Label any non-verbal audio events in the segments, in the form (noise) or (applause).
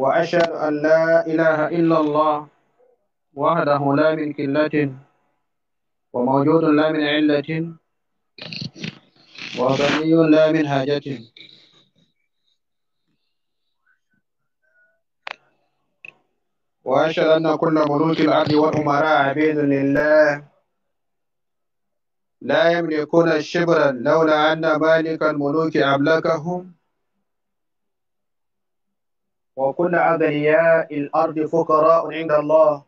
وأشهد أن لا إله إلا الله وحده لا من قلة وموجود لا من علة وغني لا من حاجة وأشهد أن كل ملوك الأرض والأمراء عبيد لله لا يملكون الشبر لولا أن مالك الملوك أملكهم وكل أغنياء الأرض فقراء عند الله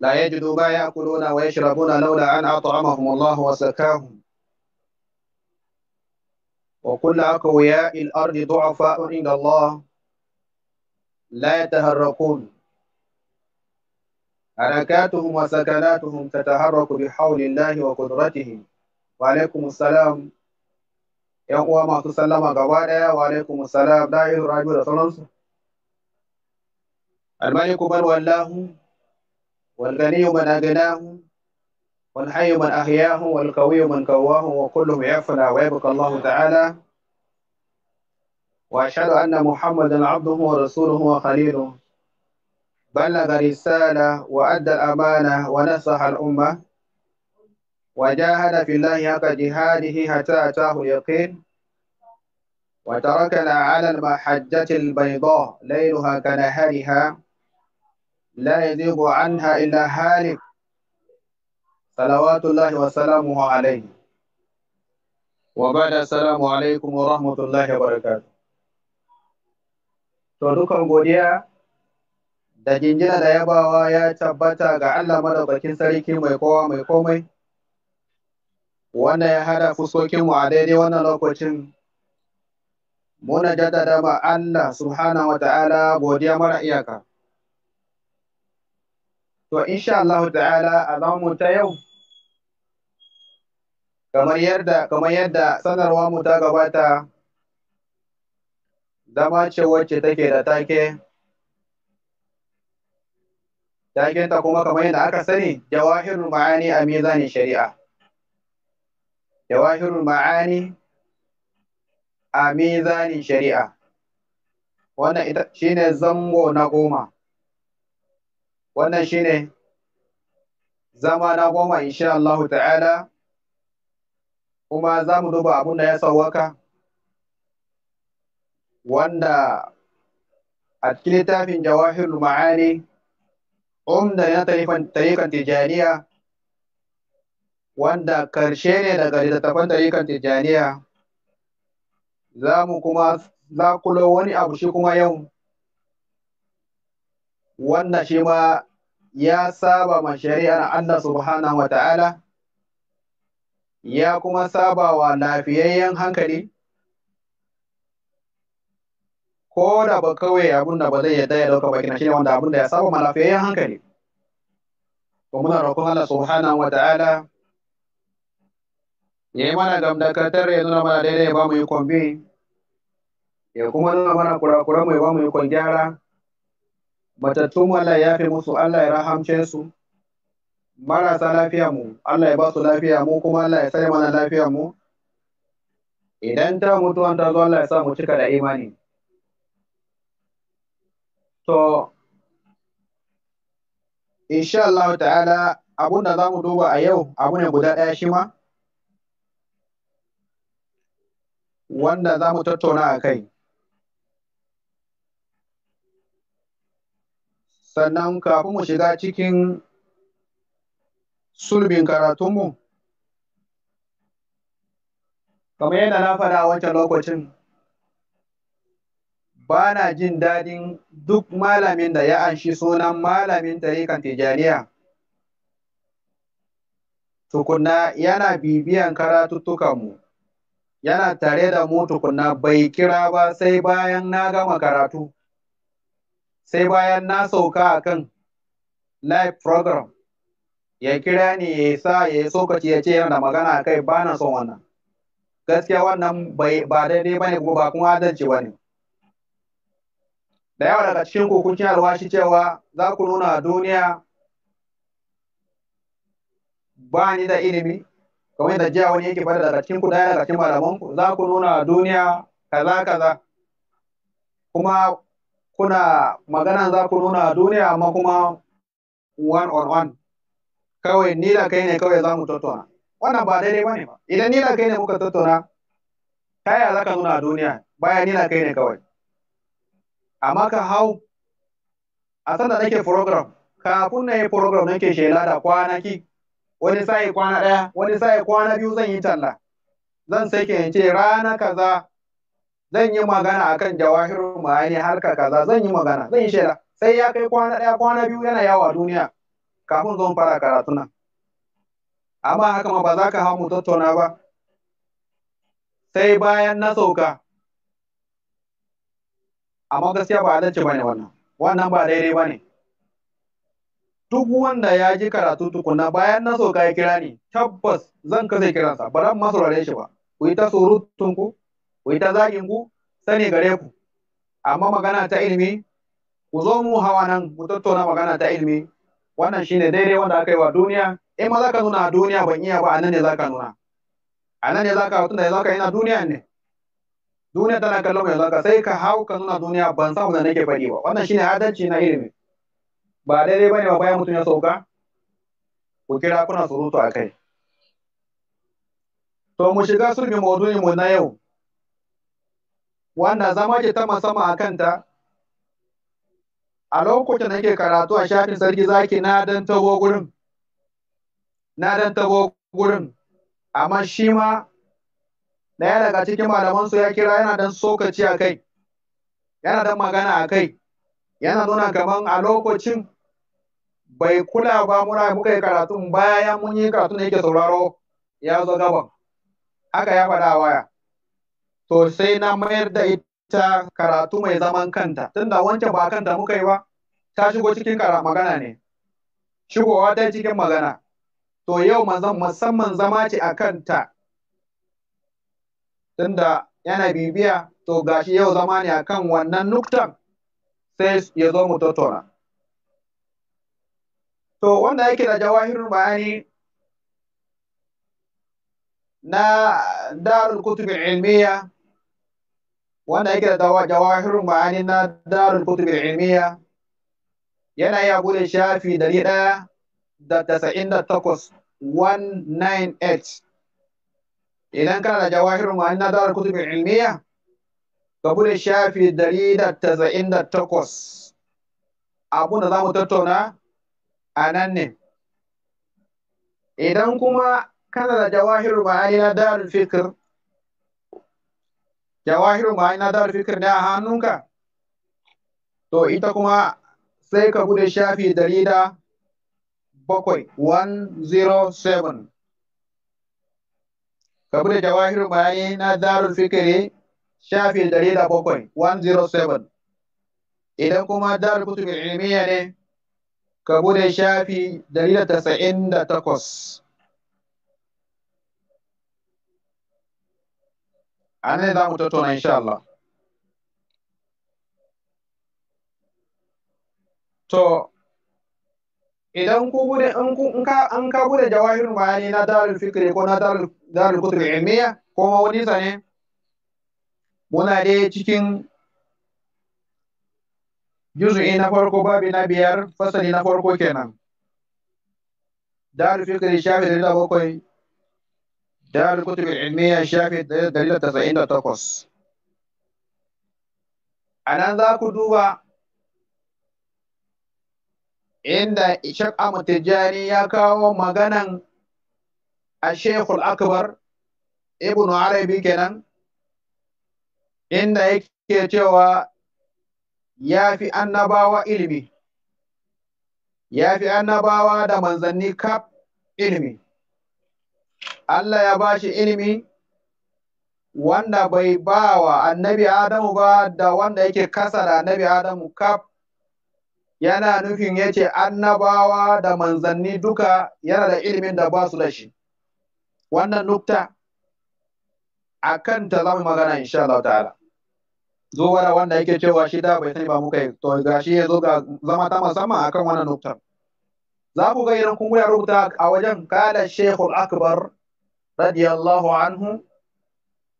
لا يجدوا ما يأكلون ويشربون لولا أن أطعمهم الله وسكاهم وكل أقوياء الأرض ضعفاء عند الله لا يتهرقون حركاتهم وسكناتهم تتحرك بحول الله وقدرته وعليكم السلام yan uwa masu sallama gaba daya wa alaikum assalam rabi da sauransu الملك من والله والغني من أغناه والحي من أحياه والقوي من قواه وكلهم يفنى ويبقى الله تعالى وأشهد أن محمدا عبده ورسوله وخليله بلغ الرسالة وأدى الأمانة ونصح الأمة وجاهد في الله حق جهاده حتى أتاه يقين وتركنا على المحجة البيضاء ليلها كنهارها لا يزيغ عنها إلا هالك صلوات الله وسلامه عليه وبعد السلام عليكم ورحمة الله وبركاته to dukan دجنجنا دا jinjina da yabawa ya tabbata ga Allah madaukakin sarki wanda ya hada mu a daidai wannan lokacin muna jaddada ma Allah subhanahu wa ta'ala godiya mara iyaka. To, insha Allah ta'ala a ta yau, kamar yadda, kamar yadda sanarwa mu ta gabata, zama ce wacce take da take, ta kuma kamar yadda aka sani, jawahirul ma'ani a mizanin shari'a. jawahirul ma'ani a mizanin shari'a wannan ita shine zango na goma wannan shine zama na goma insha Allah ta'ala kuma za mu duba abin da ya sauwaka wanda a cikin littafin jawahirul ma'ani umda na tarikan tijaniya wanda karshe ne daga littattafan tarikan tijjaniya za mu kuma zakulo wani abu shi kuma yau wanda shi ma ya saba ma shari'ar Allah subhanahu wa ta'ala ya kuma saba wa lafiyayyen hankali ko da ba kawai abin da ba zai yadda ya dauka bakin shi wanda abin da ya saba ma lafiyayyen hankali kuma muna roƙon Allah subhanahu wa ta'ala ya yi mana gamdakatar ya nuna mana daidai ya ba mu yi kwambi? ya kuma nuna mana kurakuran mu ya ba mu yi gyara matattun Allah ya fi musu Allah ya rahamce su marasa lafiya mu Allah ya ba su lafiya mu kuma Allah ya sai mana lafiya mu idan ta mutu an ta zo Allah ya sa mu cika da imani to insha Allah ta'ala abun za mu duba a yau abu ne guda ɗaya shi ma wanda za mu tattauna a kai. Sannan kafin mu shiga cikin sulbin karatunmu, kamar yadda na faɗa a wancan lokacin, ba na jin daɗin duk malamin da ya anshi sunan malamin tarikan tijaniya. Tukuna yana bibiyan karatuttukanmu, yana tare da mu tukunna bai kira ba sai bayan na gama karatu sai bayan na sauka a kan live program ya kira ni ya sa ya yi sokaci ya ce yana magana kai ba na son wannan gaskiya wannan ba daidai ba ne kuma ba kuma adalci ba ne da yawa daga cikin kukuncin alwashi cewa za ku nuna duniya ba ni da ilimi kamar yadda jiya wani yake faɗa daga cikin ku daya daga cikin malaman ku za ku nuna duniya kaza kaza kuma kuna magana za ku nuna duniya amma kuma one on one kawai ni da kai ne kawai za mu tattauna wannan ba daidai bane ba idan ni da kai ne muka tattauna kaya za ka nuna duniya baya ni da kai ne kawai amma ka hau a sanda nake program kafin na yi program nake shela da kwanaki wani sai kwana ɗaya wani sai kwana biyu zan yi talla zan sake in ce rana kaza zan yi magana akan jawahiru ma'ani harka kaza zan yi magana zan yi shaida sai ya kai kwana ɗaya kwana biyu yana yawo a duniya kafin zan fara karatu nan amma haka ma ba za ka hau mu tattauna ba sai bayan na sauka amma gaskiya ba adalci ne wannan wannan ba daidai ba ne. duk wanda ya ji karatu tukuna bayan na soka ya kira ni tabbas zan kasa kiransa ba ran ma saurare shi ba ku yi ta surutun ku ku yi ta zagin ku sani gare ku amma magana ta ilimi ku zo mu hawa nan mu tattauna magana ta ilimi wannan shine daidai wanda aka yi wa duniya in ma zaka nuna a duniya ban iya ba a nan ne zaka nuna a nan ne zaka tunda zaka yana duniya ne duniya tana kallon mai zaka sai ka hau ka nuna duniya ban samu da nake faɗi ba wannan shine adalci na ilimi ba daidai ne ba bayan mutum ya sauka ku kira kuna surutu a kai to mu shiga sulmi maudu'in mu na yau wanda zama ce ta musamman a kanta a lokacin da nake karatu a shafin sarki zaki na dan tabo gurin na dan tabo gurin amma shi ma ɗaya daga cikin malamansu ya kira yana dan sokaci a kai yana dan magana a kai yana nuna kamar a lokacin bai kula ba muna muka yi karatun bayan mun yi karatun da yake sauraro ya zo gaban haka ya faɗa waya to sai na mayar da ita karatu mai zaman kanta tunda wancan ba kanta muka yi ba ta shigo cikin magana ne shigowa ta cikin magana to yau musamman zama ce a kanta tunda yana bibiya to gashi yau zama ne akan wannan nuktan sai ya zo mu tattauna. To wanda yake da jawahirul bayani na darul kutubin ilmiya wanda yake da bayani na darul ilmiya yana iya bude shafi dari ɗaya da tasa'in da takwas 198 idan kana da jawahirul bayani na darul kutubin ilmiya da shafi dari da taza'in da takwas abun da za mu tattauna a nan ne idan kuma kana da jawahir ma'ani na darul fikir jawahir ma'ani na darul fikir ne a hannunka to ita kuma sai ka bude shafi dari da bakwai 107 ka bude jawahir ma'ani na darul fikiri shafi da da bakwai 107 idan kuma dar kutub ilmiya ne ka bude shafi dari tasa'in da takwas a nan za mu tattauna insha Allah to idan ku bude in ka an ka bude jawahirul bayani na darul fikri ko na darul darul kutub ilmiya ko wani sane. muna dai cikin juzu'i na farko babi na biyar fasali na farko kenan dalil fikri shafi dari da bakwai dalil kutubin ilmiya shafi dari da tasa'in da takwas a nan za ku duba inda Ishaq Ahmad Tijjani ya kawo maganan a Shekul Akbar Ibn Arabi kenan inda yake cewa ya fi annabawa ilimi ya fi annabawa da manzanni kaf ilimi Allah ya bashi ilimi wanda bai ba wa annabi Adamu ba da wanda yake kasa da annabi Adamu kaf yana nufin ya ce annabawa da manzanni duka yana da ilimin da ba su da shi wannan nukta a kan ta magana insha Allah ta'ala zuwa wanda yake cewa shi da bai sani ba muka yi to ga shi ya zo ga zama ta musamman akan wannan nuktar za ku ga irin kungiyar rubuta a wajen kala Shehu akbar radiyallahu anhu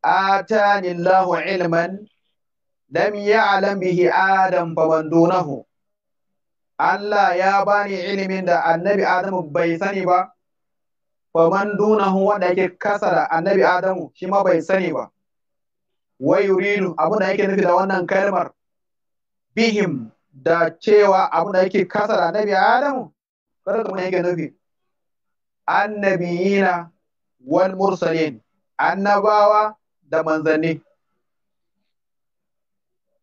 atani lahu ilman lam ya'lam bihi adam fa man dunahu Allah ya bani ilimin da annabi Adamu bai sani ba fa man dunahu wanda yake kasa da annabi Adamu shi ma bai sani ba wa yuridu abin da yake nufi da wannan kalmar bihim da cewa abin da yake kasa da annabi adam kada kuma yake nufi annabiyina wal mursalin annabawa da manzanni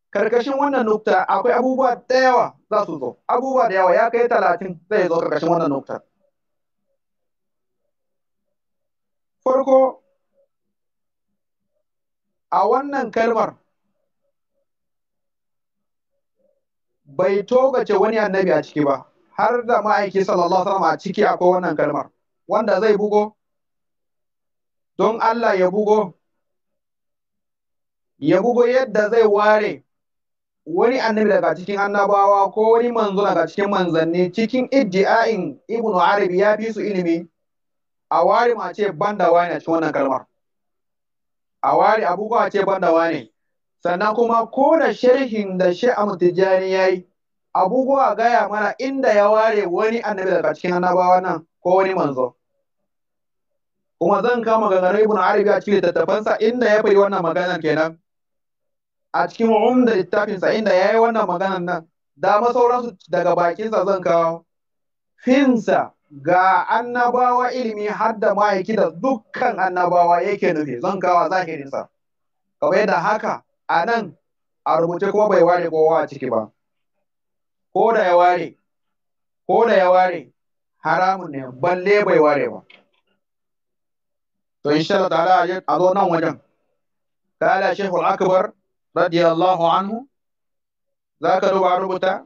karkashin wannan nukta akwai abubuwa da yawa za su zo abubuwa da yawa ya kai talatin zai zo karkashin wannan nukta farko a wannan hmm, kalmar bai togace wani annabi a ciki ba har da ma'aiki sallallahu alaihi wasallam a ciki akwai wannan kalmar wanda zai bugo don Allah ya bugo ya bugo yadda zai ware wani annabi daga cikin annabawa ko wani manzo daga cikin manzanni cikin iddi'ain ibnu arabi ya fi su ilimi a ware ma ce banda wani a cikin wannan kalmar a ware abubuwa ce banda wane sannan kuma ko da sharhin da shi Tijjani ya yi abubuwa gaya mana inda ya ware wani annabi daga cikin annabawa nan ko wani manzo kuma zan kama ganganar ibn arabi a cikin littattafansa inda ya faɗi wannan magana kenan a cikin umda littafinsa inda ya yi wannan magana nan da sauransu daga bakinsa zan kawo finsa ga annabawa ilimi har da ma'aiki da dukkan annabawa yake nufi zan kawa zahirinsa kamar yadda haka a nan a rubuce kuma bai ware kowa a ciki ba ko da ya ware ko da ya ware haramun ne balle bai ware ba to insha Allah a zo nan wajen kala shehul akbar radiyallahu anhu zaka duba rubuta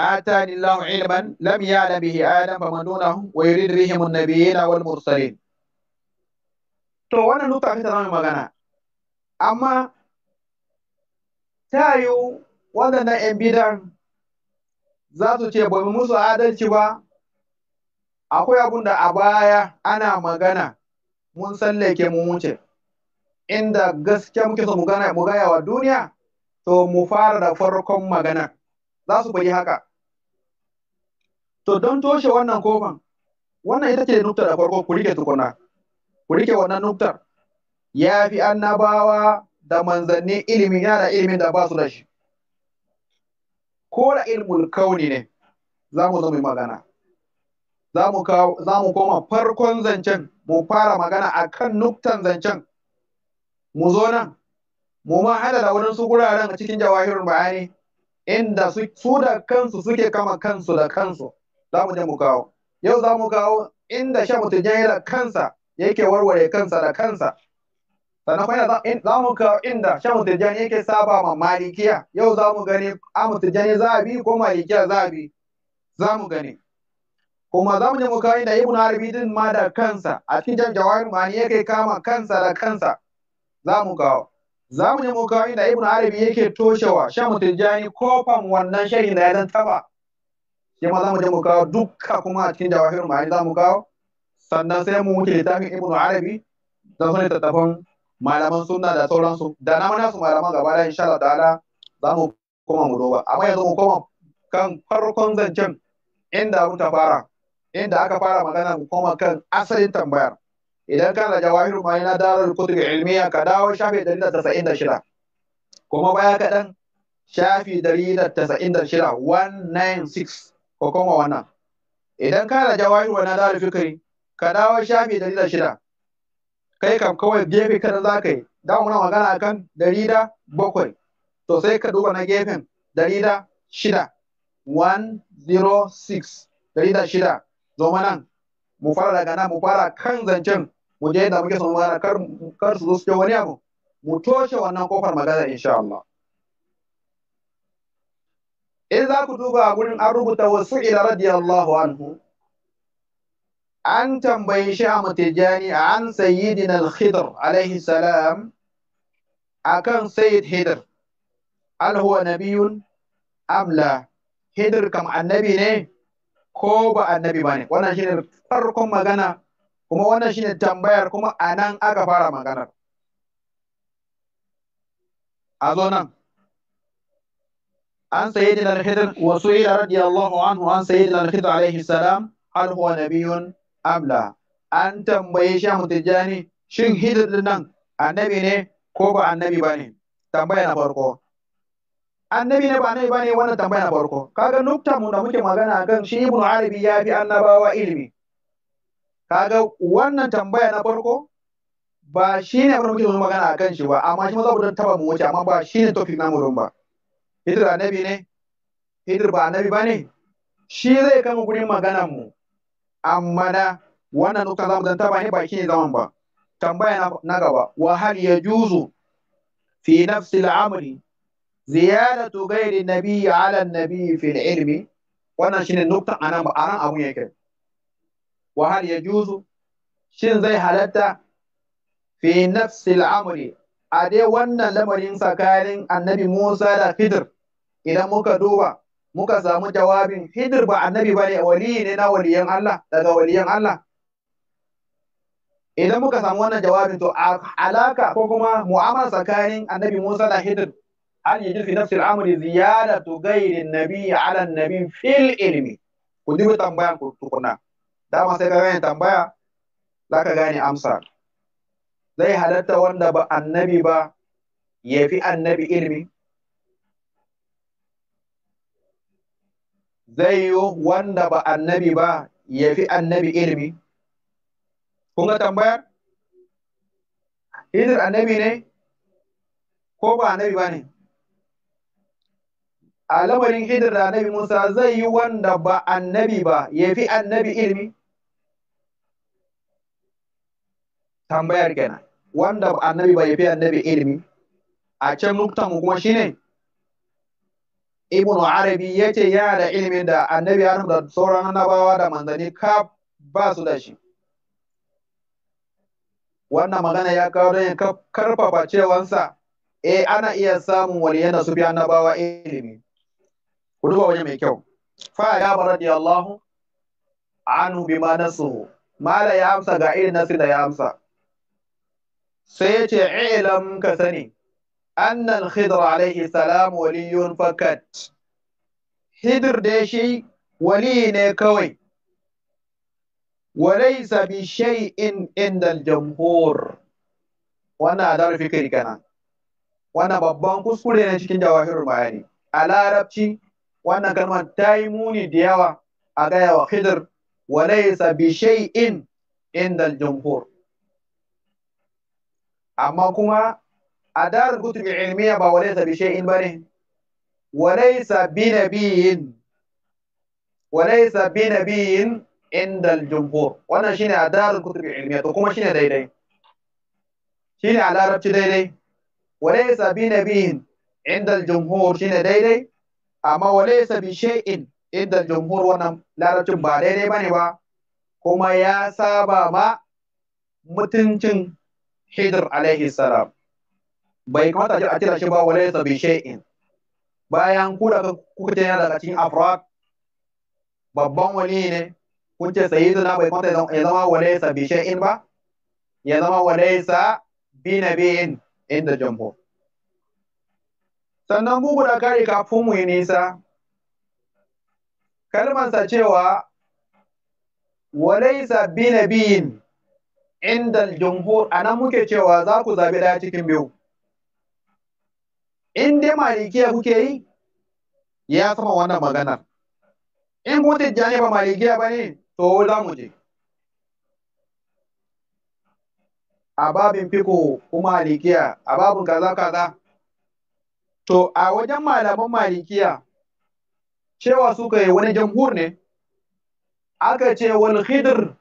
آتاني الله علما لم يعلم به آدم فمن دونه ويريد بهم النبيين والمرسلين to wannan nuka ta zama magana amma ta yiwu waɗannan 'yan bidan za su ce ba mu musu adalci ba akwai abun a baya ana magana mun sallake mu wuce inda gaskiya muke so mu gaya wa duniya to mu fara da farkon magana za su bayi haka To don toshe wannan kofan, wannan ita ce nuktar da farko ku rike tukuna, ku rike wannan nuktar. Ya fi annabawa da manzanni ilimi yana da ilimin da ba su da shi. Ko da ilmul kauni ne, za mu zo mu magana. Za mu koma farkon zancen mu fara magana a kan nuktan zancen. Mu zo nan, mu ma da wurin su guraren cikin jawahirin bayani, inda su da kansu suke kama kansu da kansu. za mu je mu kawo yau za mu kawo inda shamu da kansa yake warware kansa da kansa sannan kuma za mu kawo inda shamu tijjani yake saba ma malikiya yau za mu gani a mutum za a bi ko malikiya za a bi za mu gani kuma za mu je mu kawo inda ibnu arabi din ma da kansa a cikin jan jawahir mani yake kama kansa da kansa za mu kawo za mu je mu kawo inda ibnu arabi yake toshewa shamu tijjani kofan wannan sharhin da ya zan taba shi ma za mu je mu kawo dukka kuma a cikin jawahir ma'ani za mu kawo sannan sai mu wuce littafin ibnu arabi da sun tattafan malaman sunna da sauransu da na mana su malaman gaba da insha Allah ta'ala za mu koma mu duba amma yanzu mu koma kan farkon zancen inda ta fara inda aka fara magana mu koma kan asalin tambayar idan kana jawahiru ma na darar kutubi ilmiya ka dawo shafi shida kuma baya kaɗan shafi 196 196 ko kuma wannan idan ka kana jawahir wa nazar fikri ka dawo shafi dari da shida kai kam kawai gefe kada za ka yi da muna magana akan dari bakwai to sai ka duba na gefen dari shida 106 dari da shida zo nan mu fara daga nan mu fara kan zancen mu je da muke son magana kar su zo su wani abu mu toshe wannan kofar magana insha Allah in za ku duba gurin an rubuta wasu ila radiyallahu anhu an tambayi shamu a an sayyidina al-khidr alaihi salam akan sayyid hidr Alhuwa nabiyun amla hidr kam annabi ne ko ba annabi ne? wannan ne farkon magana kuma wannan ne tambayar kuma a nan aka fara maganar a zo nan عن سيدنا الخضر وسئل رضي الله عنه عن سيدنا الخضر عليه السلام هل هو نبي أم لا an tambaye shi mutujani shin hidir din nan annabi ne ko ba annabi bane tambaya na farko annabi ne ba annabi bane wannan tambaya na farko kaga nukta mu da muke magana kan shi ibnu arabi ya fi annabawa ilimi kaga wannan tambaya na farko ba shi ne abin da muke magana akan shi ba amma shi ma za mu taba mu wuce amma ba shi ne topic namu ba Hidir annabi ne? Hidir ba annabi ba ne? Shi zai kama gurin maganan mu. Amma na wannan nuka zamu zanta taba ne baki ne zaman ba. Tambaya na gaba wa ya juzu fi nafsi al-amri ziyadatu gairi nabi ala nabi fi ilmi wannan ne nukta anan ba ran abun yake. Wa ya yajuzu shin zai halatta fi nafsi a dai wannan lamarin tsakanin annabi Musa da Khidir idan muka duba muka samu jawabin Khidir ba annabi bane wali ne na waliyan Allah daga waliyan Allah idan muka samu wannan jawabin to alaka ko kuma mu'amala tsakanin annabi Musa da Khidir an yi fi nafsil amri ziyadatu ghairi nabi ala nabi fil ilmi ku dubi tambayan ku tukuna dama sai ka gane tambaya zaka gane amsa zai halatta wanda ba annabi ba ya fi annabi ilimi zai yi wanda ba annabi ba ya fi annabi ilimi kun ga tambayar Hidir annabi ne ko ba annabi ba ne a lamarin Hidir da annabi Musa zai yi wanda ba annabi ba ya fi annabi ilimi tambayar kenan wanda annabi bai fi annabi ilimi a can nuktan kuma shine ibnu arabi ya ce yana da ilimin da annabi ya da sauran annabawa da manzanni ka ba su da shi wannan magana ya kawo don karfafa cewansa eh ana iya samun waliyan da su fi annabawa ilimi ku duba waje mai kyau fa ya bar radiyallahu anhu bima nasu mala ya amsa ga irin nasu da ya amsa sai ya ce ilam ka sani Annan khidr alaihi salam waliyun fakat hidir da shi wali ne kawai Walai bi shay'in inda al-jumhur wannan fikri kana wannan babban kuskure ne cikin jawahirul bayani a larabci wannan kalmar ta yi muni da yawa a gaya wa khidr walaysa bi shay'in inda al-jumhur amma kuma a darar kutubi ilmiya ba wale sabi sha'in ba ne wale sabi nabiyin wale sabi nabiyin indal jumhur wannan shine a darar kutubi ilmiya to kuma shine daidai shine a larabci daidai wale sabi nabiyin indal jumhur shine daidai amma wale sabi shay'in indal jumhur wannan larabcin ba daidai bane ba kuma ya saba ma mutuncin Hidr alaihi salam bai kamata a tira shi ba wale ta bi shay'in bayan ku da kuka tana daga cikin afrad babban wani ne kun ce sayyidina bai kamata ya zama wale ta bi shay'in ba ya zama wale ta bi nabiyin inda jamhur sannan bugu da kare kafin mu yi nisa Kalmansa cewa walaisa bi nabiyin indal jumhur anan muke cewa za ku zabi daya cikin biyu in dai malikiya kuke yi ya sama wannan maganar in kun tijjani ba malikiya ba ne to za mu je a babin fiko kuma malikiya a babin kaza kaza to a wajen malaman malikiya cewa suka yi wani jamhur ne aka ce wal khidr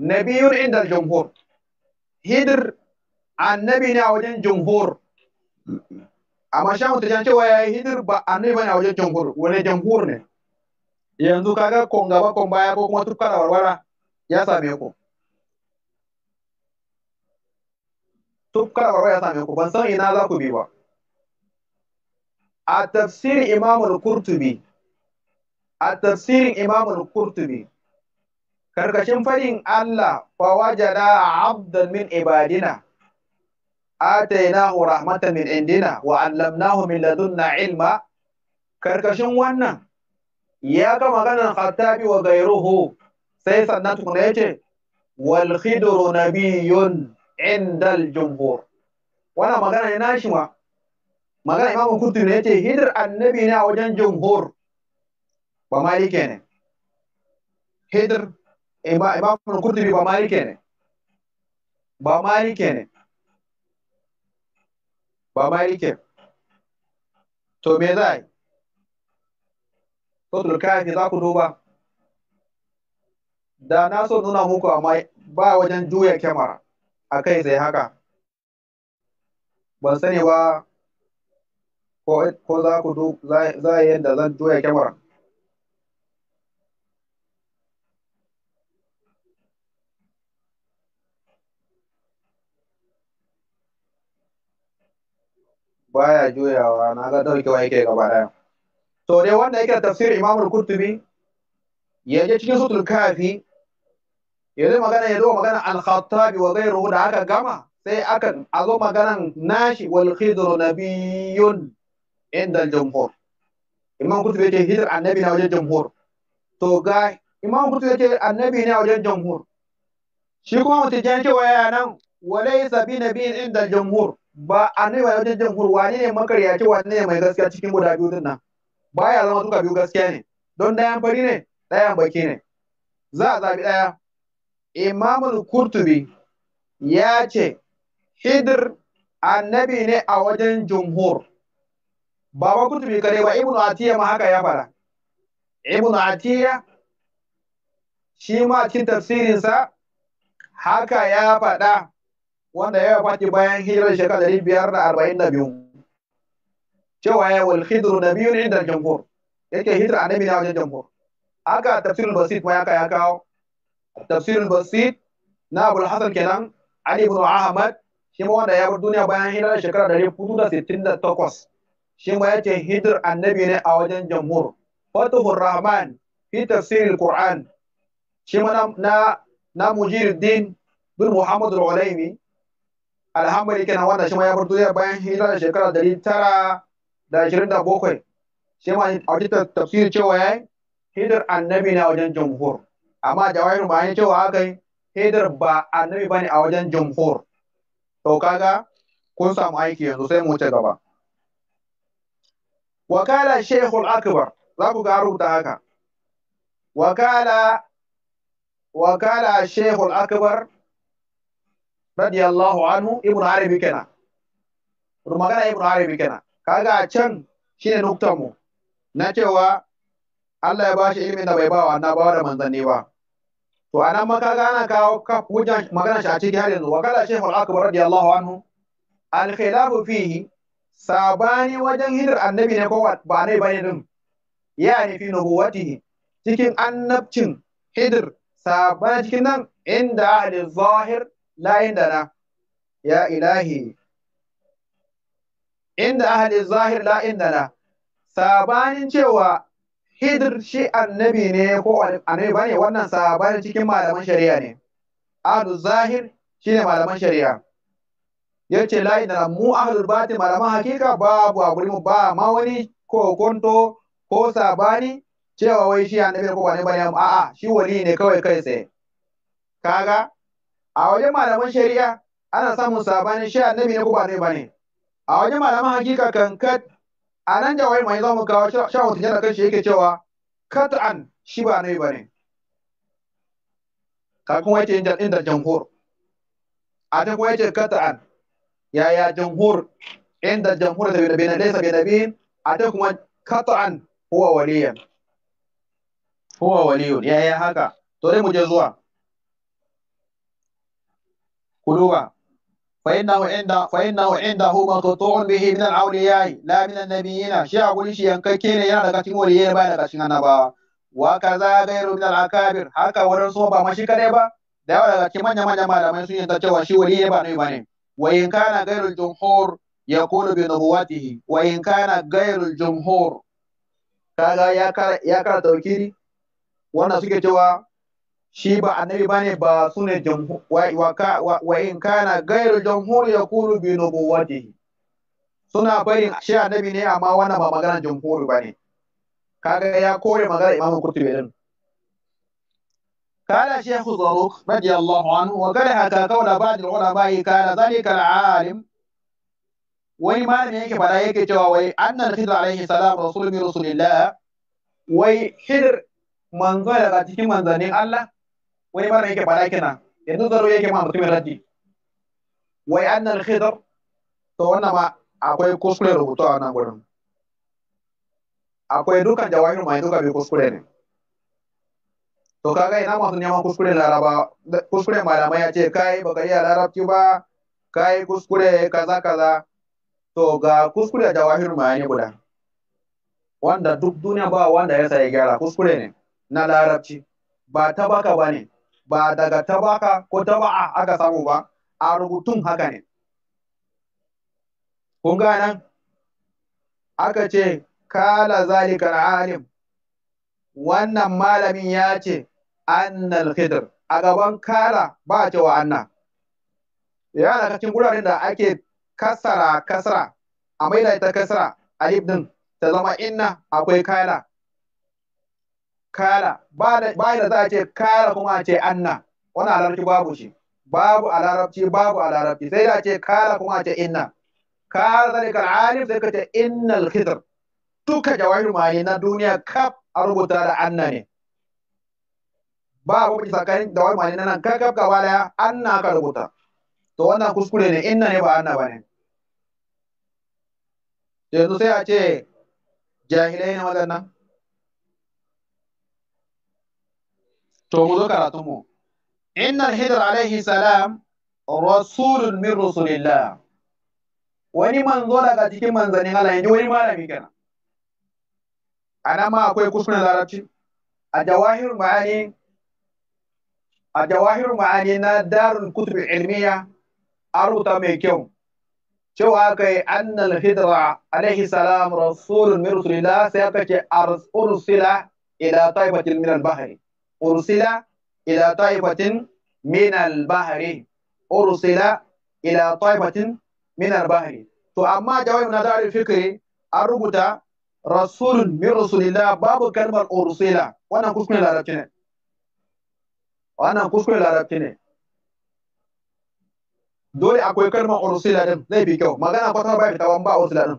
nabiyun inda jumhur hidir annabi ne a wajen jumhur amma shan mutu jan cewa yayi hidir ba annabi bane a wajen jumhur wani jumhur ne yanzu kaga kon gaba kon baya ko kuma tukar warwara ya same ku tukka warwara ya same ku ban san ina za ku bi ba a tafsirin imamul kurtubi a tafsirin imamul kurtubi karkashin fadin Allah fa wajada abdan min ibadina atainahu rahmatan min indina wa allamnahu min ladunna ilma karkashin wannan ya ga maganar khattabi wa gairuhu sai sannan tukuna yace wal khidru nabiyyun indal jumhur wannan magana ne nashi ma magana imamu kurtubi ne yace hidr annabi ne a wajen jumhur ba malike ne hidr imamul eh, qurtubi ba malike ne ba malike ne ba malike to me za a yi totul kafi za ku duba da na so nuna muku amma ba wajen juya kyamara a kai sai haka ban sani ba ko za ku za yadda zan juya kyamara baya juyawa na ga wa yake gaba daya to dai wanda yake tafsir imamul kurtubi ya je cikin sutul kafi ya zo magana ya zo magana al-khattabi wa ghayruhu da aka gama sai aka a zo maganan nashi wal khidru nabiyyun inda al-jumhur imam kurtubi yace hidr annabi na wajen jumhur to ga imam kurtubi yace annabi ne wajen jumhur shi kuma mutum cewa yana nan walaysa bi nabiyyin inda al-jumhur ba a ne ba wajen jamhur wane ne makaryaci wane ne mai gaskiya cikin guda biyu din nan ya zama duka biyu gaskiya ne don dayan fari ne dayan baki ne za a zabi daya imamul kurtubi ya ce hidir annabi ne a wajen jumhur Baba kurtubi kare ba ibnu atiya ma haka ya fara ibnu atiya shi ma cikin tafsirinsa haka ya faɗa wanda ya faɗi bayan hijirar shekara ɗari biyar da arba'in da biyu cewa ya wal khidru na biyu ne da jamhur yake hijira annabi ne wajen jamhur aka tafsirin basit ma ya kaya ya kawo tafsirin basit na abul hasan kenan ali ibn ahmad shi ma wanda ya bar duniya bayan hijirar shekara ɗari hudu da sittin da takwas shi ma yace hijirar annabi ne a wajen jamhur fatuhur rahman fi tafsirin qur'an shi ma na na din bin Muhammadu al-ulaimi alhambali kenan wanda shi ma ya bar duniya bayan hijira da shekara dari tara da ashirin da bakwai shi ma a wajen tafsir cewa ya yi hidar annabi na wajen jamhur amma jawahir ma ya cewa aka yi hidar ba annabi ba ne a wajen jamhur to kaga kun samu aiki yanzu sai mu wuce gaba wakala shehul akbar za ku ga rubuta haka wakala wakala shehul akbar radiyallahu anhu ibn arabi kenan magana ibn arabi kenan kaga a can shine nuktan mu na cewa Allah ya bashi shi ilimin da bai ba wa annabawa da manzanni ba to anan ma kaga ana kawo hujjan magana shi a cikin har yanzu wa kala al akbar radiyallahu anhu al khilaf fihi sabani wajen hidir annabi ne ko ba ne ne din ni fi nubuwatihi cikin annabcin hidir sabani cikin nan inda ahli zahir da na, ya ilahi inda ahli zahir da na, sabanin cewa hidir shi annabi ne ko annabi ba ne. wannan sabanin cikin malaman shari'a ne ahli zahir shi ne malaman shari'a yace da na mu ba batin malaman hakika babu a gurin ba ma wani kokonto ko sabani cewa wai shi annabi ko wani bane a'a shi wali ne kawai kai tsaye kaga a wajen malaman shari'a ana samun sabanin shi annabi ne ko ba ba bane a wajen malaman hakika kan kat a nan jawai mai zamu kawo shawun tijjana kan shi yake cewa kat'an shi ba ba bane ka kuma yace inda jamhur a ta kuma yace kat'an yaya jamhur inda jamhur da bai sai da bin a ta kuma kat'an huwa waliyan huwa waliyun yaya haka to dai mu je zuwa قلوبا فإنه عند فإنه عنده مقطوع به من shi لا من النبيين شيء أقول شيء أنك كين يا ba تقول يا باي لك شنو أنا وكذا غير من Haka so ba mashi ba. da yawa daga cikin manya-manya malamai sun yanta cewa shi ba ne ba ne wa in kana gairul jumhur ya bi wa in kana gairul jumhur kaga ya kara ya kara tawkiri wanda suke cewa shi ba annabi bane ba sune wa in kana gairu jamhur ya kulu bi nubuwatihi suna barin shi annabi ne amma wannan ba maganar jamhur bane kaga ya kore magana imam kurtubi din قال شيخ زروق رضي الله عنه وكره كقول yi kana, كان ذلك العالم wai malami yake fada yake cewa wai annal khidr alaihi salam rasul min rasulillah wai khidr manzo daga cikin manzanin Allah wani malam yake faɗa kenan yanzu zaro yake ma mutumin raddi wai annal khidr to wannan ma akwai kuskure rubutu a wannan gurin akwai dukkan jawahir mai duka bai kuskure ne to kaga ina masu neman kuskure laraba kuskure malamai ya ce kai baka iya larabci ba kai kuskure kaza kaza to ga kuskure jawahir mai ne guda wanda duk duniya ba wanda ya sai gyara kuskure ne na larabci ba ta baka ba ne ba daga tabaka ko taba'a aka samu ba a rubutun haka ne kun nan aka ce kala zalikar alim wannan malamin ya ce annal khidr a gaban kala ba cewa anna ya daga cikin guraren da ake kasara kasara a maida ta kasara a din ta zama inna akwai kala kala ba da za a ce kala kuma a ce anna wani alarabci babu shi babu alarabci babu alarabci sai da ce kala kuma a ce inna kala ka alif zai ka ce inna khidr duka jawahir mai na duniya kaf a rubuta da anna ne ba babu tsakanin da wani na nan kaf ka walaya? anna ka rubuta to wannan kuskure ne inna ne ba anna ba ne yanzu sai a ce jahilai ne waɗannan تومدوكاراتومو إن الهدر عليه السلام رسول من رسول الله وني منظورا كاتيكي منزاني غالا ينجي وني مالا ميكنا أنا ما أقول كسبنا العربي الجواهر معاني الجواهر معاني دار الكتب العلمية أروتا ميكيوم شو أكي أن الهدر عليه السلام رسول من رسول الله سيأكي أرسل إلى طيبة من البحر ursila ila taifatin min al-bahri ursila ila taifatin min al-bahri to amma jawabin na zarar fikri an rubuta rasulun min rasulillah babu kalmar ursila wannan kuskure larabci ne wannan kuskure larabci ne dole akwai kalmar ursila din zai bi kyau magana kwata bai fita ba ursila din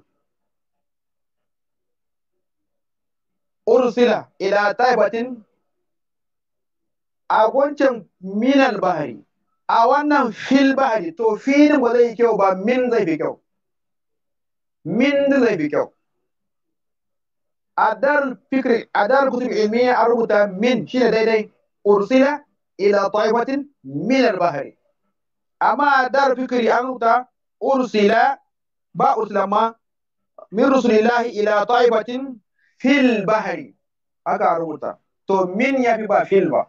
ursila ila taibatin a wancan minal bahari a wannan fil bahari to filin ba zai yi kyau ba min zai fi kyau min zai fi kyau a dar fikri a dar kutub ilmi a rubuta min shine daidai ursila ila taifatin min bahari. amma a dar fikri an rubuta ursila ba ursila ma min rusulillahi ila taifatin fil bahari aka rubuta to min ya fi ba fil ba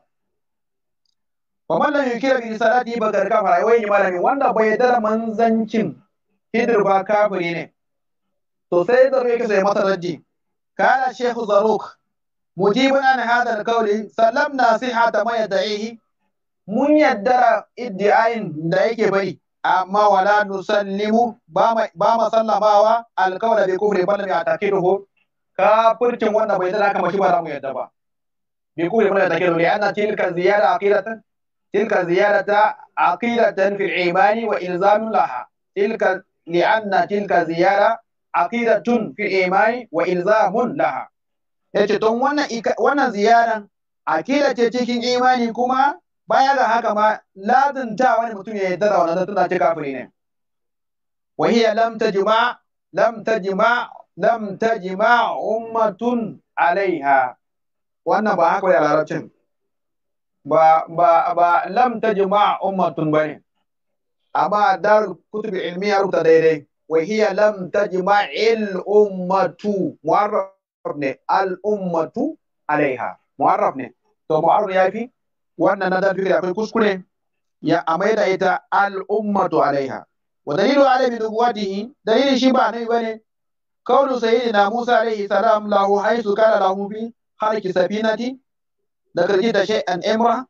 wannan yake yunkir bi risalati ba garga fara wai malami wanda bai yarda da manzancin hidir ba kafiri ne. To sai da yake sai masa raddi. Kala Sheikh Zaruk mujibun an hadal qawli salam ta mai da'ihi mun yadda iddiayin da yake bari amma wala nusallimu ba ma sallamawa alkawla bi kufri bal bi atakiruhu kafircin wanda bai dara kamar shi ba za mu yadda ba bi kufri bal atakiruhu li anna tilka ziyada aqidatan tilka ziyarata aqidatan fil imani wa ilzamun laha tilka li'anna ziyara aqidatun don wannan wannan ziyaran ce cikin imani kuma baya ga haka ma lazunta wani mutum ya yadda da wannan tana ce kafiri ne wa hiya lam tajma lam tajma lam tajma ummatun alaiha wannan ba haka ya larabcin ba ba ba lam tajma ummatun bane amma dar kutubi ilmiya rubuta daidai wa hiya lam tajma il ummatu mu'arraf ne al ummatu alaiha mu'arraf ne to mu'arraf ya fi wannan na dan fikri akwai kuskure ya amai da ita al ummatu alaiha wa dalilu alaihi nubuwatihi dalili shi ba ne. bane kaulu sayyidina Musa alaihi salam lahu haisu kana lahu bi harki safinati لا ترجيت شيئا امرة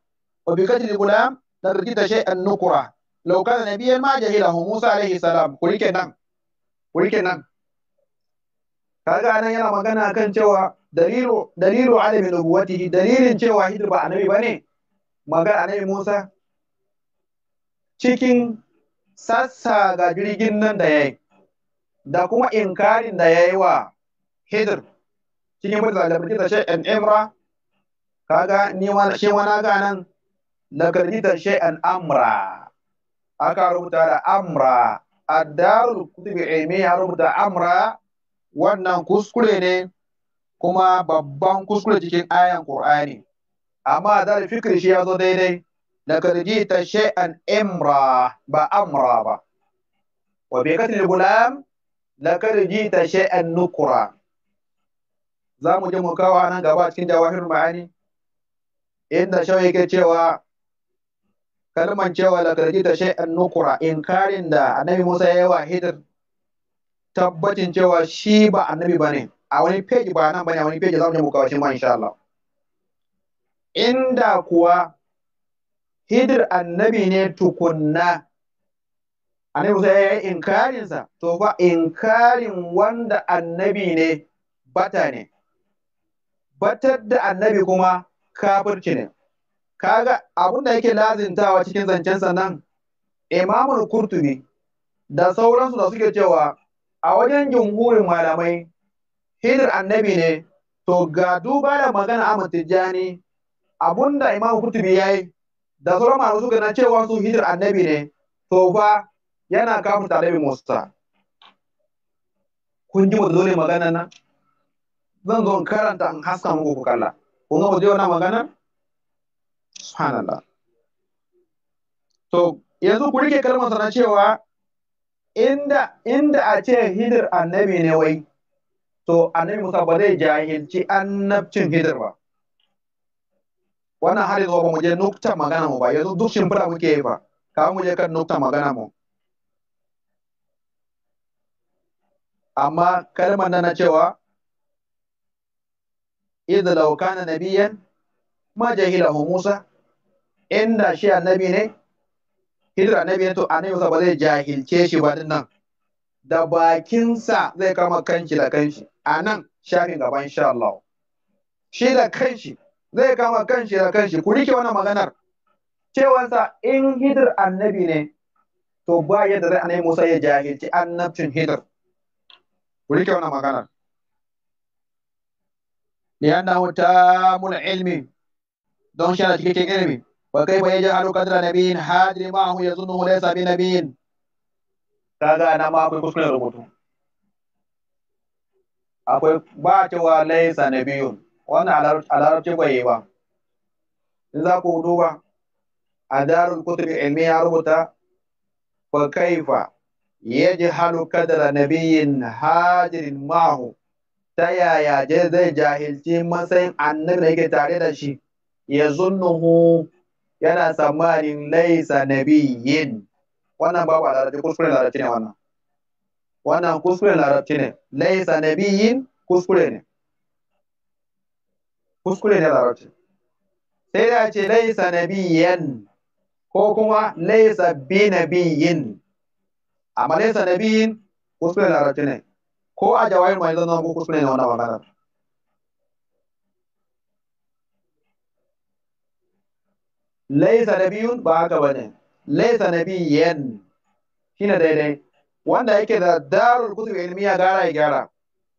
وبكثر الغلام لا ترجيت شيئا نكرة لو كان نبيا ما جهله موسى عليه السلام kuri kenan kuri kenan kaga anan yana magana kan cewa dalilu dalilu alami nubuwatihi dalilin cewa Hidir ba annabi bane magana Musa cikin sassa ga jirgin nan da yayi da kuma inkarin da yi wa Hidir cikin mutum da mutum da shay'an imra kaga ni wani shi wani aka nan lakarnitan shay'an amra aka rubuta da amra addarul kutubi ilmi ya rubuta amra wannan kuskure ne kuma babban kuskure cikin ayan qur'ani amma da fikri shi ya zo daidai lakarnitan shay'an imra ba amra ba wa bi katil gulam lakarnitan shay'an nukura za mu je mu kawo nan gaba cikin jawahirul ma'ani inda shawai ke cewa kalman cewa lakarji ta shay'an nukura inkarin da annabi Musa ya yi wa Hidir tabbacin cewa shi ba annabi ba ne a wani feji ba nan ba ne a wani feji za mu je mu kawo shi ma insha Allah inda kuwa Hidir annabi ne tukunna annabi Musa ya yi sa to fa inkarin wanda annabi ne bata ne batar da annabi kuma kafirci ne kaga abin da yake lazintawa cikin zancen nan imamul kurtubi da sauransu da suke cewa a wajen jumhurin malamai hidir annabi ne to ga duba da magana Ahmad Tijjani da Imam Kurtubi yayi da sauran malamai suka na cewa su hidir annabi ne to fa yana kafin talibi Musa kun ji mu magana na zan zo karanta in haska muku ku kalla kun ga mu je wannan maganar subhanallah to yanzu kuri ke kalmar sana cewa inda a ce hidir annabi ne wai to annabi Musa ba zai jahilci annabcin hidir ba wannan har yanzu ba muje nukta magana mu ba yanzu duk shimfiɗa muke yi ba kawai mu kan nukta magana mu amma kalmar nan na cewa idh law kana nabiyyan ma jahilahu Musa inda shi annabi ne hidda annabi ne to annabi Musa ba zai jahilce shi ba dinnan da bakinsa zai kama kanshi da kanshi a nan shafin gaba insha Allah shi da kanshi zai kama kanshi da kanshi ku rike wannan maganar cewansa in hidir annabi ne to ba yadda zai annabi Musa ya jahilci annabcin hidir ku rike maganar لأنه تام العلم دون شأن تكيك علمي وكيف يجعل قدر نبي حاضر معه يظنه ليس بنبي kaga na ma akwai kuskuren rubutu akwai ba laisa na biyun wannan a larabci bai ba in za ku duba a darul kutubi ilmi ya rubuta fa kaifa yajhalu kadra nabiyyin hajirin mahu ta yaya je zai jahilci matsayin annabi da yake tare da shi ya zunnuhu yana tsammanin laisa nabiyyin wannan babu a larabci na larabci ne wannan wannan kuskure larabci ne laisa nabiyyin kuskure ne kuskure ne larabci sai da ce laisa nabiyyan ko kuma laisa bi nabiyyin amma laisa nabiyyin kuskure larabci ne ko a jawahir mai na boko kuskure ne wannan maganar laisa biyun ba haka bane laisa Shi shine daidai wanda yake da darul kutub ilmiya gara ya gyara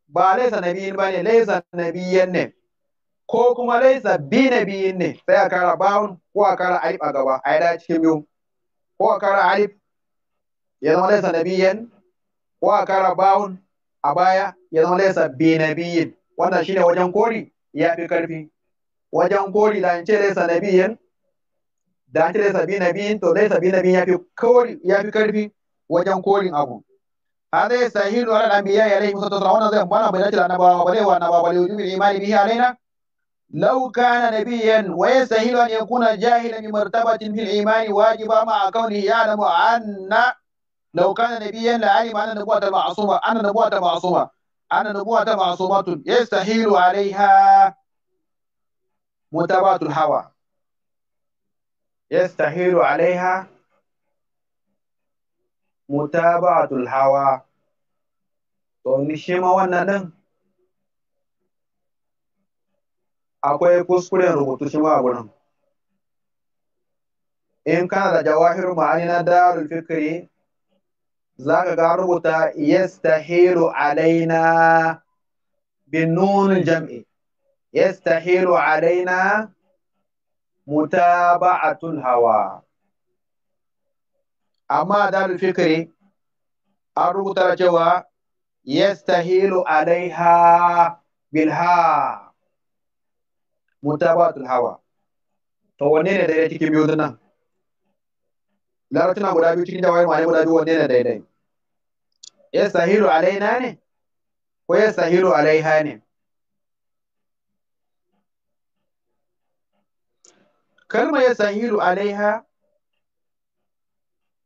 ba laisa nabiyin bane laisa nabiyan ne ko kuma laisa bi nabiyin ne sai a kara bawun ko a kara alif a gaba a yada cikin biyu ko a kara alif ya zama laisa nabiyan ko a kara bawun a baya ya zama laisa binabiyin nabiyin wannan shine wajen kori ya fi karfi wajen kori da ce laisa nabiyin da ce laisa binabiyin to laisa binabiyin ya fi kori ya fi karfi wajen korin abu hada ya sahilu ala anbiya ya alaihi salatu wannan zai bana bai dace da annabawa bare wa annabawa bare wujubul imani bihi alaina لو ne نبيا ويستحيل ان يكون جاهلا بمرتبه في a واجبه مع كونه a ان لو كان نبيا لعلم ان النبوة معصومة ان النبوة معصومة ان النبوة معصومة يستحيل عليها متابعة الهوى يستحيل عليها متابعة الهوى to shi ma wannan din akwai kuskuren rubutu shi ma a gurin in kana da jawahir ma'ani na darul fikri za ka ga rubuta yastahiru alaina bin nunin jam'i yastahiru alaina mutaba'atul hawa amma darul fikri an rubuta cewa yastahilu alaiha bilha mutaba'atul hawa to wanne ne da cikin biyu nan larabcina guda biyu cikin jawahir ma'ani guda biyu wanne ne daidai ya sahiru alaina ne ko ya sahiru alaiha ne kalma ya sahiru alaiha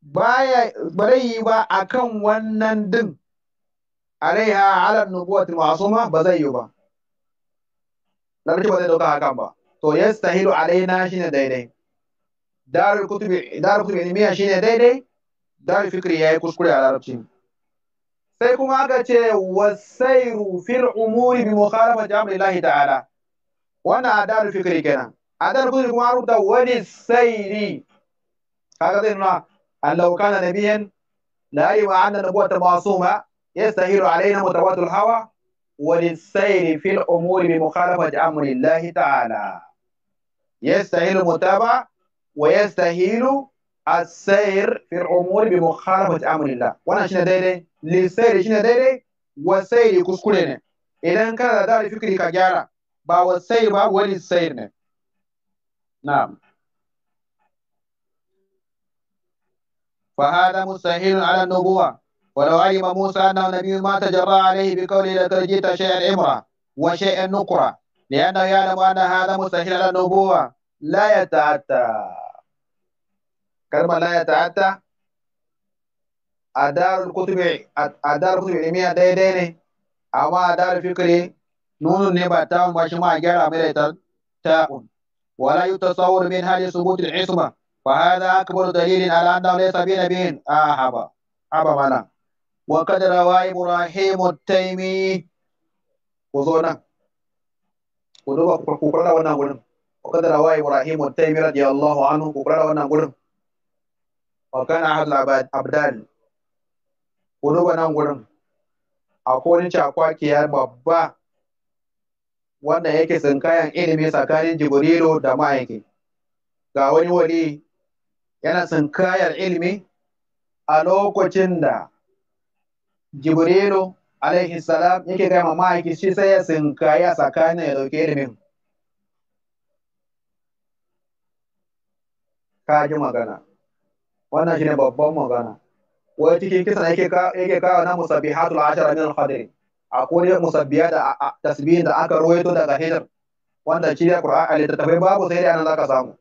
baya bare yi ba akan wannan din alaiha ala nubuwati ma ba zai yi ba larabci ba zai dauka hakan ba to ya sahiru alaina shine daidai darul kutubi darul kutubi ilmiya shine daidai darul fikri yayi kuskure a larabci sai kuma aka ce wasairu fil umuri bi mukhalafati amrillahi ta'ala wannan a darul fikri kenan a darul kutubi kuma rubuta wani sairi kaga zai nuna allau kana nabiyan la yi wa anna alaina mutawatul hawa وللسير في الأمور بمخالفة أمر الله تعالى يستحيل متابعة ويستهيل السير في الأمور بمخالفة أمر الله وانا شنو دايري للسير شنو دايري وسير كسكولين إذا كان دار فكري كجارة با والسير باب ولي السير نعم فهذا مستحيل على النبوة ولو علم موسى أنه نبي ما تجرى عليه بقوله لترجيت شيئا الامره وشيئا النكره لأنه يعلم أن هذا مستحيل على النبوة لا يتأتى kalmar la ya ta'atta a darul kutubi a darul kutubi miya daidai ne amma a darul fikri nunun ne ba ta ba shi ma a gyara mai da ta'un wala yutasawwar min hali Ba al-isma fa hadha akbaru dalilin ala annahu laysa bi nabiyyin ahaba ah, aba mana wa qad rawa ibrahim at-taymi ku zo nan ku duba ku kula wannan gurin wa qad rawa ibrahim at-taymi radiyallahu anhu ku kula wannan gudun. wa kana Abdan, abdal kuduba nan gurin akwai wani cakwakiya babba wanda yake tsinkayan ilimi tsakanin jibrilu da mahaifi ga wani wani yana tsinkayar ilimi a lokacin da jibrilu alaihi salam yake gama mahaifi shi sai ya tsinkaya tsakanin ya dauki ilimin ka ji magana wannan shine babban magana wai cikin kisan yake yake kawo na musabbihatul ashara min al-qadr akwai musabbiya da tasbihin da aka ruwaito daga hijr wanda shi da qur'ani a littattafai babu sai dai anan zaka samu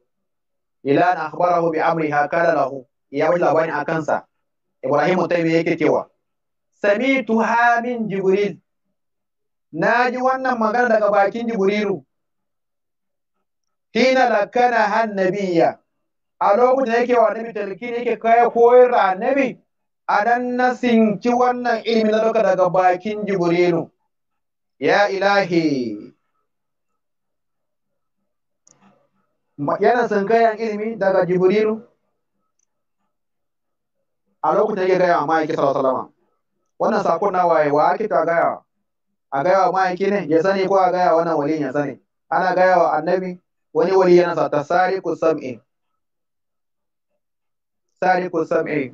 ila an akhbarahu bi amriha kana lahu ya wuce labarin a kansa ibrahim taimi yake cewa samitu ha min jibril na ji wannan magana daga bakin jibrilu hina lakana hannabiyya a lokacin da yake wa annabi talki yake kai koyar da annabi a nan na ci wannan ilimi na duka daga bakin jibrilu ya ilahi yana sankayan ilimi daga jibrilu a lokacin da yake gaya wa alaihi salama wannan sakon na waye wa ake ta gaya a gaya wa ma'aiki ne ya sani ko a gaya wannan waliyin ya sani ana gaya wa annabi wani wali yana sa tasari ku sam'i sariku sam'i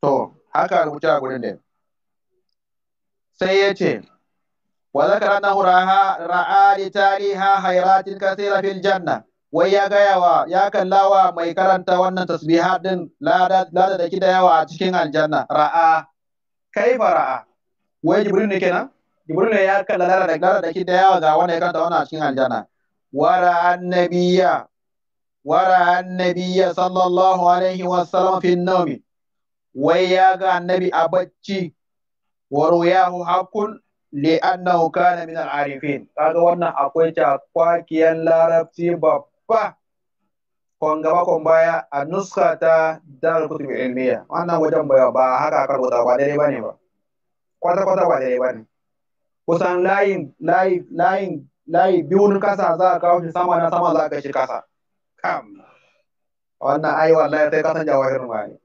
to haka rubuta a gurin da sai ya ce wa zakara annahu ra'a li tariha hayratin kathira fil janna wai ya gaya wa ya kalla wa mai karanta wannan tasbihat din lada da kida yawa a cikin aljanna ra'a Kai kaifa ra'a wai jibril ne kenan jibril ne ya kalla lada da kida yawa ga wanda ya karanta wannan a cikin aljanna ورأى النبي ورأى النبي صلى الله عليه وسلم في النوم وياغا النبي أبتشي ورؤياه حق لأنه كان من العارفين kaga wannan akwai cakwakiyan larabci babba kon gaba kon baya a nuska ta dalar kutub ilmiya wannan wajen ba haka aka rubuta ba daidai bane ba kwata kwata ba dare bane kusan layin layin layin layi na kasa za a kawo shi sama na sama za a kai shi kasa kam wannan ai wallahi sai kasan jawahirin ma ne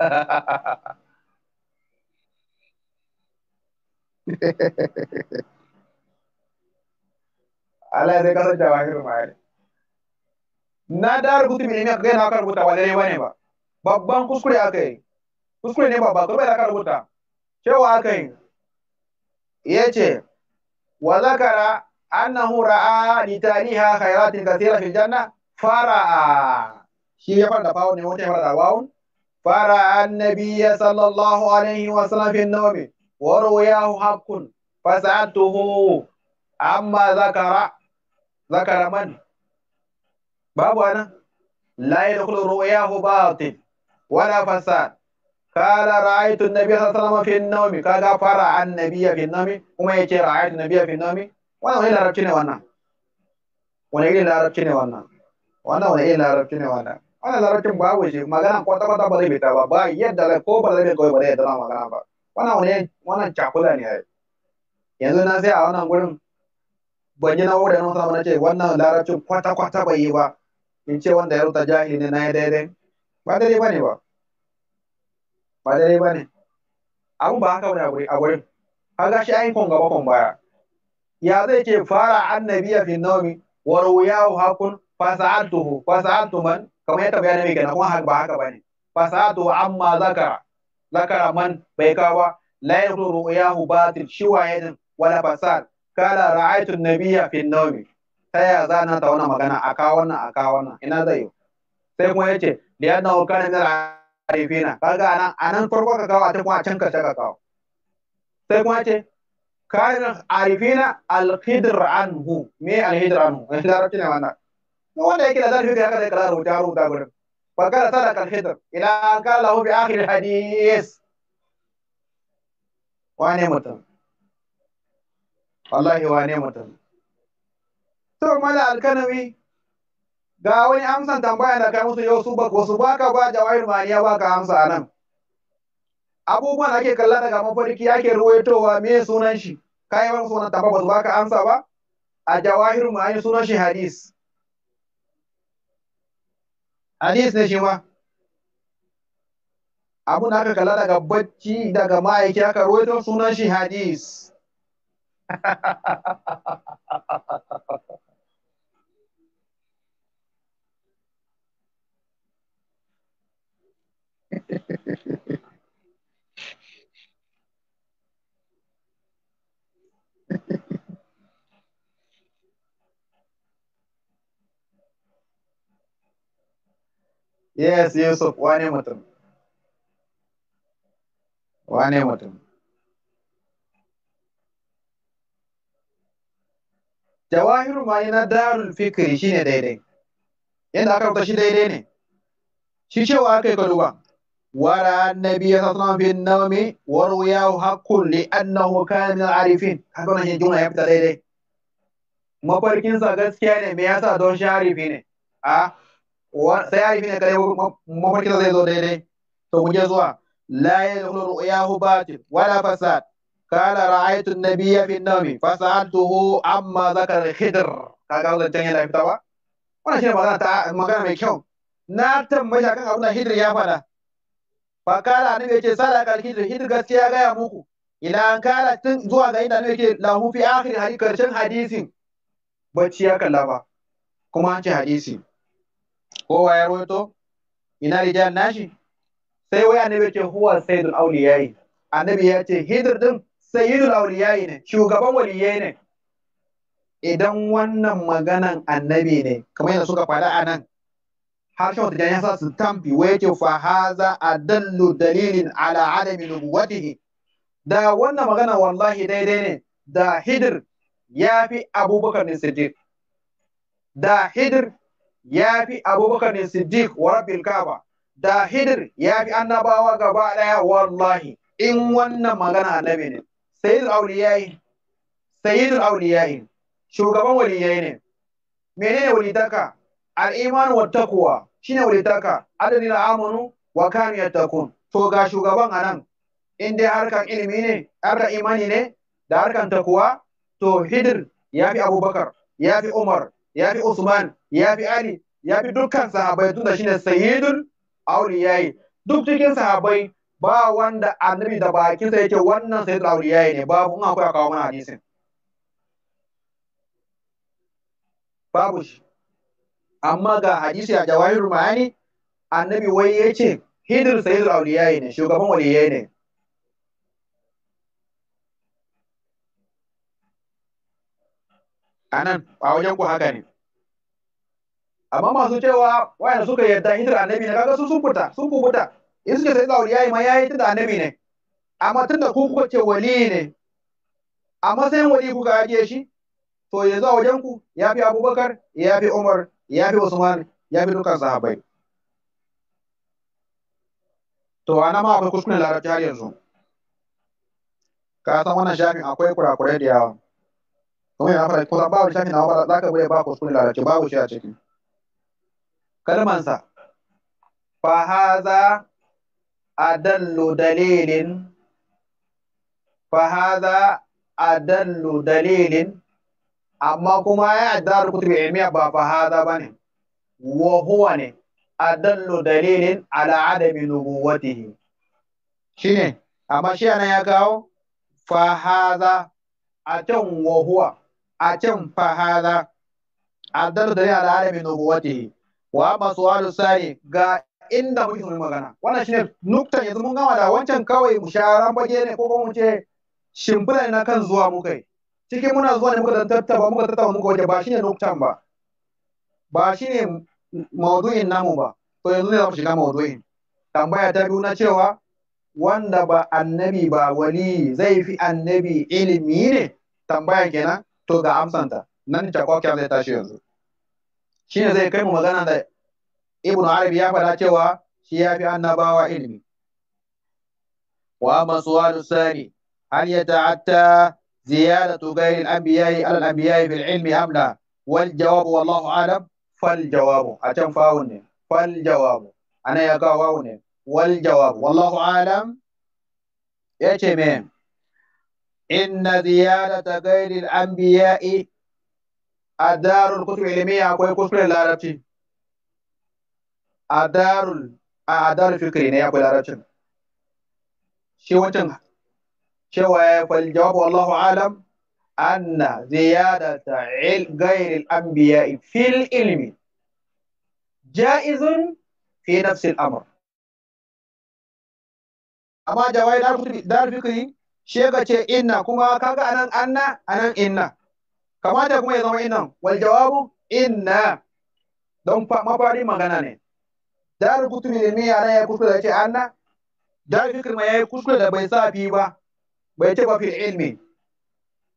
(laughs) Allah sai kasan jawahirin ma ne na da rubutu mai ne kai na aka rubuta ba dai bane ba babban kuskure aka yi kuskure ne babba ko bai da ka rubuta cewa aka yi Ya ce. وذكر أنه رأى لتاليها خيرات كثيرة في الجنة فرأى شيء يفعل دفاون يموت يفعل دفاون فرأى النبي صلى الله عليه وسلم في النوم ورؤياه حق فسألته أما ذكر ذكر من باب أنا لا يدخل رؤياه باطل ولا فساد kala ra'aytu nabi sallallahu alaihi wasallam fi kaga fara annabi fi nawmi kuma yace ra'aytu nabi fi nawmi wannan wani larabci ne wannan wani irin larabci ne wannan wannan wani irin larabci ne wannan wannan larabcin babu shi magana kwata kwata ba zai fita ba ba yadda ko ba zai kawai ba zai yadda magana ba wannan wani wannan cakula ne ai yanzu na sai a wannan gurin ban yi na wurin nan sama na ce wannan larabcin kwata kwata ba yi ba in ce wanda ya rubuta jahili ne na yi dai-dai. ba daidai ba ne ba ba dare ba ne abin ba haka ne a gurin kaga shi ayin kon gaba kon baya ya zai ke fara annabiya fi nawmi wa ruyahu hakun fasa'atuhu fasa'atu man kamar yadda bayani mai kenan kuma ba haka bane fasa'atu amma zakara zakara man bai kawa la yakunu ru'yahu batil shi waye wala fasal kala ra'aytu nabiyya fi nawmi ta ya za na ta wannan magana a kawo wannan a kawo wannan ina zai yi sai kuma yace liyanna kana min rufe na kaga anan anan farko ka kawo a ta kuma a can ka ka kawo sai kuma ce kayan karin na alhidr anhu me alhidr anhu larabci ne wannan wanda yake da zarfi haka zai kaza rubuta rubuta gurin fakara sadaka alhidr ila kala hu bi akhir hadis wane mutum wallahi wane mutum to mala alkanawi ga wani amsan tambaya da kai musu yau su ba wasu baka ba jawahir maniya ka amsa nan? abubuwan ake kalla daga mafarki yake ruwaitowa me sunan shi kai ba sunan tamba ba su ka amsa ba a jawahir maniya sunan shi hadis hadis ne shi ma abun aka kalla daga bacci daga ma'aiki aka ruwaito sunan shi hadis (laughs) yes, Yusuf, wane mutum? Wane mutum? Jawahirul ma'ani na darul fikri shine daidai. yadda aka rubuta shi daidai ne. Shi cewa aka yi kaduwa. ورأى النبي صلى الله عليه وسلم في النوم وروياه حق لأنه كان من العارفين haka wannan shi jumla ya fita daidai mafarkin gaskiya ne me yasa don shi arifi ne a sai arifi ne kare mafarkin sa zai zo daidai to mu je zuwa la yadkhulu ru'yahu قال رأيت النبي في النوم فسألته عما ذكر خدر kaga wannan can yana fitawa wannan shi ne magana ta magana mai kyau na tambaye kan abin ya faɗa fakala annabi sala sada da hidir gaskiya gaya muku ila an kala tun zuwa ga inda yake lahu fi akhir hadith karshen hadisin bacci ya kalla ba kuma an ce hadisi kowa ya to, ina rijal nashi sai wai annabi yace huwa sayyidul awliyai annabi ya ce Hidir din sayyidul awliyai ne shugaban waliyai ne idan wannan maganan annabi ne kamar yadda suka faɗa anan. harshen da ya sa su tambi wace fa haza adallu dalilin ala adami nubuwatihi da wannan magana wallahi daidai ne da hidir ya fi abubakar ne siddiq da hidir ya fi abubakar ne siddiq wa rabbil kaba da hidir ya fi annabawa gaba daya wallahi in wannan magana annabi ne sayyidul auliyayi sayyidul auliyayi shugaban waliyai ne menene walidaka al wa taqwa shine walitaka adadin amanu wa kanu takun to ga shugaban nan, in dai harkan ilimi ne harkan imani ne da harkar takuwa, to hidir ya fi abubakar ya fi umar ya fi usman ya fi ali ya fi dukkan sahabai tunda shine sayyidul auliyayi duk cikin sahabai ba wanda annabi da bakinsa yake wannan sayyidul auliyayi ne babu in akwai a kawo mana hadisin babu shi amma ga hadisi a jawahir ma'ani annabi wai ya ce hidir sayyidul auliya ne shugaban waliyai ne anan a wajen ku haka ne amma masu cewa wayanda suka yarda hidir annabi ne kaga su sun kuta sun kubuta in suka sayyidul auliya ma yayi tunda annabi ne amma tunda ku kuka ce wali ne amma sai wali kuka ajiye shi to yanzu a wajen ku ya fi abubakar ya fi umar ya fi Usman ya fi dukkan sahabbai to nan ma akwai kuskuren larabci har yanzu ka san wannan shafin akwai kurakurai da yawa kuma ya fara kusan babu shafin na wabara za ka bude ba kuskuren larabci babu shi a ciki kalmansa haza adallu dalilin haza adallu dalilin amma kuma ya kutu kutub ilmiya ba fa hada bane wa huwa ne adallu dalilin ala adami nubuwatihi shine amma shi yana ya kawo fa hada a can wa huwa a can fa hada adallu dalilin ala adami nubuwatihi wa amma su'alu sani ga inda muke yi magana wannan shine nukta yanzu mun gama da wancan kawai musharan bage ne ko kuma mu ce shimfiɗa na kan zuwa mu kai cikin muna zuwa ne muka tattaba muka tattaba muka waje ba shine nuktan ba ba shine maudu'in namu ba to yanzu ne za mu shiga maudu'in tambaya ta biyu na cewa wanda ba annabi ba wali zai fi annabi ilimi ne tambaya kenan to ga amsanta nan ta kwakwam zai tashi yanzu Shi ne zai kai mu magana da ibnu arabi ya faɗa cewa shi ya fi annabawa ilimi wa amma su'alu sani hal yata'atta زيادة غير الأنبياء على الأنبياء في العلم أم لا والجواب والله أعلم فالجواب أتم فاوني فالجواب أنا يا قاوني والجواب والله أعلم يا شمين إن زيادة غير الأنبياء أدار الكتب العلمية أكوي كتب العربية أدار أدار الفكرية أكوي العربية شو وانتن cewa فالجواب والله أعلم أن زيادة غير الأنبياء في العلم جائز في نفس الأمر amma jawai dar fikri shega ce inna kuma kaga anan anna anan inna kamata kuma ya zama innan wal jawabu inna don mafari magana ne dar kuturi ne me yara ya kuskure da ce anna dar fikri ma yayi kuskure da bai sa fi ba bai ce ba fil ilmi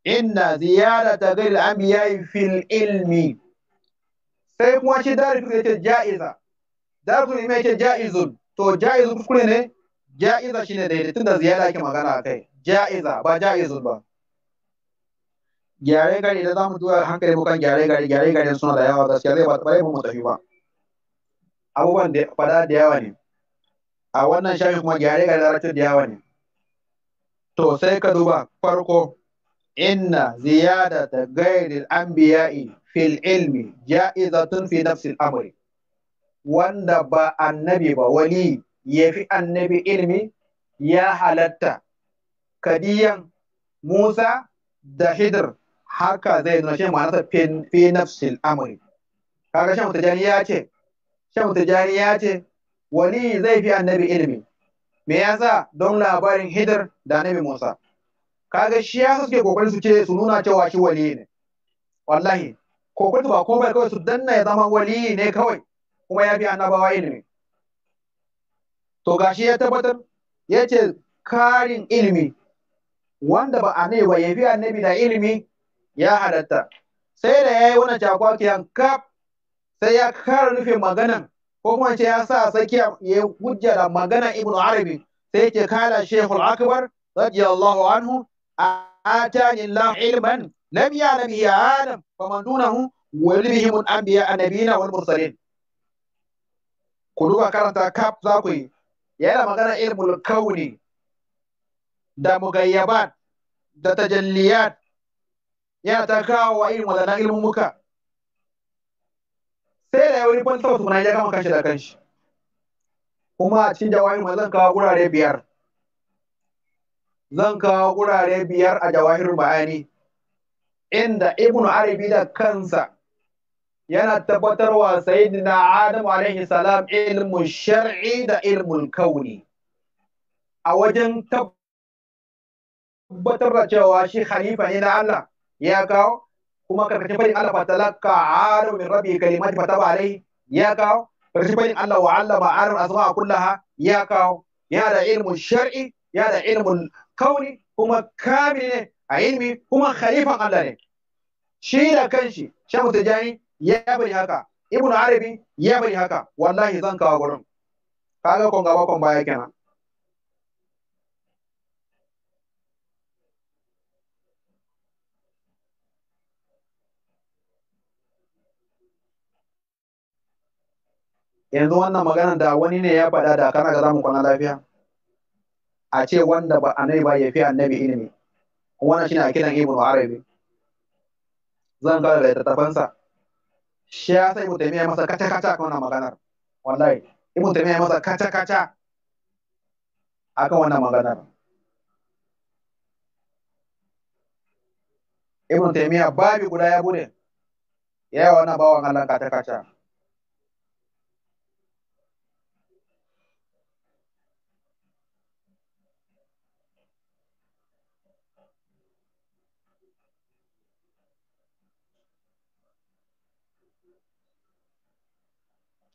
inna ziyarata ghayr anbiya'i fil ilmi sai kuma shi darifin ya ce ja'iza darifin ya ce ja'izun to ja'izun kuskure ne ja'iza shine daidai tunda ziyara ke magana a kai ja'iza ba ja'izun ba gyare gari da zamu duba hankali mu kan gyare gari gyare gari suna da yawa gaskiya zai ba bare mu tafi ba abubuwan da fada da yawa ne a wannan shafi kuma gyare gari da da yawa ne to sai ka duba farko inna ziyada da gairil anbiya'i fil ilmi ja'izatun fi nafsil amri wanda ba annabi ba wali ya fi annabi ilmi ya halatta kadiyan Musa da Hidir haka zai nuna shi ma'anarsa fi nafsil amri kaga shan mutajani ya ce shan mutajani ya ce wali zai fi annabi ilmi me ya sa don labarin hidar da bi musa kaga shi ya suke kokarin su ce su nuna cewa shi wali ne wallahi kokarin ba komai kawai su danna ya zama wali ne kawai kuma ya bi annabawa ilimi to gashi ya tabbatar ya ce karin ilimi wanda ba annabi ba ya bi annabi da ilimi ya halatta sai da ya yi wannan cakwakiyan kaf sai ya kara nufin maganan ko kuma ce ya sa sakiya ya hujja da magana ibn arabi sai ke kala shehul akbar radiyallahu anhu atani allah ilman lam ya'lam bihi adam faman dunahu wa bihim al-anbiya annabiyina wal mursalin ku duba karanta kaf za ku yi yana magana ilmul kauni da mugayyabat da tajalliyat yana ta kawo wa irin ilmu ilmumuka sai da ya wani kwan wasu na ya gama kanshi da kanshi kuma a cikin jawahir ma zan kawo gurare biyar zan kawo wurare biyar a jawahir bayani inda Ibnu arabi da kansa yana tabbatarwa sayyidina adam alaihi salam ilmun shar'i da ilmun kauni a wajen tabbatar da cewa shi Khalifa ne na Allah ya kawo kuma karkashin fadin Allah fa talaka aro min rabbi kalimati fa taba alai ya kawo karkashin fadin Allah wa allama aro asma kullaha ya kawo ya da ilmun shar'i ya da ilmun kauni kuma kamil a ilmi kuma khalifan Allah ne shi da kanshi Shehu Tijani ya bari haka Ibn Arabi ya bari haka wallahi zan kawo gurin kaga kon gaba kon baya kenan yanzu wannan magana da wani ne ya faɗa da kana ga zamu kwana lafiya a ce wanda ba annabi ba ya fi annabi ilimi wannan shine akidan ibnu arabi zan ga da tafansa shi ya sai ibnu ya masa kaca-kaca kan wannan maganar wallahi ibnu ya masa kaca-kaca akan wannan maganar ibnu taymiya babi guda ya bude yayi wannan bawan Allah kata kaca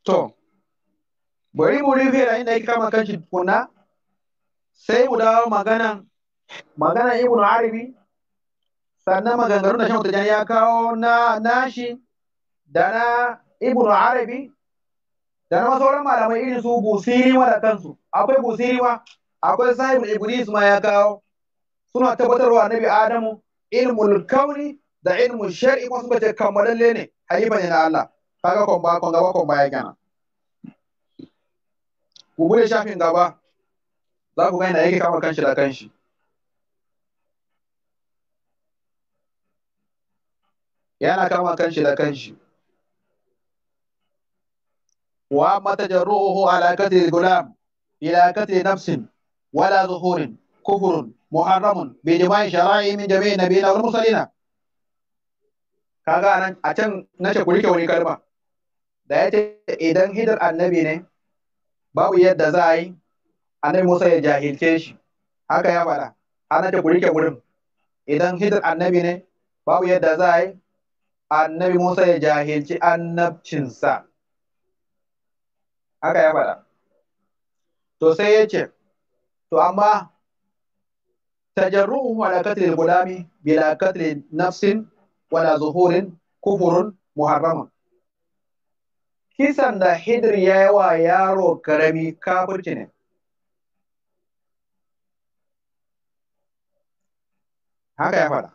To, bari mu rufe da inda yake kama kanshi tukuna, sai mu dawo maganan maganan Ibn Arabi, sannan maganganun da Shamu ya kawo na nashi da na Ibn Arabi, da na sauran malamai irin su Busiri ma da kansu, akwai Busiri ma, akwai sahib Iblis ma ya kawo, suna tabbatarwa na bi Adamu ilmul kauni da ilmul shar'i kuma suka ce kammalalle ne, halifa yana na Allah. kaga ba kon gaba kon baya kenan ku bude shafin gaba za ku ga inda yake kama kanshi da kanshi yana kama kanshi da kanshi wa mata jarruhu ala kati gulam ila kati nafsin wala zuhurin kufurun muharramun bi jama'i shara'i min jami'i nabiyina wal mursalina kaga anan a can nace ku rike wani kalma da ya ce idan hidar annabi ne babu yadda za a yi annabi Musa ya jahilce shi haka ya faɗa ana ce kurike rike wurin idan hidar annabi ne babu yadda za a yi annabi Musa ya jahilci annabcinsa haka ya faɗa to sai ya ce to amma tajarruhu ala qatl al-gulami bila qatl nafsin wala zuhurin kufurun muharramun kisan da Hidir ya yi wa yaro karami kafirci ne. Haka ya faɗa.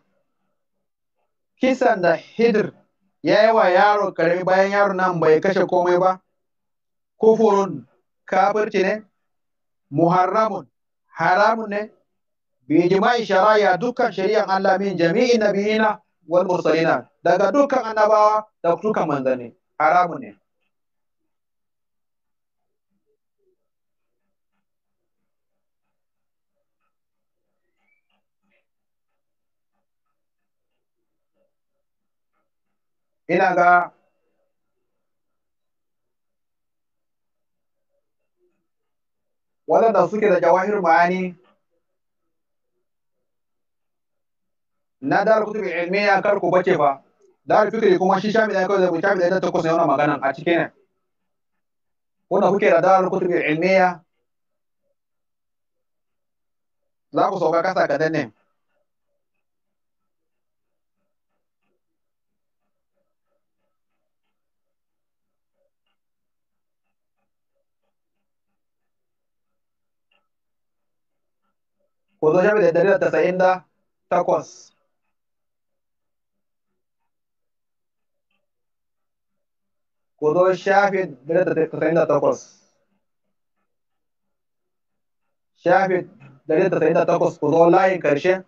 Kisan da Hidir ya yi wa yaro karami bayan yaro nan bai kashe komai ba, kufurun kafirci ne, muharramun haramun ne, bijima'i shari'a dukkan shari'an Allah min jami'in nabiyina wal mursalina daga dukkan annabawa da dukkan manzanni haramun ne. ina ga waɗanda suke da jawahir bayani na dar kutub ya kar ku bace ba dar fikri kuma shi shafi da kawai da shafi da ta takwas ne wannan magana a cikin ne wanda kuke da dar ilmi ya, za ku sauka kasa ka danne ku zo shafi da dari tasa'in da takwas ku zo shafi dari da tasa'in da takwas shafi dari da tasa'in da takwas ku zo layin karshe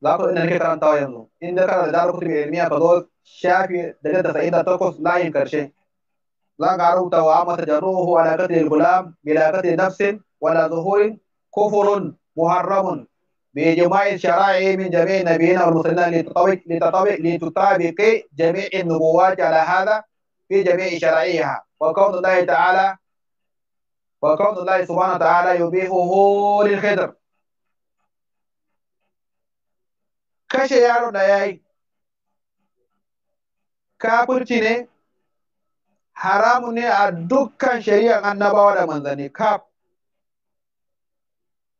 za ku inda nake karantawa yanzu inda kana da darar kutubi ilmiya ka zo shafi dari da tasa'in da takwas layin karshe za ka rubuta wa mata jaruhu ala katil gulam bila katil nafsin wala zuhurin kofurun. محرم بجماع الشرائع من جميع النبيين والمرسلين لتطابق لتطابق جميع النبوات على هذا في جميع شرائعها وكون الله تعالى وكون الله سبحانه وتعالى يبيحه للخدر kashe yaron da ya yi kafirci ne haramu ne a dukkan shari'ar annabawa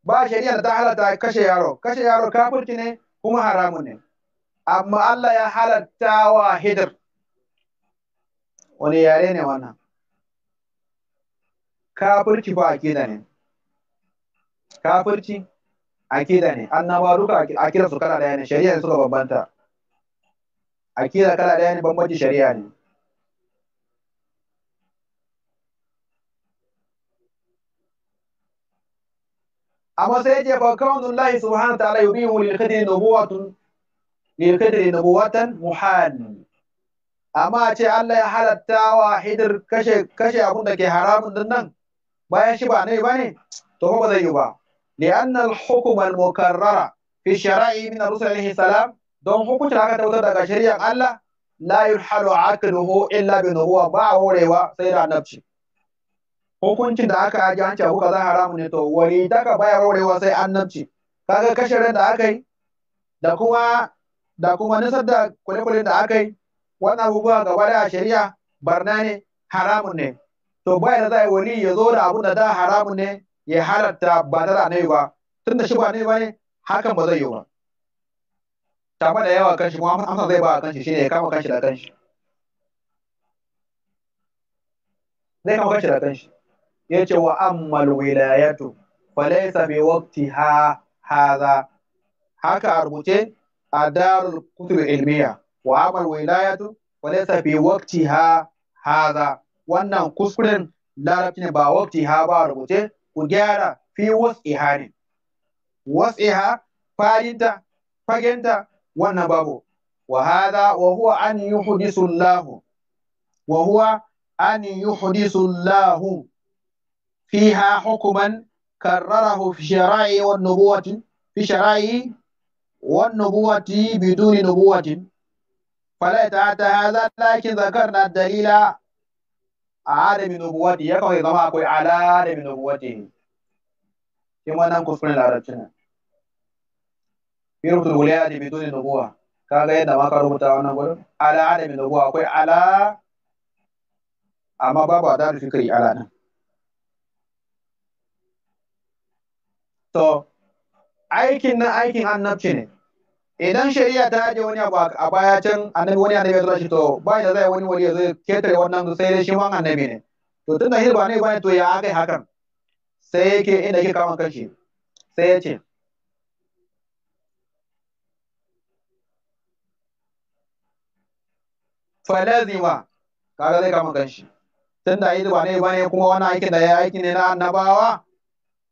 ba shari'ar ta halatta kashe yaro kashe yaro kafirci ne kuma haramun ne amma Allah ya halatta wa hidir wani yare ne wannan kafirci ba akida ne kafirci akida ne annabawa duka akida su kala daya ne shari'a suka bambanta akida kala daya ne bambanci shari'a ne amma sai ya ba kaunun lahi subhanahu ta'ala yubihu lil qadri nubuwatun lil qadri nubuwatan muhan amma ce Allah ya halatta wa hidir kashe kashe ke haramun din nan bayan shi ba ba ne to ba zai yi ba li'anna al-hukm al-mukarrara fi shara'i min ar salam don hukuncin aka tautar daga shari'ar Allah la yulhalu aqluhu illa bi nubuwa ba horewa sai da annabci hukuncin da aka aji an ce abu kaza haramu ne to wani daga baya rorewa sai annabci kaga kashirin da aka yi da kuma da kuma nisar da kwale-kwale da aka yi wannan abubuwa gaba da shari'a barna ne haramun ne to baya da zai wani ya zo da abu da da haramun ne ya halatta ba da annabi ba tun da shi ba ne ba ne hakan ba zai yi ba tafa da yawa kanshi Muhammad amsa zai ba a shi shine ya kama kanshi da kanshi zai kama kanshi da kanshi yace wa ammal wilayatu falaysa bi waqtiha haza. haka a rubuce a darul kutub ilmiya wa ammal wilayatu falaysa bi waqtiha haza. wannan kuskuren larabci ne ba ha ba a rubuce ku gyara fi was'iha ne was'iha fadinta fagenta wannan babu wa hadha wa huwa an yuhdisu Allah wa huwa an yuhdisu Allah فيها حكما كرره في شرائع والنبوة في شرائع والنبوة بدون نبوة فلا يتعاتى هذا لكن ذكرنا الدليل عالم نبوته يقوي ضماك على عالم نبوته كما ننقص من العربتنا في ربط الولايات بدون نبوة كان yadda ما ka متعونا wannan gurin ala adamin nubuwa akwai ala amma babu adalu fikri ala to aikin na aikin annabci ne idan shari'a ta ajiye wani abu a baya can annabi wani annabi ya tura shi to ba da zai wani ya zai ketare wannan sai dai shi wan annabi ne to tunda hirba ne ba to ya akai hakan sai yake inda yake kawo kanshi sai ya ce falazima kaga zai kama kanshi tunda hirba ne ba ne kuma wani aikin da ya aiki ne na annabawa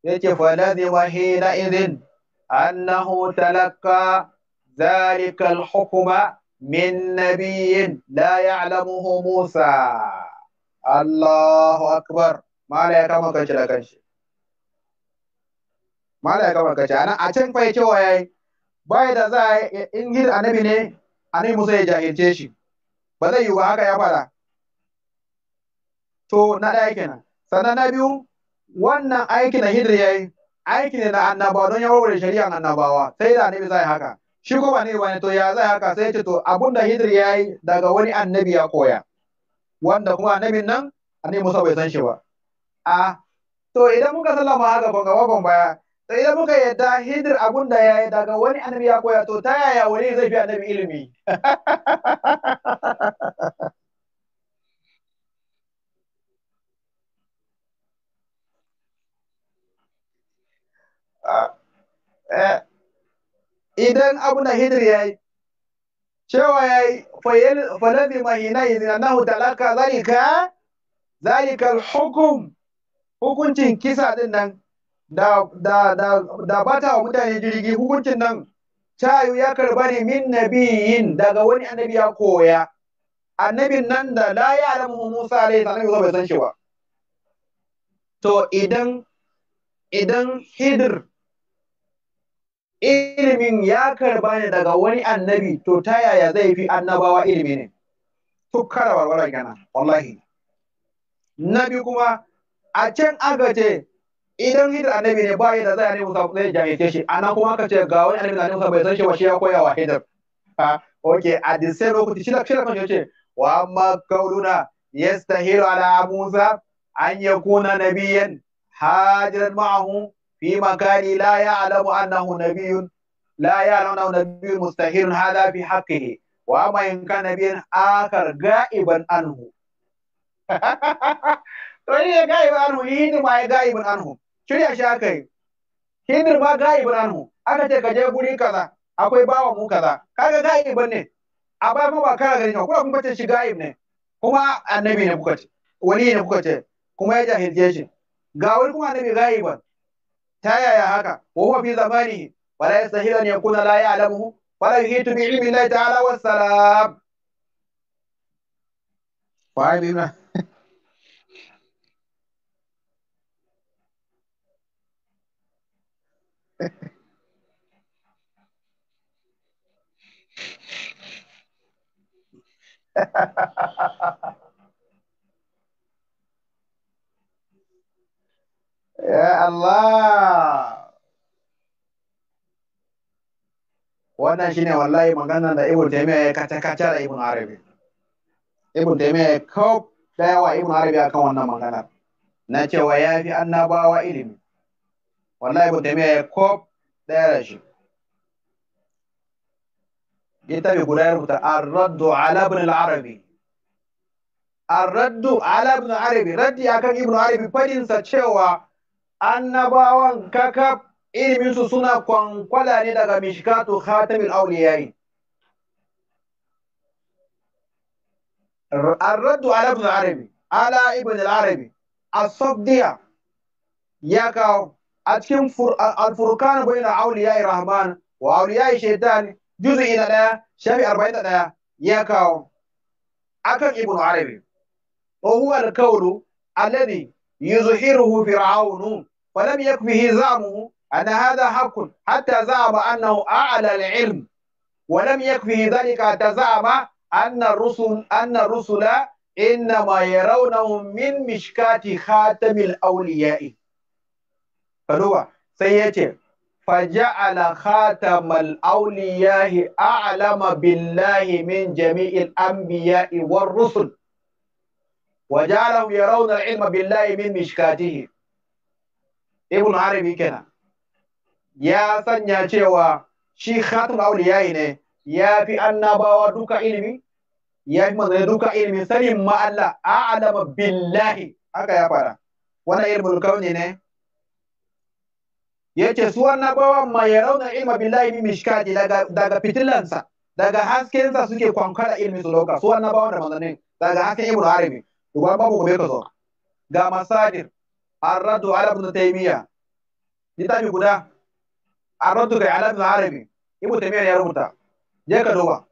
yace falazi wa hina izin? annahu talakka zalika al-hukma min nabiyyin la ya'lamuhu Musa Allahu akbar mala ya kama kanshi da kanshi mala ya kama kanshi anan a can fa yake waye bai da za in gir annabi ne annabi Musa ya jahilce shi ba zai yi ba haka ya fara to na ɗaya kenan sannan na biyu wannan aiki na ya yayi aiki ne na annabawa don ya warware shari'an annabawa sai da annabi zai haka shi kuma ne wani to ya zai haka sai ce to abunda ya yayi daga wani annabi ya koya wanda kuma annabin nan annabi Musa bai san shi ba a to idan muka sallama haka ban gaba ban baya to idan muka yadda hidir abunda ya yi daga wani annabi ya koya to ta yaya wani zai fi annabi ilimi (laughs) Eh, idan abu na hidir ya yi cewa ya yi falazi mahina izina nahu talaka zalika zalika hukum hukuncin kisa din nan da da da da bata wa mutane jirgi hukuncin nan tayu ya karba ne min nabiyin daga wani annabi ya koya annabin nan da la ya alamu Musa alaihi salam bai san shi ba to idan idan hidir ilimin ya karba ne daga wani annabi to ta yaya zai fi annabawa ilimi ne tukkara warwara gana wallahi nabi kuma a can agace ce idan hidar annabi ne ba yadda zai nemi sabu zai jami'ce shi anan kuma ka ce ga wani annabi na musa bai san shi wa shi ya koya wa hidda ha oke a dinse lokaci shi da shi da kan yace wa amma kauluna yastahilu ala musa an yakuna nabiyyan hajiran ma'ahu في مكان لا يعلم أنه نبي لا يعلم أنه نبي مستحيل هذا في حقه وأما إن كان نبيا آخر غائبا عنه ne gaibu anhu (laughs) hidin ma ya gaibin anhu shirya shi aka yi hidin ma anhu aka ce ka je guri kaza akwai bawa mu kaza kaga gaibin ne a bai ba kana gani kuma kuma ce shi ne kuma annabi ne kuka ce ne kuma ya jahilce shi ga kuma annabi gaiban ta yaya haka wa huwa fi zamanihi wala yastahil an yakuna la ya'lamuhu wala yuhitu bi ilmi Allah ta'ala wa salam fa'imna ha ha ha ha ha Ya Allah! Wannan shine wallahi maganar da Ibn Taymiyyah ya kata-kata da Ibn Arabi. Ibn Taymiyyah ya kawo daya wa Ibn Arabi akan wannan maganar. Na cewa ya fi annabawa ilimi. Wallahi Ibn Taymiyyah ya kawo daya da shi. littafi guda ya rubuta arraddu ala ibn al-arabi arraddu ala ibn arabi raddi akan ibn arabi fadin sa cewa annabawan kakab iliminsu suna kwankwala ne daga mishikatu khatamin auliyayi. Arraddu ala ibn al’arabi, ala ibn al’arabi, a ya kawo a cikin alfurkan bai na rahman wa auliyayi shaitan juzu ina ɗaya, shafi arba'in ɗaya ya kawo a kan ibn al’arabi. Ohuwar kawo alladhi yuzhiruhu fir'aunu ولم يكفه زعمه أن هذا حق حتى زعم أنه أعلى العلم ولم يكفه ذلك حتى زعم أن الرسل أن الرسل إنما يرونه من مشكاة خاتم الأولياء فلو سيأتي فجعل خاتم الأولياء أعلم بالله من جميع الأنبياء والرسل وجعلهم يرون العلم بالله من مشكاته ibn harami kenan ya sanya cewa shi khatul awliya ne ya fi annabawa duka ilimi ya fi manzanni duka ilimi sanin ma Allah a'lama billahi haka ya fara wannan ilmul kauni ne yace su annabawa ma rauna ilma billahi min mishkati daga daga fitilansa daga haskensa suke kwankara ilmi su dauka su annabawa da manzanni daga hasken ibnu arabi duba babu gobe ka zo ga masadir الرد على ابن تيمية littafi guda a raddu ga alam na arabi ibu tamiyar ya rubuta je ka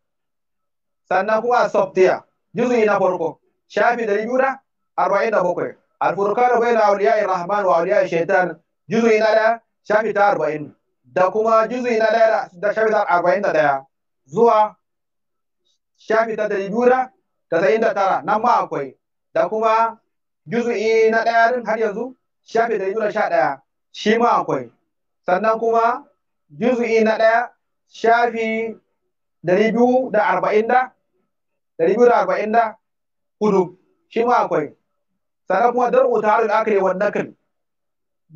sannan kuma a softiya juzuyi na farko shafi dari biyu da arba'in da bakwai alfurkanu bai na auliya rahman wa auliya shaitan juzuyi na daya shafi ta arba'in da kuma juzuyi na daya da shafi ta arba'in da daya zuwa shafi ta dari biyu da tasa'in da tara nan ma akwai da kuma juzuyi na daya har yanzu Shafe ɗari da sha ɗaya shi ma akwai sannan kuma juzu'i na ɗaya shafi ɗari biyu da arba'in da ɗari biyu da arba'in da hudu shi ma akwai sannan kuma dar'u ta harin yi wa nakal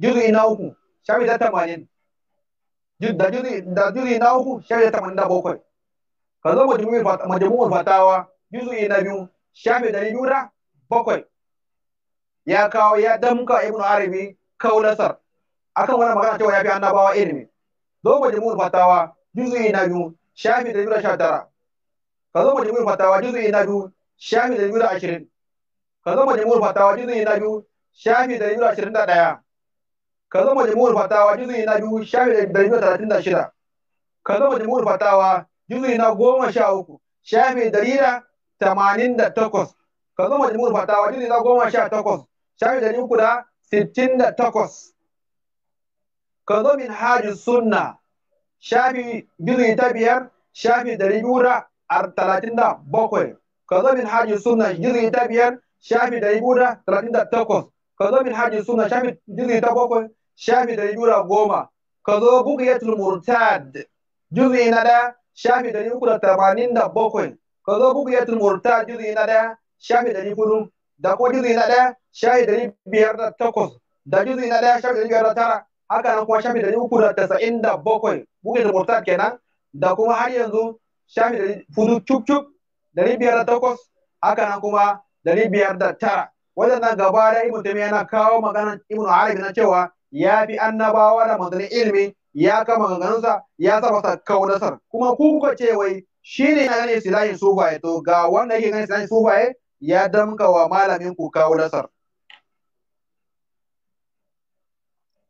juzu'i na uku shafi da tamanin da juzu'i na uku shafi da tamanin da bakwai ka zo majmu'ul fatawa juzu'i na biyu shafi ɗari biyu da bakwai ya kawo ya damka ibnu arabi kaulasar akan wannan magana cewa ya fi annabawa ilimi zo mu jumu'ul fatawa juzu'i na biyu shafi da biyu sha tara ka zo mu jumu'ul fatawa juzu'i na biyu shafi da biyu da ashirin ka zo mu jumu'ul fatawa juzu'i na biyu shafi da biyu da ashirin da ɗaya ka zo mu jumu'ul fatawa juzu'i na biyu shafi da biyu da talatin da shida ka zo mu jumu'ul fatawa juzu'i na goma sha uku shafi da tamanin da takwas ka zo mu jumu'ul fatawa juzu'i na goma sha takwas shafi ɗari uku da sittin da takwas ka zo min haji sunna shafi juzi ta biyar shafi ɗari biyu da talatin da bakwai ka zo min haji sunna juzi ta biyar shafi ɗari biyu da talatin da takwas ka zo min haji sunna shafi juzi ta bakwai shafi ɗari biyu da goma ka zo bugiyatul murtad juzi na da shafi ɗari uku da tamanin da bakwai ka zo bugiyatul murtad juzi na da shafi ɗari hudu da ko juzi na ɗaya shafi dari biyar da takwas da juzi na ɗaya shafi dari biyar da tara haka nan kuma shafi dari uku da tasa'in da bakwai buga da murtad kenan da kuma har yanzu shafi dari fudu cup cup dari biyar da takwas haka nan kuma dari biyar da tara nan gaba da ibnu taymiya yana kawo magana ibnu arabi na cewa ya fi annabawa da manzannin ilimi ya kama ganganunsa ya sa masa kaunasar kuma ku kuka ce wai shi ne na gane silahin sufaye to ga wanda yake ganin silahin sufaye ya damka wa malamin ku kawo nasar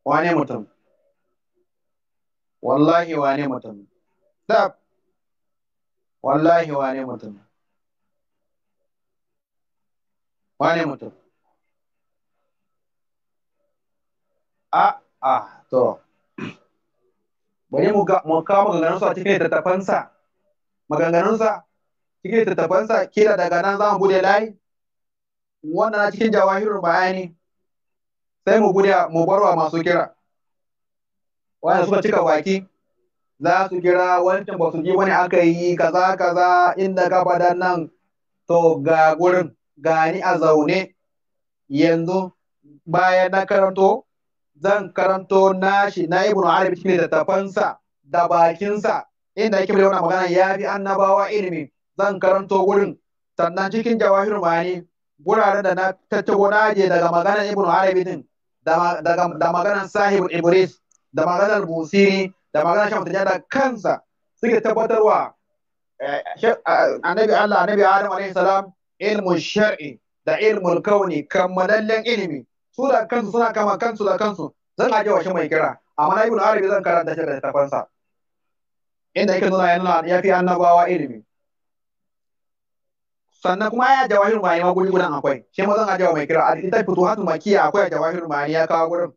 wane mutum wallahi wane mutum tab wallahi wane mutum wane mutum a a to bari mu kawo maganganunsa a cikin littattafansa maganganunsa cikin littattafansa kila daga nan za mu bude layi wannan a cikin jawahirul bayani sai mu bude mu bar wa masu kira wanda suka cika baki za su kira wancan ba su ji wani aka yi kaza kaza inda gabadan nan to ga gurin gani a zaune yanzu bayan na karanto zan karanto nashi na ibnu arabi cikin littattafansa da bakinsa inda yake bude wannan magana ya fi annabawa ilimi zan karanto gurin sannan cikin jawahir ma'ani wuraren da na tattago na ajiye daga maganar ibnu arabi din da maganar sahib ibris da maganar musiri da maganar shamsu da kansa suke tabbatarwa eh, annabi Allah annabi Adam alaihi salam ilmu shar'i da ilmu kauni kammalallen ilimi su da kansu suna kama kansu da kansu zan aje wa shi mai kira amma na ibnu arabi zan karanta shi da tafansa inda yake nuna ya fi annabawa ilimi sannan kuma ya jawahir ma'ani ma guri gudan akwai shi ma zan ajawa mai kira a littafin futuhatul makiya akwai a jawahir ma'ani ya kawo gurin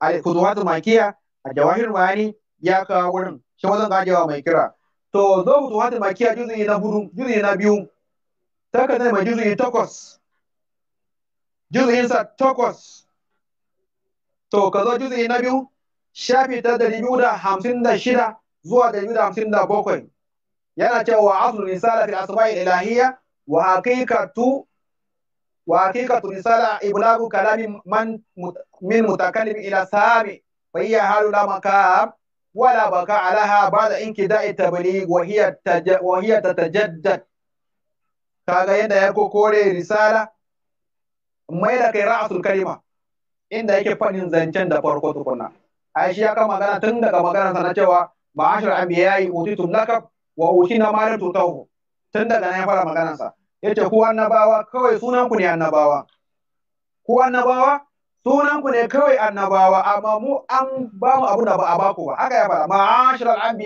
a futuhatul makiya a jawahir ma'ani ya kawo gurin shi ma zan ajawa mai kira to zo futuhatul makiya juzuyi na hudu juzuyi na biyu takardar mai juzuyi takwas juzuyin sa takwas to ka zo juzuyi na biyu shafi ta dari biyu da hamsin da shida zuwa dari biyu da hamsin da bakwai yana cewa aslu risalati al-asma'i ilahiyya wa haqiqatu wa haqiqatu risala iblagu kalami man min mutakallim ila sahabi fa hiya halu la makab ولا بقاء عليها بعد انقضاء التبليغ وهي تج... وهي تتجدد kaga yadda ya kore risala mai da kai ra'asul kalima inda yake fadin zancen da farko tukuna ai shi ya kama magana tun daga maganarsa na cewa ma'ashar anbiya'i utitum lakab wa utina na lam tutahu tun daga nan ya fara maganarsa ce ku annabawa kawai sunan ku ne annabawa ku annabawa sunan ku ne kawai annabawa amma mu an ba mu abu da ba a baku ba haka ya fara ma'ashar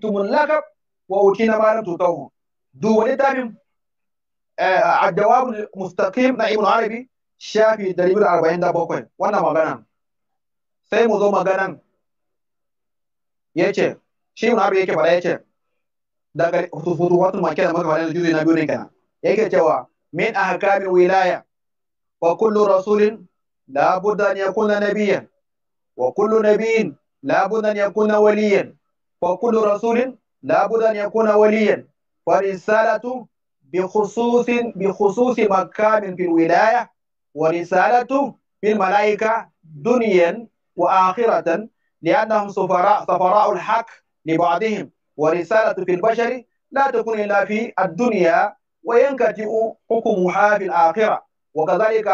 tu mun lakab wa utina ma lam tutahu duba littafin الجواب eh, mustaqim na ibn arabi shafi bakwai wannan magana sai mu zo maganan yace shi mun arabi yake fara yace daga hutuwatul makiyya maka faɗa da juzu na biyu ne kana yake cewa min ahkamin wilaya wa kullu rasulin la budda an yakuna nabiyyan wa kullu nabiyyin la budda an yakuna waliyan wa kullu rasulin la budda an yakuna waliyan fa risalatu bi khususin bi khususi makamin fil wilaya wa risalatu fil malaika dunyan wa akhiratan لأنهم سفراء سفراء الحق لبعضهم ورسالة في البشر لا تكون إلا في الدنيا وينكتئ حكمها في الآخرة وكذلك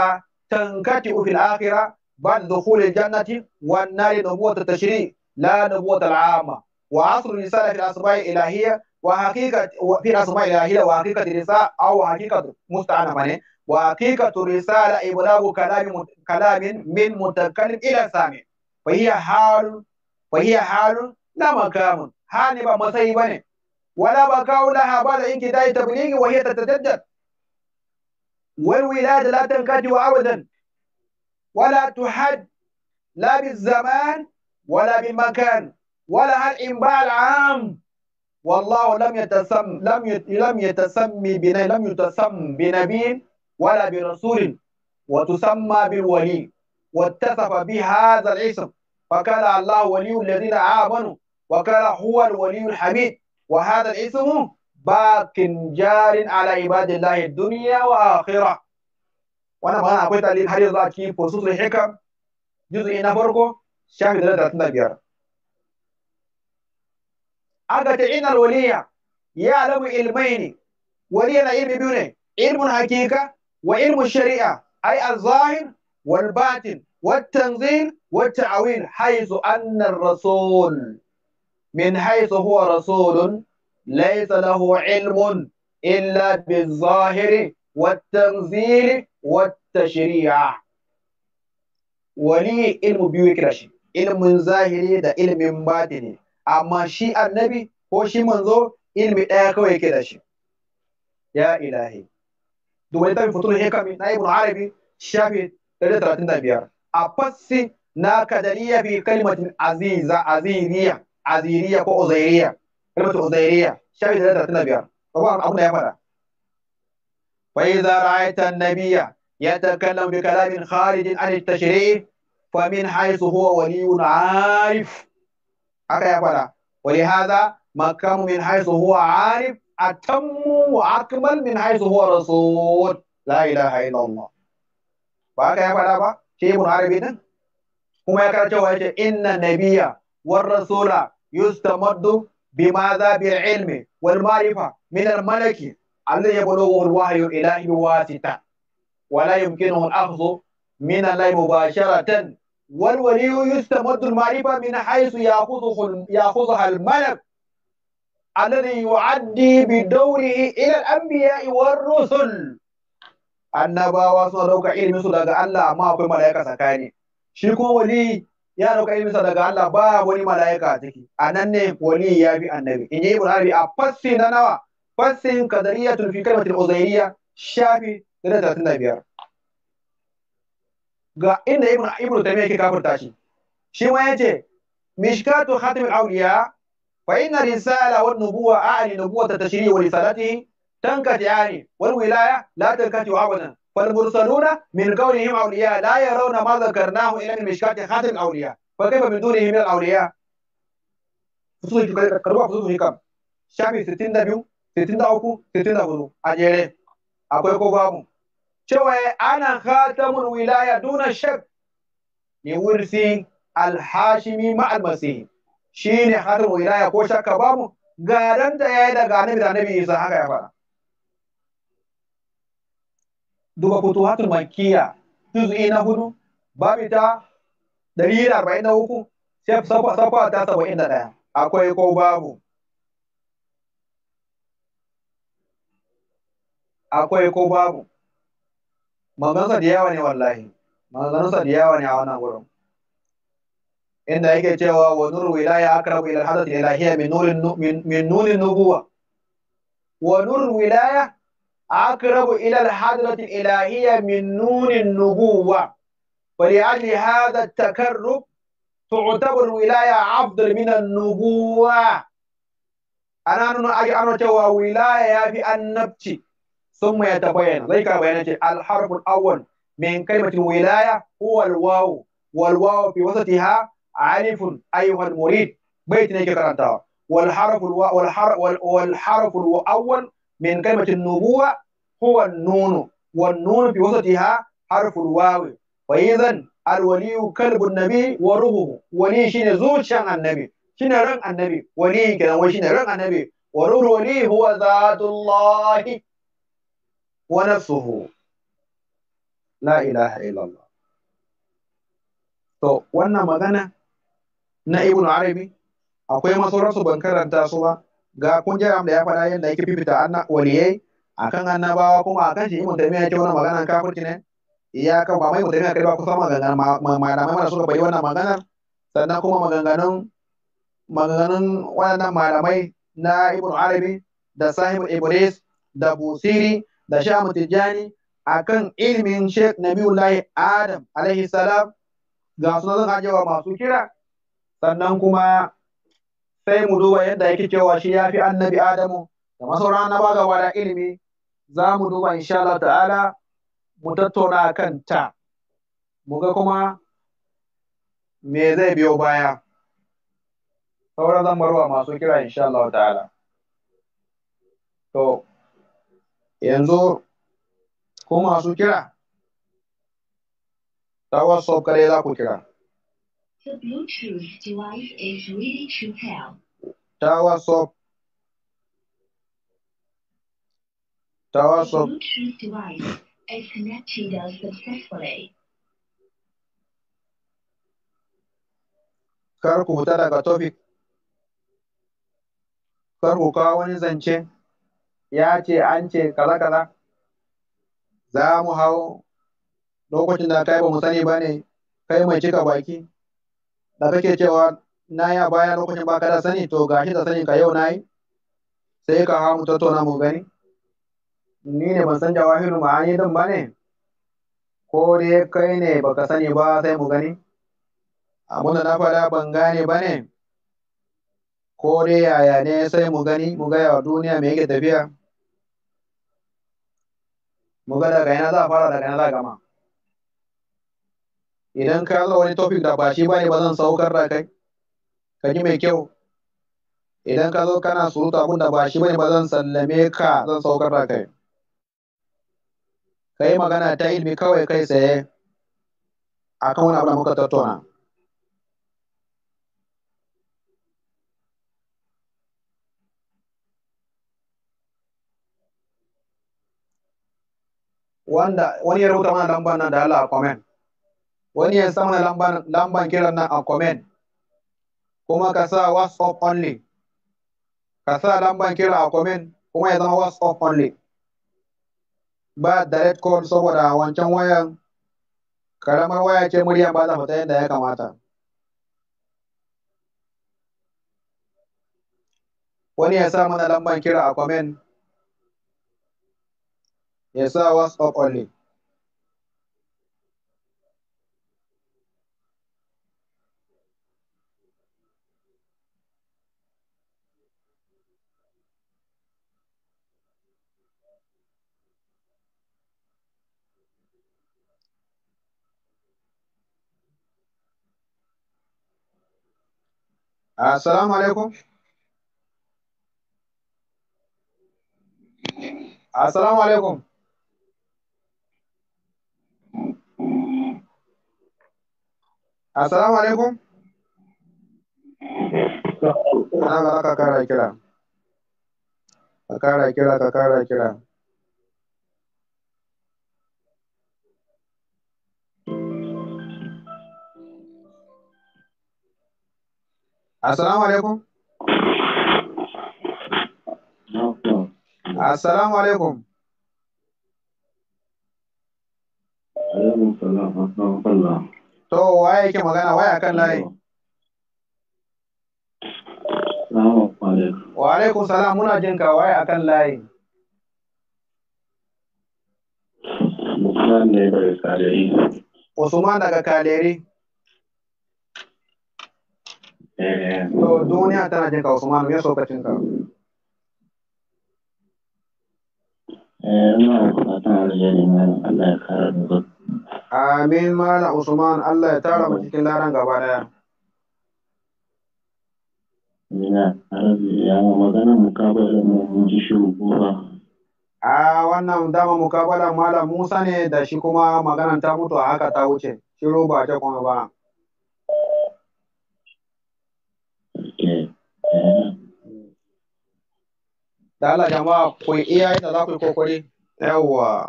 تنكتئ في الآخرة بعد دخول الجنة والنار نبوة التشريع لا نبوة العامة وعصر الرسالة في الأسماء الإلهية وحقيقة في الأسماء الإلهية وحقيقة الرسالة أو حقيقة مستعانة وحقيقة الرسالة إبلاغ كلام كلام من متكلم إلى سامع فهي حال فهي حال لا مكان hani ba matsayi ba ne wala ba kawo laha ba da inki ta yi tabligi wa hiya tatataddad wal wilada la tankadi wa abadan wala tuhad la zaman wala bi makan wala hal imba al am والله لم يتسم لم لم يتسمي بنا لم bi بنبي ولا برسول وتسمى بالولي واتصف بهذا الاسم فقال الله ولي الذين امنوا وكان هو الولي الحميد وهذا الاسم باق جار على عباد الله الدنيا واخره وانا ما اقول تعليل هل يضع كي فصوص الحكم جزء نفرقه شاهد 35 aka ta inal waliya ya alamu ilmai ne waliya na ilmi biyu ne ilmun hakika wa ilmun shari'a ai al-zahir wal batin wat tanzil wat ta'awil haythu min haythu huwa rasulun laysa lahu ilmun illa bizahiri watanzili watashri'a wali ilmu biyu kira shi ilmin zahiri da ilmin batini amma shi annabi ko shi manzo ilmi ɗaya kawai kira shi ya ilahi duk wani tafi fitul hikami na ibn arabi shafi 135 a fassi na kadariya fi aziza aziriya aziriya ko uzairiya kalmatu uzairiya shafi da talatin da biyar kuma abin da ya faɗa fa idza ra'aita an-nabiyya yatakallamu bi kalamin kharijin an at-tashri' fa min haythu huwa waliyyun 'arif haka ya faɗa wa lihadha makamu min haythu huwa 'arif atammu wa akmal min haythu huwa rasul la ilaha illallah ba haka ya faɗa ba shi ibn arabi din kuma ya karanta wa yace inna nabiyya war rasula يستمد بماذا بالعلم والمعرفة من الملك الذي يبلغه الوحي الإلهي بواسطة ولا يمكنه الأخذ من الله مباشرة والولي يستمد المعرفة من حيث يأخذه يأخذها الملك الذي يعدي بدوره إلى الأنبياء والرسل annabawa suna ɗaukar ilimin su daga Allah amma akwai mala'ika tsakani shi kuma wali ya dauka ilminsa daga Allah ba wani mala'ika a ciki a nan ne wali ya bi annabi in ji ibn arabi a fassi na nawa fassin qadariyatun fi kalimatul uzairiya shafi da da da biyar. ga inda ibn ibn taymiya yake kafirta shi shi ma yace mishkatu khatim al-awliya fa inna risala wan nubuwa a'li nubuwata tashri' wa risalatihi tankati ani wal wilaya la tankati abadan والمرسلون من كونهم أولياء لا يرون ما ذكرناه إلى المشكاة خاتم الأولياء فكيف من دونهم من الأولياء فصول قربوا فصول كم shafi 62 63 64 a jere akwai ko babu cewa ana khatamul wilaya duna shak ne wursi alhashimi ma almasihi shine khatamul wilaya ko shakka babu gadan da yayi daga annabi da annabi Isa haka ya fara duka futuhatul makkiya juz'i na hudu babu ta 143 sai safa ta 71 akwai ko babu akwai ko babu magansa da yawa ne wallahi magansa da yawa ne a wannan wurin inda yake cewa wa nuru wilaya akrabu ila hadath ilahiyya min nurin min nurin nubuwa wa nuru wilaya أقرب إلى الحضرة الإلهية من نور النبوة ولأجل هذا التكرب تعتبر الولاية أفضل من النبوة أنا أنا أنا توا ولاية في النبت ثم يتبين ذلك بيان الحرف الأول من كلمة ولاية هو الواو والواو في وسطها عالف أيها المريد بيت نيجي والحرف الوا والحر والحرف الأول من كلمة النبوة هو النون والنون في وسطها حرف الواو وإذا الولي كلب النبي وروحه ولي شين زوج شان النبي شين رن النبي ولي كلا وشين رن النبي وروح الولي هو ذات الله ونفسه لا إله إلا الله to wannan magana na ibn arabi akwai masauransu ban karanta su ba ga kun jira da ya faɗa yadda yake fifita anna waliyai akan annabawa kuma akan shi imun ya ce wannan maganar kafirci ne iya kan ba mai mutane tamiya kai ba kusa maganar. malamai mai suka bayi wannan maganar sannan kuma maganganun maganganun wannan malamai na Ibnu arabi da sahib ibris da busiri da shamu a akan ilimin sheikh nabiyullahi adam alaihi salam ga sunan ajewa masu kira sannan kuma sai mu duba yadda yake cewa shi ya fi annabi Adamu da masauran na ga wada ilimi za mu duba insha Allah ta'ala mu tattauna kan ta mu ga kuma me zai biyo baya sauran zan barwa masu kira insha Allah ta'ala to yanzu ko masu kira ta wasu kare za ku kira The Bluetooth device is ready to Ta WhatsApp. Ta WhatsApp. Bluetooth device is connected successfully. Kar ku fita daga topic. Kar ku kawo wani zance. Ya ce an ce kala-kala? Za mu hau lokacin da kai ba mu sani ba ne, kai mai cika baki. da kake cewa na yi a baya lokacin ba ka da sani to ga shi da sani ka yau na yi sai ka hamu tattauna mu gani ni ne ban san jawahiru ma'ani din ba ne ko dai kai ne baka sani ba sai mu gani da na faɗa ban gane ba ne ko dai yaya ne sai mu gani mu gaya wa duniya me yake tafiya mu ga daga yana za a fara daga yana za a gama idan ka zo wani topic da ba shi ba ne ba zan saukar da kai ka ji mai kyau idan ka zo kana surutu abun da ba shi ba ne ba zan sallame ka zan saukar da kai ka yi magana ta ilimi kawai kai tsaye a kan wani abu da muka tattauna wanda wani ya rubuta mana lamban nan da Allah a comment wani ya sama lamban lamban kiran nan a comment kuma ka sa WhatsApp only ka sa lamban kira a comment kuma ya zama WhatsApp only ba direct call saboda wancan wayan karamar waya ce murya ba ta yadda ya kamata wani ya sa mana lamban kira a comment ya sa WhatsApp only Assalamu alaikum. Assalamu alaikum. Assalamu alaikum. Ana ka kara kira. Ka kara kira, ka kara kira. Assalamu alaikum. Assalamu alaikum. To waye ke magana waya kan layi? Wa alaikum salam muna jin ka waye akan layi. Usman ne daga Kaleri. Usman daga Kaleri. To duniya tana jin ka me sokacin ka? ina fatan Allah ya kara Amin malam Usman Allah ya tara mu cikin laran gaba daya. Ina mu A wannan dama mukabala malam Musa ne da shi kuma maganar ta mutu a haka ta wuce shiru ba ta kuma ba. da Allah jama'a ku iya yadda za ku yi kokori? yawwa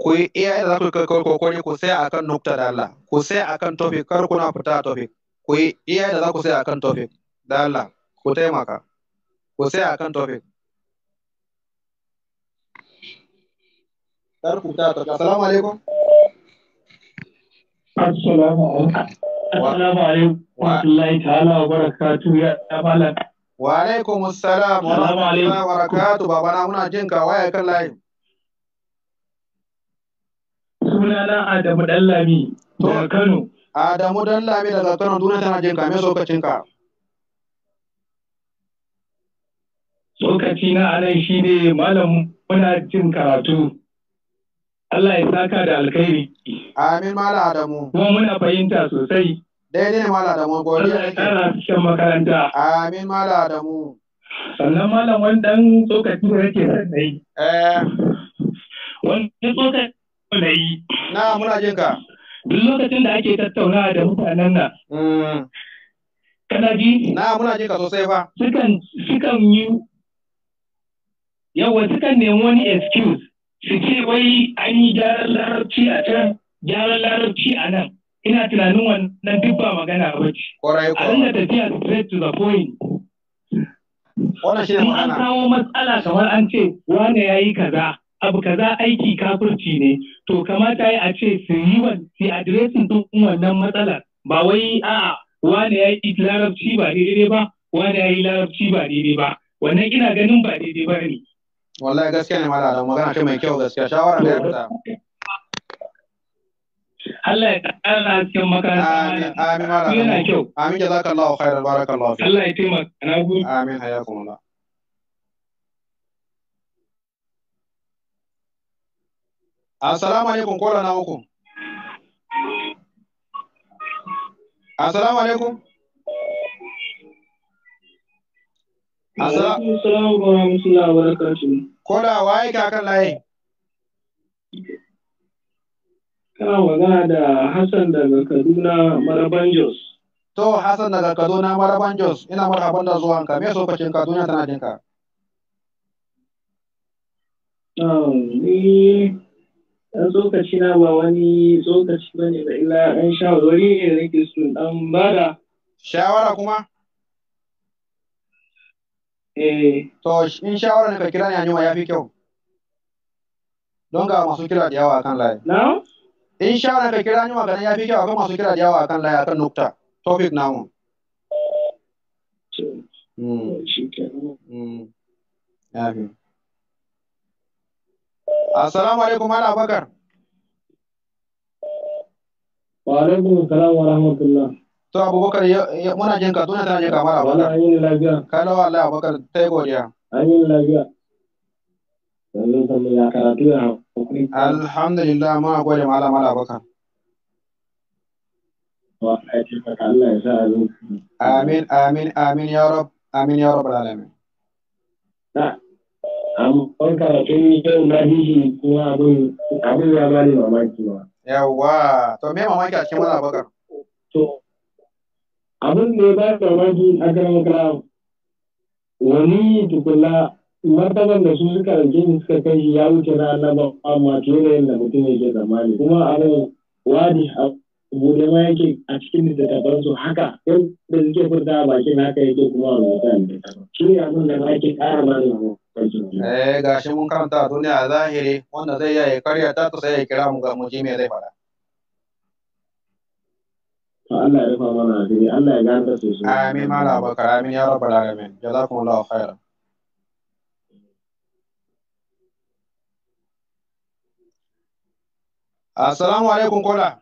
ku yi iya yadda za ku yi kokori ku sai akan nukta da Allah ku sai akan topic kar kuna fita a topic ku yi iya yadda za ku sai akan topic da Allah ku taimaka ku sai akan topic kar ku fita a topic assalamu alaikum assalamu alaikum assalamu alaikum wa rahmatullahi ta'ala wa barakatuhu ya malam Wa alaikum assalam wa rahmatullahi wa barakatuh babana muna jin ka waya kan layin. Suna na Adamu Dallami daga Kano. Adamu Dallami daga Kano duniya tana jin ka me sokacin ka? Sokaci na anan shine malam muna jin karatu. Allah ya saka da alkhairi. Amin malam Adamu. Kuma muna fahimta sosai. Daidai ne Mala Adamu godiya. Allah ya kara cikin makaranta. Amin Mala Adamu. Sannan Malam wannan tsokaci da yake son na yi. Eh. Wannan tsokaci na yi. Na muna jin ka. Duk lokacin da ake tattaunawa da mutanen nan. Hmm. Kana ji? Na muna jin ka sosai fa. Sukan sukan yi yawa sukan nemi wani excuse su ce wai an yi gyaran larabci a can gyaran larabci a nan. ina tunanin wannan duk ba magana ba ce. A rinda tafiya straight to the point. In an kawo matsala kamar an ce wane ya yi kaza, abu kaza aiki kafirci ne, to kamata ya a ce su yi su adiresin din wannan matsalar. Ba wai a'a wane ya yi larabci ba daidai ba, wane ya yi larabci ba daidai ba. Wannan ina ganin ba daidai ba ne. Wallahi gaskiya ne malam magana ce mai kyau gaskiya shawara ne ya fita. Allah ya ƙara cikin makaranta. Amin malam. Yana kyau. Amin ya zaka Allah khairar barakallahu fi. Allah ya Amin hayakum Allah. Assalamu alaikum kola na hukum. Assalamu alaikum. Assalamu alaikum wa rahmatullahi wa barakatuh. Kola aiki akan layi? Kana magana da Hassan daga Kaduna Maraban Jos. To Hassan daga Kaduna Maraban Jos ina marhaban da zuwan ka me sokacin Kaduna tana jinka? ka. Ni ɗan tsokaci na ba wani tsokaci ba ne ba illa ɗan shawarwari ne da nake so ɗan bada. Shawara kuma? Eh. To in shawara ne ka kira ni a ya fi kyau. Don ga masu kira da yawa kan layi. Na'am? in sha Allah ka kira ni magana ya fi kyau akan masu kira da yawa akan laya akan nukta topic namu hmm. hmm. Assalamu alaikum ana Abakar. Wa alaikum salam wa rahmatullah. To Abubakar muna jinka, ka tana jinka mara Malam Abakar. Wala ayin lafiya. lawa Allah Abubakar ta yi godiya. Ayin lafiya. Alhamdulillah muna gode malam Abubakar. Amin amin amin ya rab amin ya rab alamin. An karatun ni kan na ji kuma abin abin ya bani mamaki ba. Yawwa to me mamaki a cikin wani abokan. To abin da ya bani mamaki a kan wani tukula martaban da su suka rage ni suka kai shi ya wuce na annaba amma dole yadda mutum yake zamani kuma a nan wadi a bude ma yake a cikin littattafan su haka da suke furta a bakin haka yake kuma a rubuta shi ne abin da ma ke ƙara mana Eh shi mun karanta duniya a zahiri wanda zai iya ya karya ta sai ya kira mu ga mu ji me zai faɗa. Allah ya rufa mana asiri Allah ya ganta sosai. Amin mala bakar amin ya rabbal alamin jazakumullahu khairan. Assalamu alaikum kola.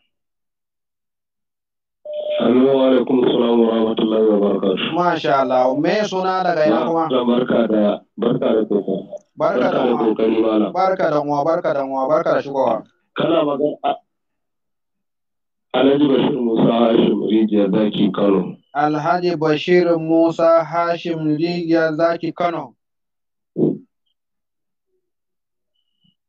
Assalamu alaikum salam wa rahmatullahi wa barakatuh. Masha Allah, me suna daga ina kuma? Na barka da barka da koko. Barka da kokari malam. Barka da uwa, barka da uwa, barka da shigowa. Kana magana Alhaji Bashir Musa Hashim Rijiyar Zaki Kano. Alhaji Bashir Musa Hashim Rijiyar Zaki Kano.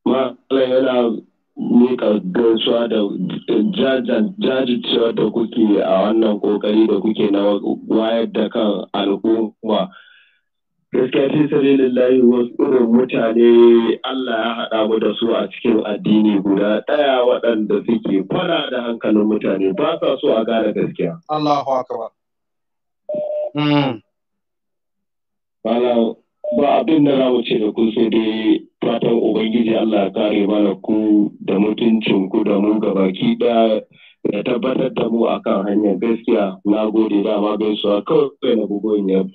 Allah yana nika gaisuwa da jajircewa da kuke a wannan kokari da kuke na wayar da kan al'umma gaskiya fi sabilillahi wasu irin mutane Allah ya haɗa mu da su a cikin addini guda ɗaya waɗanda suke kwana da hankalin mutane ba sa so a gane gaskiya Allahu akbar hmm. ba abin da za mu ce da ku sai dai fatan ubangiji Allah ya kare mana ku da mutuncin ku da mu baki da ya tabbatar da mu akan hanyar gaskiya na gode da ma gaisuwa kawai na bugun yau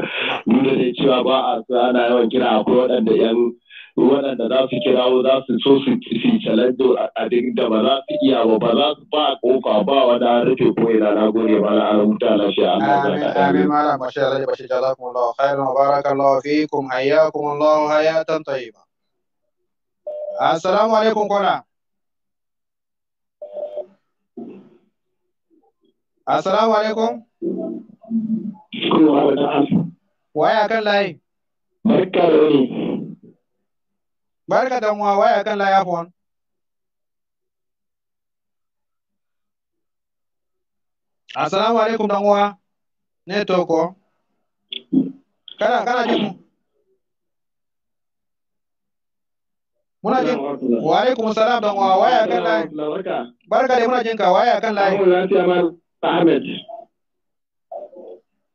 nuna da cewa ba a ana yawan kira akwai waɗanda yan waɗanda za su kirawo za su so su kisi calando a duk da ba za su iya ba ba za su ba kofa ba wani an rufe ko ina na gode ba na an huta lafiya Allah ya kada amin malam bashir alhaji bashir jazakumullahu khairan wa haya tan ta yi ba. assalamu alaikum kona assalamu alaikum waya kan layi barka da wani Barka da uwa waya kan laya phone. Assalamu alaikum dan uwa. Ne toko. Kana kana jin mu? Muna jin wa alaikum salam dan uwa waya kan laya. Barka da muna jin ka waya kan laya. Ahmed.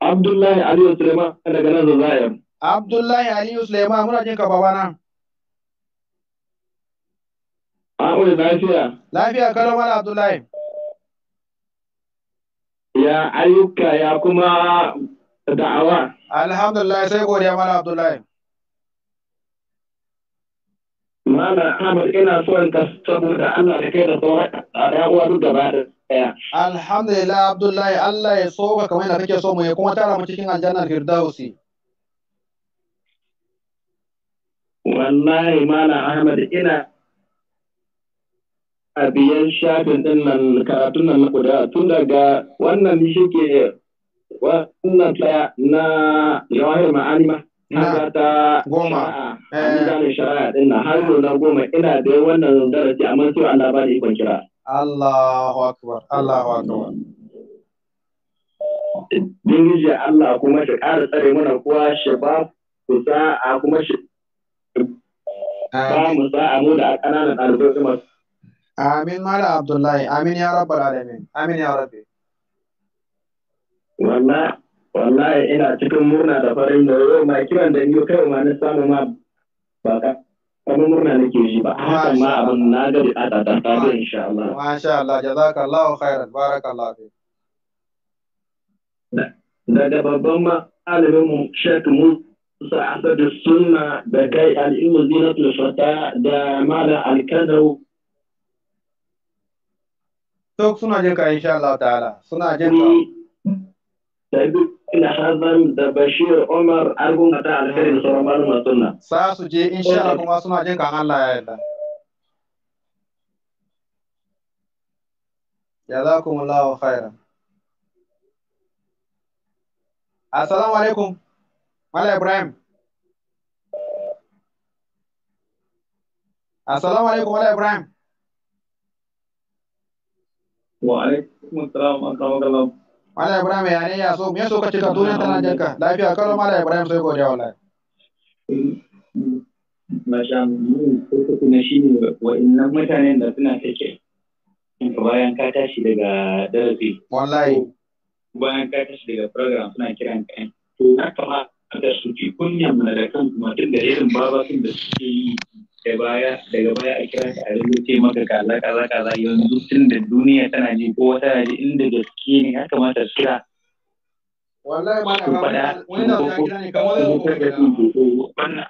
Abdullahi Aliyu Suleiman daga nan Zazzayar. Abdullahi Aliyu Suleiman muna jin ka babana. Amur lafiya. Lafiya kalau Mala Abdullahi. Ya ayyuka ya kuma da'awa. Alhamdulillah sai godiya mana Abdullahi. Mana Ahmad ina so in ka saboda Allah da kai da sauran ɗayawa duk gaba da ɗaya. Alhamdulillah Abdullahi Allah ya so ka kamar da kake so mu ya kuma tara mu cikin aljannar Firdausi. Wallahi mana Ahmad ina a biyan shafin din nan karatun nan na kuda tun daga wannan shi ke wannan tsaya na yawahir ma'anima, na gata ta goma a eh. mizanin shari'a din nan har na goma ina da wannan darasi amma sai Allah ba da ikon kira Allahu akbar Allahu akbar Allah kuma shi ƙara tsare mana kuwa shi ba kusa a kuma shi ba mu sa a mu da ƙananan ɗalibai masu Amin Mala Abdullahi, amin ya rabbal alamin, amin ya rabbi. Wallahi ina cikin murna da farin da yau ma kiran da ni kai ma na samu ma ba ka kamar murna ji ba hakan ma abin na ga bukata ta ta insha Allah. Masha Allah, jazakallahu khairan, barakallahu fi. Daga babban alimin mu Sheikh Musa Asadu Sunna da kai al'imu zinatul fata da malam alkadau Duk suna jin ka insha Allah ta'ala suna jin ka. Ina Hazan da Bashir Umar Argunga ta alheri da sauran malumar sunna. Sa su je insha Allah kuma suna jin ka Allah ya yarda. Jazakumullahu khairan. Assalamu alaikum. Mala Ibrahim. Assalamu alaikum Mala Ibrahim. wa alaikum assalam assalamu Malam Ibrahim ya ne ya so me so kace ka duniya tana jinka lafiya karo Malam Ibrahim sai godiya wallahi Masha mu ko kuma shine wa'annan mutanen da suna take bayan ka tashi daga darasi wallahi bayan ka tashi daga program suna kiran ka to na kama da su ki kunyan mu da kan kuma tun da irin babakin da suke yi da baya daga baya a kira shi a ce maka kaza kaza kaza yanzu tun da duniya tana ji ko tana ji inda gaske ne ya kamata su da wallahi ba na faɗa wani da ya ne kamar da ko da su wannan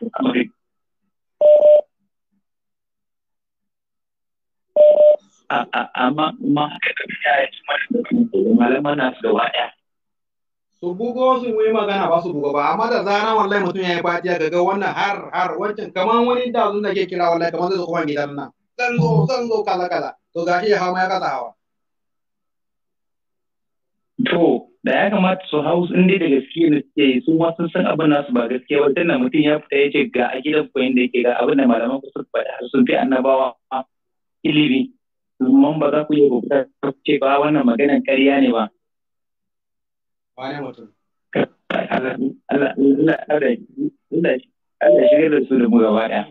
amma ma haka da ya yi na su gaba ɗaya su bugo su yi magana ba su bugo ba amma da zana wallahi mutum ya yi fatiya ga ga wannan har har wancan kamar wani da zun da ke kira wallahi kamar zai zo kuma gidan nan zan zo zan zo kaza kaza to shi ya hawa ya kasa hawa to da ya kamata su hau in dai da gaske ne suke yi sun wasu san abin nasu ba gaske ba tana mutum ya fita ya ce ga a gidan koyon da yake ga abin da malaman ku suka faɗa sun fi annabawa ilimi mun ba za ku yi ba ku ce ba wannan maganan ƙarya ne ba Allah shigar da su da mu gaba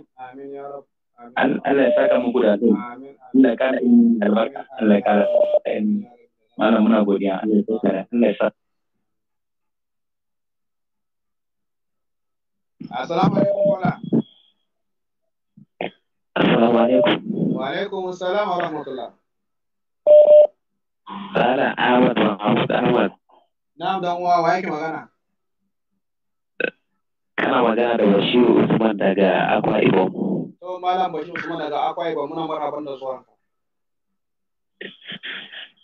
Allah ya saka muku da su Allah ya kara albarka Allah ya kara malam muna godiya Allah ya saka Allah ya Assalamu alaikum wala Assalamu alaikum Wa alaikum assalam wa rahmatullah Sala Ahmad Mahmud Ahmad Na'am dan uwa wa yake magana? Kana magana da Bashiru Usman daga Akwa Ibom. To Malam Bashiru Usman daga Akwa Ibom muna marhaban da zuwa.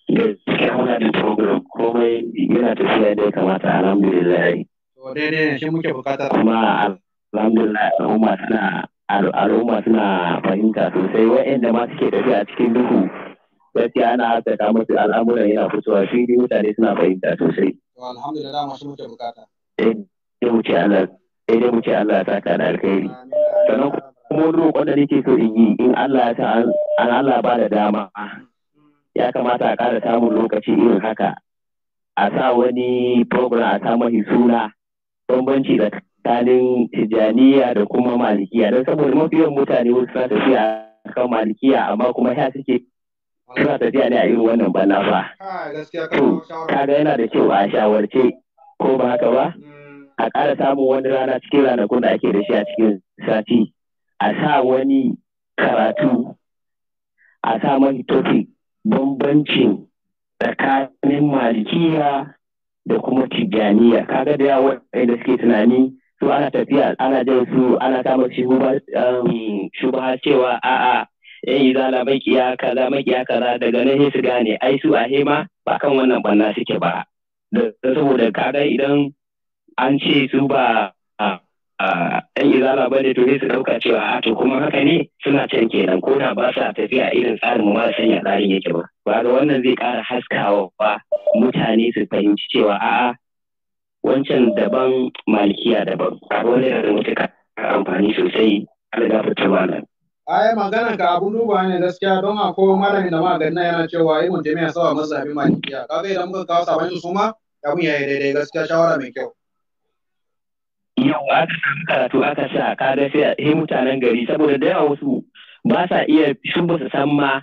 Gaskiya muna da program komai yana tafiya da ya kamata alhamdulillah. To daidai ne shi muke bukata. Kuma alhamdulillah al'umma suna al'umma suna fahimta sosai wa'anda ma suke tafiya cikin duhu. gaskiya ana haskaka musu al'amuran yana fitowa fili mutane suna fahimta sosai. To alhamdulillah masu bukata. Eh dai mu ce Allah Allah ta ka alkhairi. Sannan kuma wani roƙon da nake so in yi in Allah ta an Allah ba da dama ya kamata a ƙara samun lokaci irin haka a sa wani program a sa mahi suna bambanci tsakanin tijjaniya da kuma malikiya don saboda mafi yawan mutane wasu sa tafiya kan malikiya amma kuma ya suke suna tafiya ne a irin wannan balla fa. To, kaga yana da kyau a shawarce ko ba haka ba? Mm. A ƙara samun wani rana cikin ranakun da ake da shi a cikin sati, a sa wani karatu, a sa mani topic bambancin tsakanin malikiya da kuma tijjaniya. Kaga da yawa da suke tunani su ana tafiya ana jan su ana kama um, shubuha cewa a'a yan eh, izala makiya kaza makiya kaza daga nan su gane ai su a hema ba kan wannan banna suke ba da saboda kaga idan an ce su ba yan izala ba ne to su ɗauka cewa a to kuma haka ne suna can kenan ko da ba sa tafiya irin tsarin mu ma sanya tsarin yake ba ba ga wannan zai ƙara haskawa ba mutane su fahimci cewa a'a wancan daban malikiya daban abu wani da mutuka amfani sosai a algafar ta malam ai magana ka abun duba ne gaskiya don a ko malamin da ma ganin yana cewa ibn taymiya sawa mazhabin malikiya kaga idan muka kawo sabani su ma abun yayi daidai gaskiya shawara mai kyau yau aka samu karatu aka sa kaga sai sai mutanen gari saboda da yawa wasu ba sa iya sun ba su san ma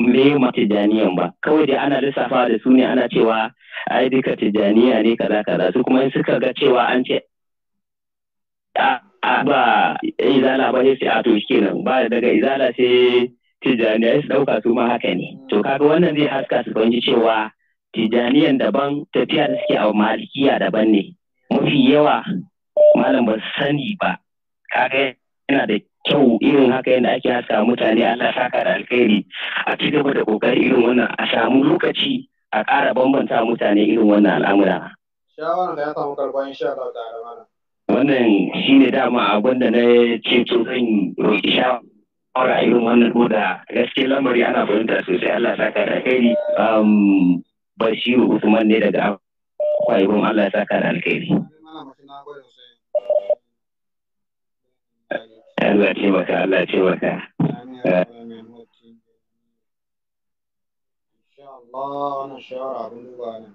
me matijaniyan ba kawai dai ana lissafa da su ne ana cewa ai duka tijaniya ne kaza kaza su kuma in suka ga cewa an ce ah, A'a ba izala ba sai a to kenan ba daga izala sai tijjaniya su ɗauka su ma haka ne mm. to kaga wannan zai haska su fahimci cewa tijjaniyan daban tafiya da suke a malikiya daban ne mafi yawa malam ba sani ba kaga yana da kyau irin haka yadda ake haska mutane Allah saka da alkhairi a ci gaba da kokari irin wannan a samu lokaci a ƙara bambanta mutane irin wannan al'amura. Shawara da ya samu karɓa insha Allah ta'ala wannan shi ne dama abin da na ce to zan roƙi shawara irin wannan ko da gaske lamari ana fahimta sosai Allah ya saka da kai um Bashiru Usman ne daga Kwaibun Allah ya saka da alkhairi Allah ya ce maka Allah ya ce maka Allah na shawara abin duba nan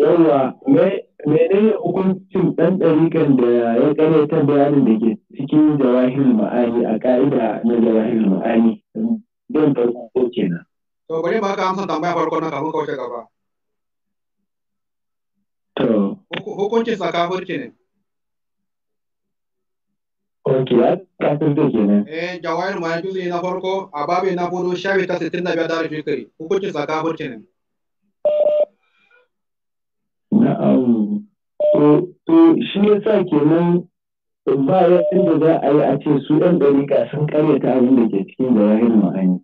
yawa menene hukuncin ɗan ɗarikan da ya karyata bayanin da ke cikin jawahir ma'ani a ƙa'ida na jawahir ma'ani don farko kenan. To bari ba ka amsa tambaya farko na kafin kauce gaba. To. Hukuncin sa kafirci ne. Ok, ya kafirci kenan. Eh, jawahir ma'ani juzi na farko a babu na hudu shafi ta sittin na biyar da rufin kiri. Hukuncin sa kafirci ne. to shi yasa kenan ba yadda za a yi a ce su ɗan ɗariƙa sun karyata abin da ke cikin jawahirul ma'ani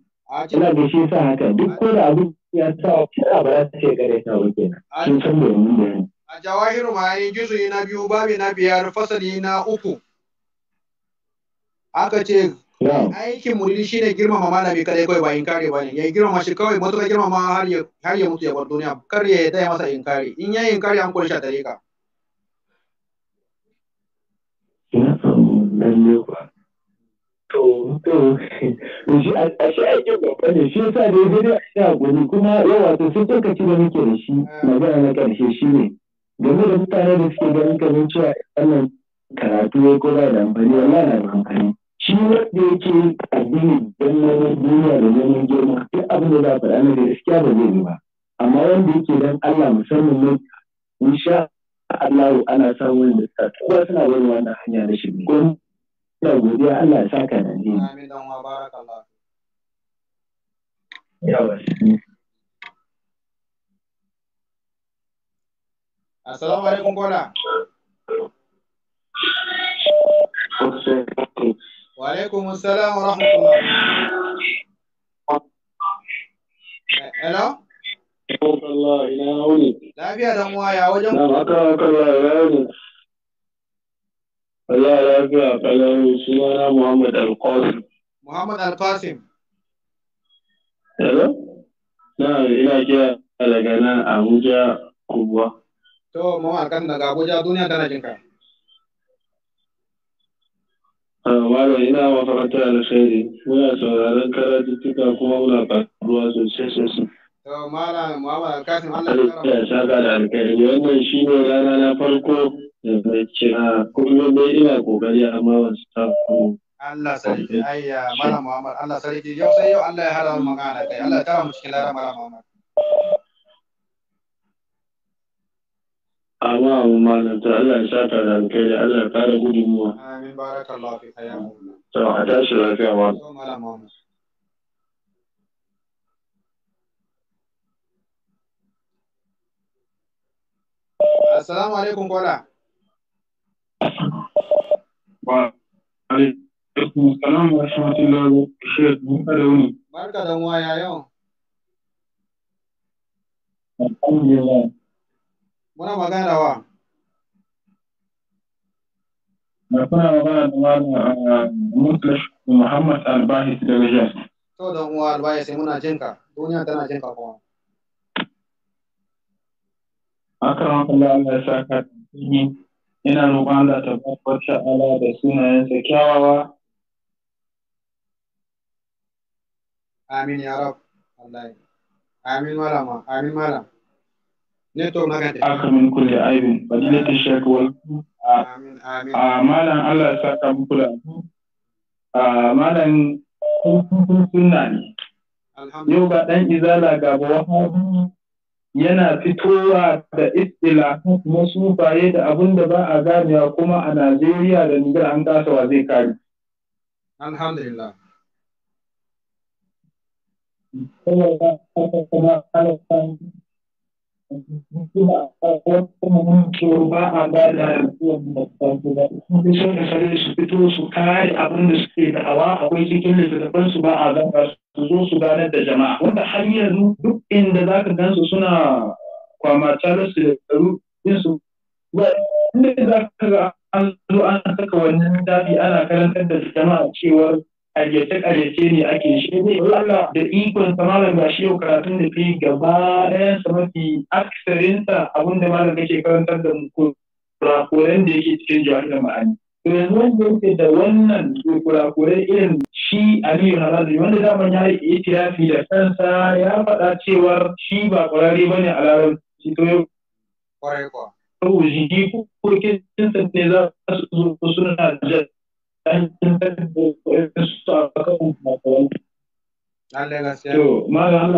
ina da shi yasa haka duk ko da abin ya sa kira ba za su ce karyata ba kenan sun san da mun da a jawahirul ma'ani juzuyi na biyu babi na biyar fasali na uku aka ce aikin muridi shine girmama malami kada kawai ba inkari ne. ya girmama shi kawai mutuka girmama har ya har ya mutu ya bar duniya kar ya yadda ya masa inkari in ya yi inkari an kula a tarika lalle ba to to shi a shi aikin babba ne shi yasa da zai a shi hakuri kuma yawa to sai ci da muke da shi eh. magana na ƙarshe shi ne game da mutane da suke ganin kamar cewa wannan karatu ya ko ba da amfani wallahi na da amfani shi wanda ce addini don neman duniya da neman girma duk abin da za a faɗa na da gaskiya ba zai yi ba amma wanda yake don Allah musamman ne insha Allah ana samun da sa kowa suna yin wannan hanya na shi ko ina godiya Allah ya saka da ne amin dan wa barakallahu yawa Assalamu alaikum kola. Wa alaikum assalam wa rahmatullah. Hello? Allah ina wuni. Lafiya dan waya wajen ku. Na aka aka lafiya. Allah lafiya kalau sunana Muhammad Al-Qasim. Muhammad Al-Qasim. Hello? Na ina kira daga nan duniya tana jinka. Malam ina ma fata alkhairi muna sauraron karatuttuka kuma muna faruwa sosai sosai. Allah ya saka da alkhairi wannan shine rana na farko da kira ah, kuma ina amma ban Allah sarki ayya Malam Muhammad Allah sarki yau sai yau Allah ya hada magana kai Allah ya tara mu cikin Malam Muhammad. amma malam ta Allah ya saka da alkai Allah ya kara gudunmuwa amin barakallahu fi hayyamu Tawa a tashi lafiya malam Assalamu alaikum kola. Wa alaikum salam wa rahmatullahi wa barakatuhu. Barka da wuni. Barka da waya yau. Alhamdulillah. muna magana wa na kuna magana da wani mutlash muhammad albahis daga jas to dan uwa sai muna jinka duniya tana jinka kuma akan Allah Allah ya sa saka ni ina roƙon Allah ta babbar sha'ala da sunayensa kyawawa amin ya rab Allah amin malama amin Malam. ne to magana aka min kulli aibin fadilatu shek wal a malam Allah ya saka muku da a malam sunna ne yau ga dan izala ga bawa yana fitowa da istila wasu baye da abin da ba a ganewa kuma a Najeriya da Nijar an kasa wa zai kare. Alhamdulillah. Kuma to ba a ba da sun da sare su fito su kare abin da suke da awa. akwai cikin littattafan su ba a gaba su zo su ganar da jama'a wanda har yanzu duk inda za ka gansu suna kwamata da su yaro yin su inda za ka ga an zo an saka wannan dafi ana karantar da jama'a cewar ƙaryace-ƙaryace ne ake shi ne Allah da ikon sa malam ga shi yau karatun da kai gaba ɗayan sa mafi aksarinsa abin da malam kake karantar da mu kurakuren da yake cikin jawar da ma'ani. To yanzu wanda yake da wannan kurakuren irin shi Aliyu Halazu wanda daman ya yi itirafi da kansa ya faɗa cewar shi ba ƙwararre ba ne a larabci to yau. kwa kuwa. jiki ko kinsa ne za su zo suna jan Allah gaskiya. To, Malam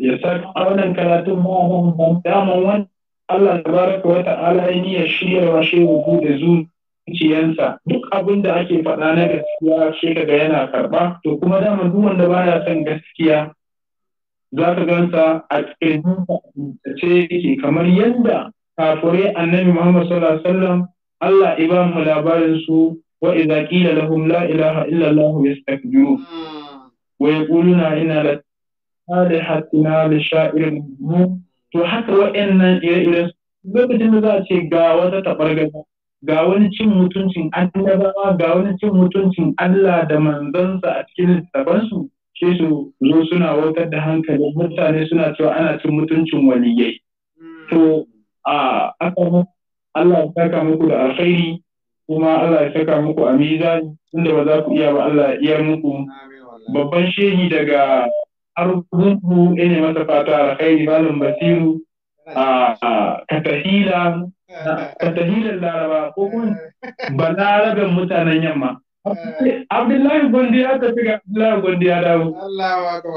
ya sa wannan karatun mu daman wa ta'ala ya niyya shiryarwa shehu da zuciyansa duk abin da ake faɗa na gaskiya she kaga yana karɓa to kuma daman duk wanda baya son gaskiya za ka gansa a cikin ce yake kamar yadda kafurai annabi Muhammad sallallahu alaihi wasallam Allah ya ba mu labarin su وإذا قيل لهم لا إله إلا الله يستكبرون ويقولون إن آلهتنا لشاعر مجنون to haka waɗannan ire-iren lokacin da za a ce ga wata taɓargaza ga wani cin mutuncin annabawa ga wani cin mutuncin Allah da manzansa a cikin littafansu shi su zo suna wautar da hankali mutane suna cewa ana cin mutuncin waliyai to a aka Allah ya saka muku da alkhairi kuma Allah ya saka muku a mizan inda ba za ku iya ba Allah ya iyar muku babban shehi daga argungu ne masa fata alkhairi malam basiru a katahila katahilan laraba ko kuma balaraben mutanen yamma Abdullahi Gondi ya tafi ga Abdullahi Gondi ya dawo. (laughs)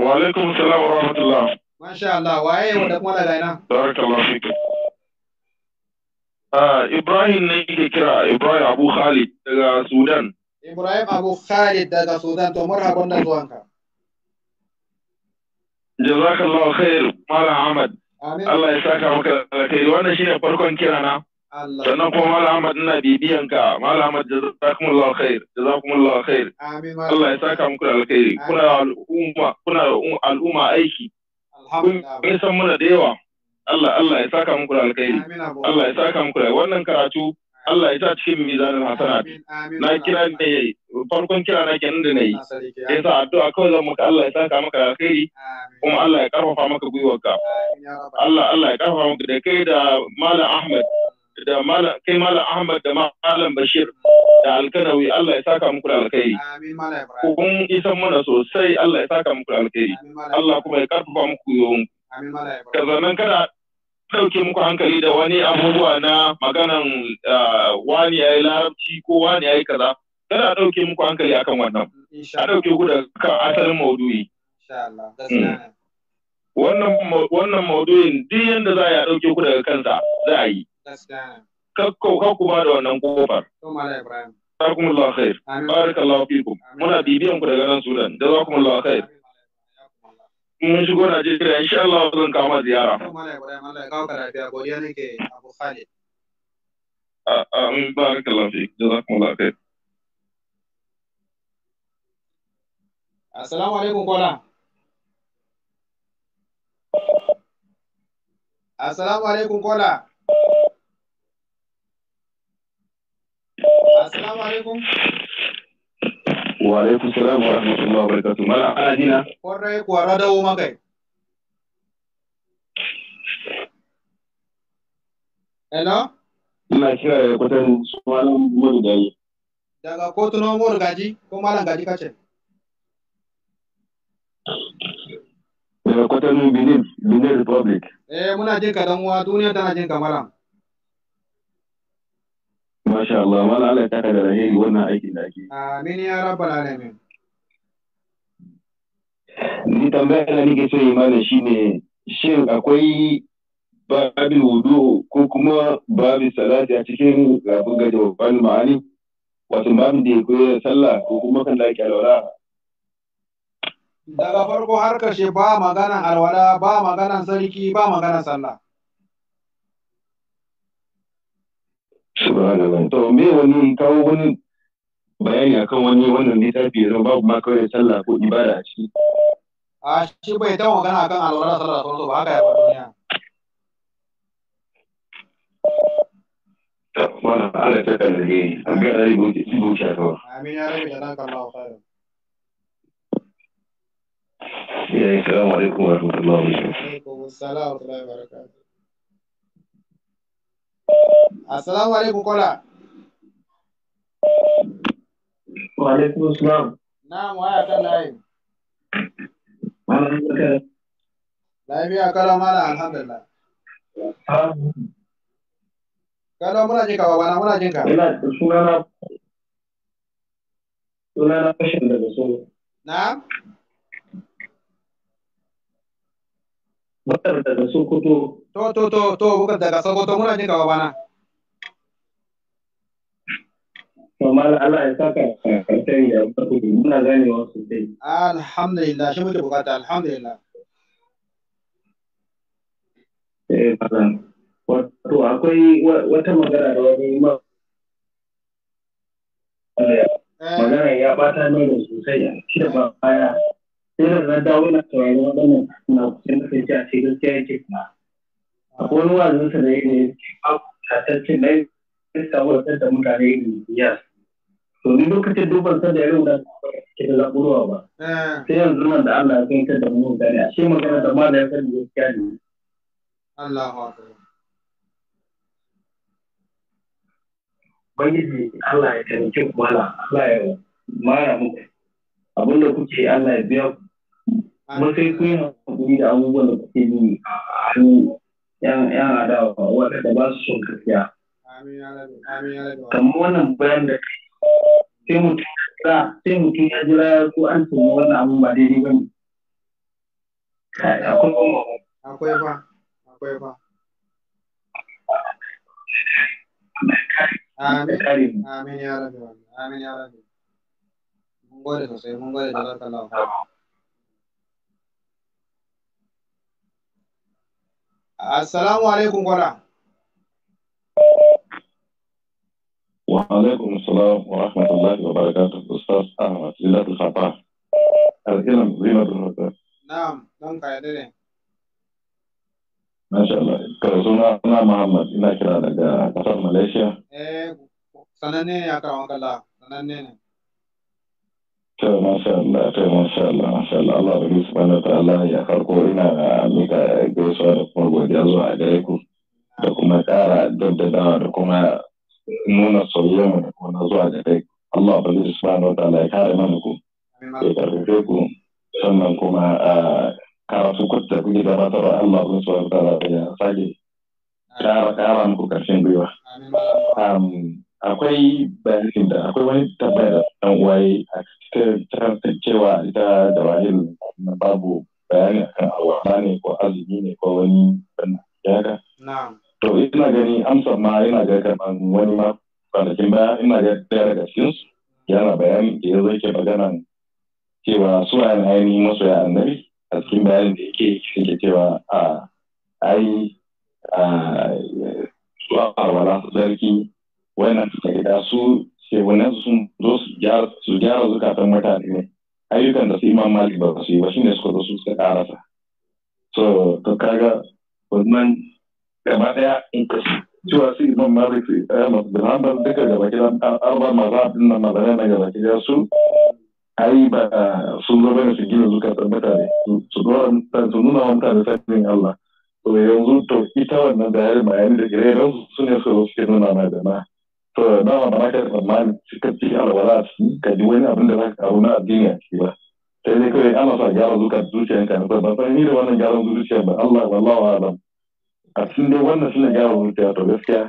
Wa alaikum salam wa rahmatullah. Masha Allah, waye wanda kuma daga ina? Barakallahu fik. Ah, Ibrahim ne yake kira Ibrahim Abu Khalid daga Sudan. Ibrahim Abu Khalid daga Sudan to marhaban da zuwanka. Jazakallahu khair Malam Ahmad. Allah ya saka maka alkhairi wannan shine farkon kirana. sannan kuma Malam Ahmad ina bibiyan ka Malam Ahmad jazakumullahu khair jazakumullahu khair Allah ya saka muku da alkhairi kuna al'umma kuna al'umma aiki kun san muna da yawa Allah Allah ya saka muku da alkhairi Allah ya saka muku da wannan karatu Allah ya sa cikin mizanin hasanat na kira ne farkon kira na kenan da nayi ya sa addu'a kawai zan maka Allah ya saka maka da alkhairi kuma Allah ya karfafa maka gwiwarka Allah Allah ya karfafa maka da kai da Malam Ahmad da kai malam Ahmad da malam Bashir da Alkanawi Allah ya saka muku da alkhairi. Kun isan mana sosai Allah ya saka muku da alkhairi. Allah kuma ya karfafa muku yawan. Ka zanen kada ɗauke muku hankali da wani abubuwa na maganan ah, wani ya yi larabci ko wani ya yi kaza. Kada a ɗauke muku hankali akan wannan. A ɗauke ku da kan asalin maudu'i. Hmm. Wannan maudu'in duk yadda za a ɗauke ku daga kansa za a yi. kakko kakku ba da wannan kofar jazakumullahu khair barakallahu fikum muna bibiyan ku daga nan Sudan jazakumullahu khair mun shigo Najeriya insha Allah zan kama ziyara amin barakallahu fik jazakumullahu khair Assalamu alaikum kola. Assalamu alaikum kola. Assalamu alaikum. Wa alaikum salam wa rahmatullahi wa barakatuh. Malam ana jina. Kwarai kuwa wo makai. Hello? Ina kira da kwatan Malam Murgaji. Daga Kotunan Murgaji ko Malam Gaji kace? Daga Kotunan Benin, Benin Republic. Eh muna jin ka dan uwa duniya tana jin ka Malam. Masha Allah, mala Allah ta da rahiri wannan aikin da ake. Amin ya rabbal alamin. Ni tambayar da nake so yi mana shine shin akwai babin wudu ko kuma babin salati a cikin rabin gaje babban ma'ani wato babin da ya koyar sallah ko kuma kan da ake alwala daga farko har kashe ba maganan alwala ba maganan sarki ba maganan sallah subhanallah to me wani kawo wani bayani akan wani wannan littafi ya zama babu ma kawai sallah ko ibada a ciki a shi bai ta magana akan alwala sallah sallah ba haka ya ba duniya wannan Allah ta kalle an ga dare gobe shi gobe shafa amin ya rabi da nan kallahu khairan Yeah, alaikum Wa alaikum wa rahmatullahi Assalamu alaikum kola. Wa alaikum salam. Na'am waya kan layi. Malam Zakar. Lafiya kala mala alhamdulillah. Kalau muna jinka babana muna jinka. Ina sunana sunana fashin daga Solo. Na'am. Bukar daga Sokoto. To, to, to, to, Bukar daga Sokoto muna jin gaba bana. Normal Allah ya saka karfin ya muna ganewa sosai. Alhamdulillah, shi muke bukata, alhamdulillah. Eh, Wato, akwai wata magana da wani eh. magana ya bata nuna sosai, shi da baya. sai da dawo na sauraron waɗannan na kusa na kai a ce gaskiya yake kuma akwai wani wazin sa da yake babu tatattun na yin samu da da mutane yin biya to ni lokacin duban sa da irin da ke da zaɓurwa ba eh. sai yanzu nan da Allah ya kai da mu gani a shi magana da ma da ya sani gaskiya ne Allahu akbar Ubangiji Allah ya taimake ku Allah ya mara muku abinda kuke Allah ya biya ku kuma sai ku da abubuwan da kuke yi ku yan yan adawa waɗanda ba su son gaskiya Kamu wannan bayan da sai mutum ya sai mutum ya jira ko an tuni wannan abun ba daidai ba ne akwai ba akwai ba akwai ba Amin. ya Amin ya Mun gode sosai, mun gode da Assalamu alaikum kwana. Wa alaikum salam wa rahmatullahi wa barakatuh Ustaz Ahmad Zilat al-Khata. Al-Ilm Zilat al-Khata. Na'am, dan ka yadda ne. Masha Allah. Kar suna na Muhammad ina kira daga kasar Malaysia. Eh, sananne ne ya kawo kala, sananne ne. To masha Allah, to masha Allah, masha Allah, ya farko ina mika gaisuwa da kuma godiya zuwa a gare ku da kuma ƙara daddadawa da kuma nuna soyayya da kuma zuwa gare ku. Allah Rabbi subhanahu wa ta'ala ya kare mana ku, ya karfe ku, sannan kuma karatu kutta kuke gabatarwa Allah Rabbi subhanahu wa ta'ala ya sake ƙara ƙara muku ƙarshen gwiwa. akwai bayanin da akwai wani tabbai da ɗan uwaye a cikin cewa ita da wahil babu bayani akan ba ne ko azumi ne ko wani yaka. To ina gani amsa ma ina ga kamar wani ma kwanakin baya ina ga ɗaya daga cikinsu yana bayani da ya zo ke magana cewa su a ainihin ya annabi a cikin bayanin da yake yake cewa a ah, ai a ah, su a wala sarki wannan suka yi da su wani su sun zo su gyara zukatan mutane ne ayyukan da su yi malik ba su yi ba shine suka zo su suka karasa so to kaga wannan gaba daya in ka cewa su man malik su ahmad masu hanbal duka gaba kira arba mazhab din nan mazhab na gaba kira su ai ba sun zo bane su gina zukatan mutane su dora mutane su nuna wa mutane sanin Allah to yanzu to ita wannan da bayani da gire su ne su suke nuna mai da na to dama ba za ka tsammani cikakke alwala a ciki ka ji wani abin da za ka karu na addini a ciki ba sai dai kawai ana sa gyara zuka zuciyanka ne ban san ni da wannan gyaran zuciya ba Allah wallahu alam a cikin dai wannan shine gyaran zuciya to gaskiya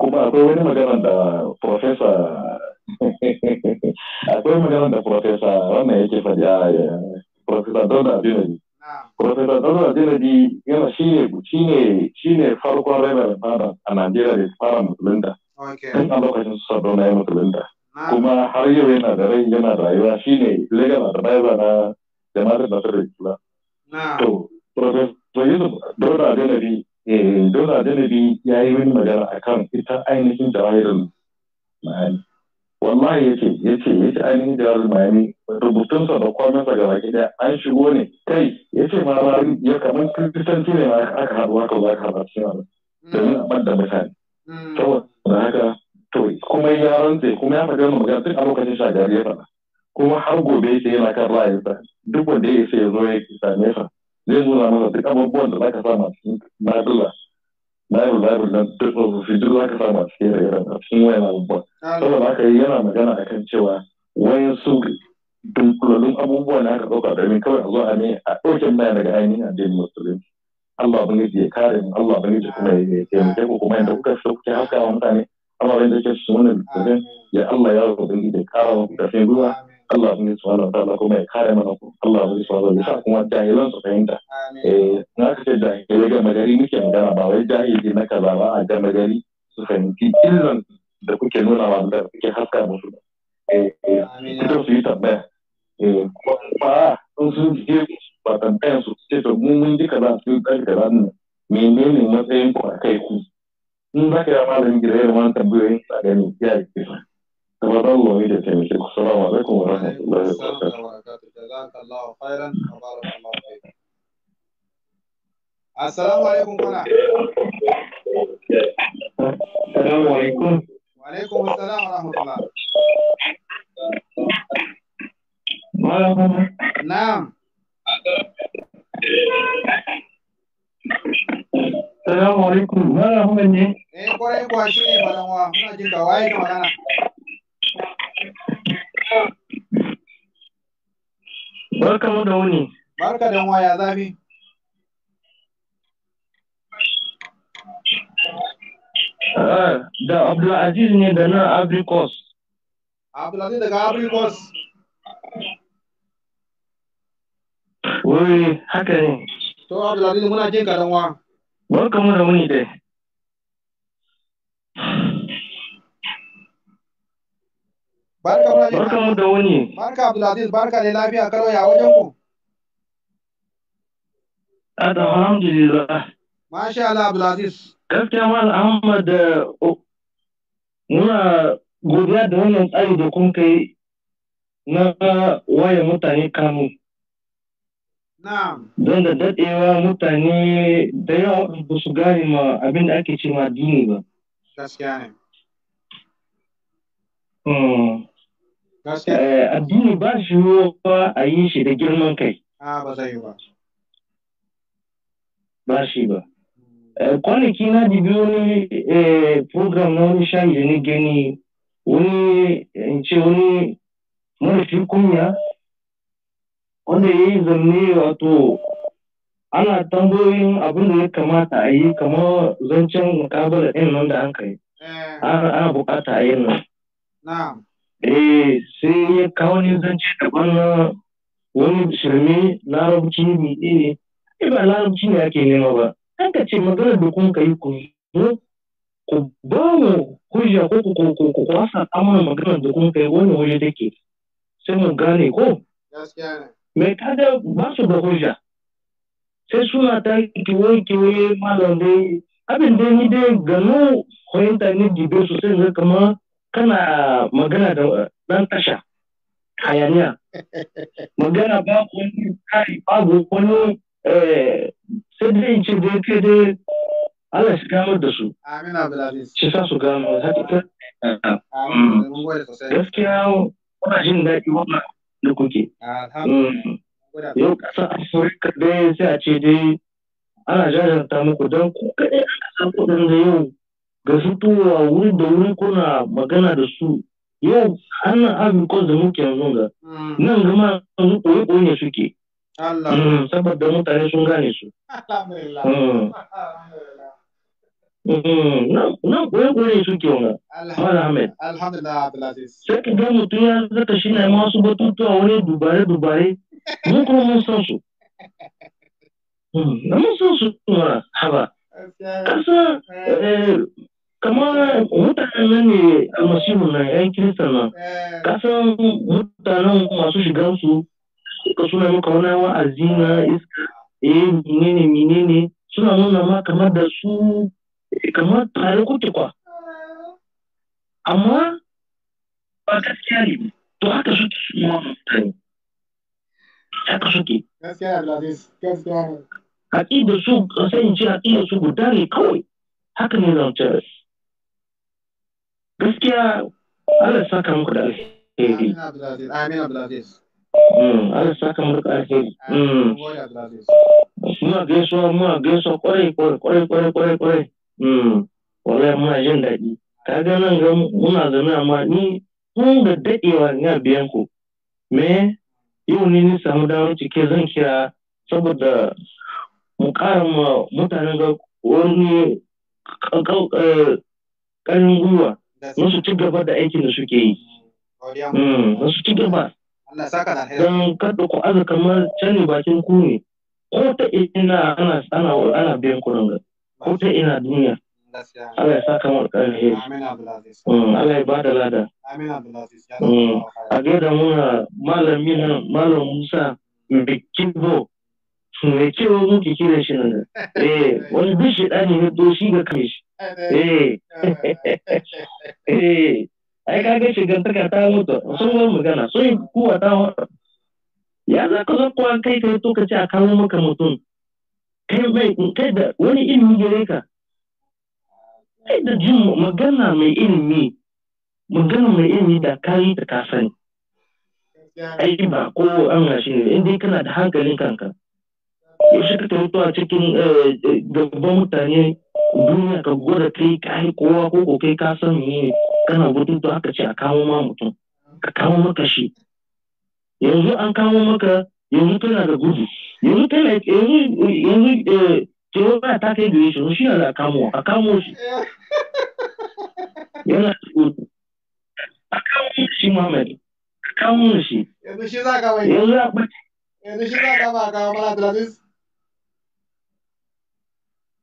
kuma akwai wani magana da profesa (laughs) akwai magana da profesa wannan yake faɗi a eh, profesa Dauda Abinadi kuma tattalin di yana shine shine farkon da fara a najeriya da fara musulunta tun a lokacin su sabo na musulunta kuma har yau yana da rai yana rayuwa shine legal advisor na jama'ar da ta islam to professor yusuf dauda janabi dauda janabi ya yi wani magana kan ita ainihin jawahirin ma'ani wallahi ya ce ya ce ya ce ainihin jihar bayani rubutunsa da kwanansa ga baki ɗaya an shigo ne kai ya ce ma ba ya kamar kiristanci ne ma aka haɗu haka za ka haɗa shi ma mm. domin a ɓadda mutane mm. saboda haka to kuma ya rantse kuma ya faɗi wannan magana tun a lokacin shagari ya faɗa kuma har gobe ya ce yana kan ra'ayinsa duk wanda ya ce ya zo ya same sa zai nuna masa duk abubuwan da za ka sa masu nadula babu babu na tufofi duk za ka samu a ihe a cikin na abubuwa yana magana abubuwa na aka ɗauka domin kawai a zo a ne a ɗauke mana daga ainihin addinin musulunci Allah ban gaji ya kare Allah ban gaji kuma ya taimake ku kuma yadda kuka Allah ya Allah ya Allah ne su wani ta'ala kuma mai kare mana ku Allah ne su wani ta'ala kuma jahilan su fahimta eh na kace jahilai gama gari muke magana ba wai jahili na kaza ba a gama gari su fahimci illan da kuke nuna wa da kuke haska musu eh eh su yi tambaya eh kuma sun su je ba tambayan su ce to mun mun ji za su yi dan kaza ne menene matsayin ku a kai ku in zaka yi malamin gida yayin wannan tambayoyin a gani ya yi kisa تبارك الله يدك السلام عليكم ورحمة الله وبركاته جزاك الله خيرا وبارك الله فيك السلام عليكم منى السلام عليكم وعليكم السلام ورحمة الله نعم Salamu alaikum, mara hukunci? Eh, kwarai kwa shi ne fadanwa, muna jin ka waye magana. Barka da wuni. Barka da waya zafi. Ah, da Abdulaziz ne da nan Abricos. Abdulaziz daga Wuri haka ne. To Abdulaziz muna jin ka dan wa. Barka da wuni dai. Barka Malam. Barka mu da wuni. Barka Abdulaziz, barka da lafiya kalau ya wajen ku. Ah, alhamdulillah. Masha Allah Abdulaziz. Gaskiya Malam Ahmad muna godiya da wannan tsari da kun kai na waye mutane kanu. Don da daɗewa mutane da yawa ba su gane ma abin da ake ce ma addini ba. Gaskiya ne. Hmm. Eh, addini ba shi yiwuwa a yi shi da girman kai ba zai yi ba ba shi ba hmm. eh, kwanaki na dibi wani eh, program na wani shayi da ni gani wani in ce wani marashi kunya wanda ya yi zanne wato ana tambayoyin abin da ya kamata a yi kamar zancen mukabala ɗin nan da an kai ana bukata a yi nan eh sai ya kawo ne zance daban na wani shirme larabci mai ne eh ba larabci ne ake nema ba an ka ce maganar da kun kai ku ku ba mu hujja ko ku ku ku kwasa amma maganar da kun kai wani waje take sai mu gane ko mai kada ba su da hujja sai suna ta kiwoyi kiwoyi malam dai abin da ni dai gano fahimta ne dibe sosai ga kamar kana magana da ɗan tasha hayaniya (laughs) magana ba babu wani kari babu wani sai dai in ce dai kai dai Allah shi gano da su amina abdulaziz shi sa su gano hakika mm. gaskiya kuna jin daɗi wannan da kuke mm. yau ƙasa afirka dai sai a ce dai ana jajanta muku don ku kaɗai aka samu ɗin da yau ga su tuwa wuri da wuri kuna magana da su yau hannun azumkos da muke yanzu ga mm. nan gama yanzu koyi-koyi suke mm, saboda mutane sun gane su mm. nan koyi-koyi ahmed sai ka mutum ya zaka na ma wasu batutuwa wani dubare-dubare mun kuma mun san (laughs) kamar mutanen nan ne almasihu na yan kirista nan eh. kasan mutanen masu shigan su suka suna maka wani wa'azi na iska eh menene menene suna nuna ma kamar da su eh, kamar tare kuke kwa amma ba gaskiya ne to haka suke su ma mutane haka suke gaskiya da su kasance haƙi da su guda ne kawai haka ne zan ce gaskiya Allah saka muku da alheri amin abdulaziz mm, Allah saka muku da alheri mm. muna gaisuwa muna gaisuwa kwarai kwarai kwarai kwarai kwarai mm. wallahi muna jin daɗi kaga nan ga muna zaune amma ni mun da daɗewa ina biyan ku me yau ne ni samu damar cike zan kira saboda mu ƙara ma mutanen ga wani eh, ƙarin gwiwa don su ci gaba da aikin da suke yi don su ci gaba don kada ku aza kamar canne bakin ku ne ko ta ina ana ana ana biyan kuɗin ga ko ta ina duniya Allah hmm, ya sa hmm. kamar alheri Allah ya ba da lada a gaida muna malamin nan malam Musa Bikin Bo mai cewa mu ke kiran shi nan eh wani duk shi ɗani ne doshi ga kai shi eh eh ai kaga taka ta mutu sun ga magana sun kuwa ta wata ya za ka zo kuwa kai kai to ka ce a kawo maka mutum kai in kai da wani ilimi gare ka kai da jin magana mai ilimi magana mai ilimi da kayi da ka sani ai ba ko an shi ne in kana da hankalin kanka ya shi ka tabbata a cikin gaban mutane duniya ka gwada kai ka yi kowa ko ko kai ka san me kana bututu haka ce a kawo ma mutum ka kawo maka shi yanzu an kawo maka yanzu kana da gudu yanzu kana yanzu yanzu cewa ba ta kai gare shi shi yanzu a kamo eh, eh, a kamo shi yana a kamo shi Muhammad a kamo shi yanzu shi za ka wai yanzu a yanzu shi za ka ba ka Abdulaziz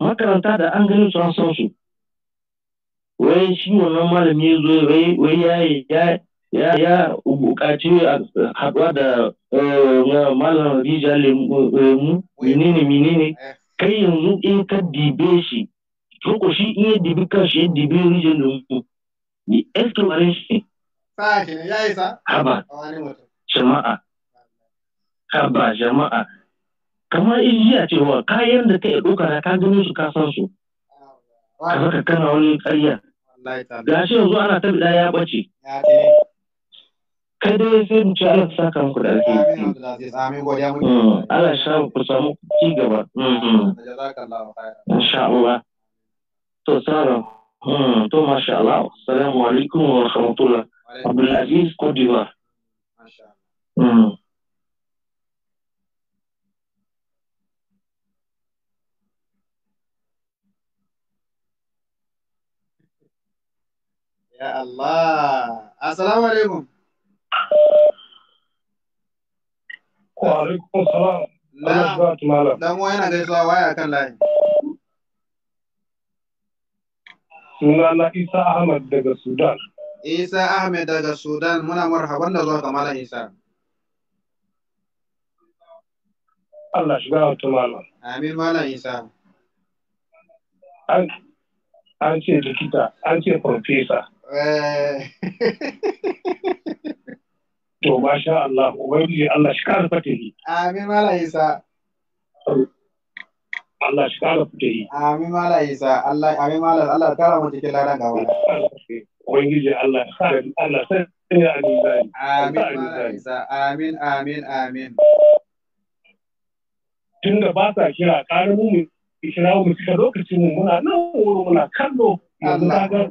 makaranta da an gani su an san su wai shi wannan malami ya zo wai ya ya ya bukaci haɗuwa da eh, malam rija lemu menene menene eh. kai yanzu in ka dibe shi ko shi in ya dibi shi ya dibi rija lemu ni mare shi haba jama'a haba jama'a kamar ijiya cewa wa kayan da ka yi ɗauka ka gano su ka san su ka kana wani ƙarya ga shi yanzu ana ta bida ya ɓace kai dai sai mu ci Allah ta saka muku da alheri hmm, Allah sha ku samu ci gaba hmm, hmm. insha Allah to sara to masha Allah assalamu alaikum wa rahmatullah Abdulaziz Cote Kodiwa Masha Allah. Ya Allah. Assalamu alaikum. Wa alaikum salam. Na, dan wa yana gaisuwa waya kan layi. Suna na Isa Ahmad daga Sudan. Isa Ahmed daga Sudan muna marhaban da zuwa ga Malam Isa. Allah shiga wata malam. Amin Malam Isa. An ce likita, an ce farfesa. Eh. (laughs) to masha Allah ubangiji Allah shi kara fatahi amin mala isa Allah shi kara fatahi amin mala isa amin mala Allah kara mu cikin ladan gaba ubangiji Allah Allah sai amin mala isa amin amin amin Tun da ba sa kira karamu mu kira mu cikin lokacin mu muna nan wuri muna kallo yanzu ga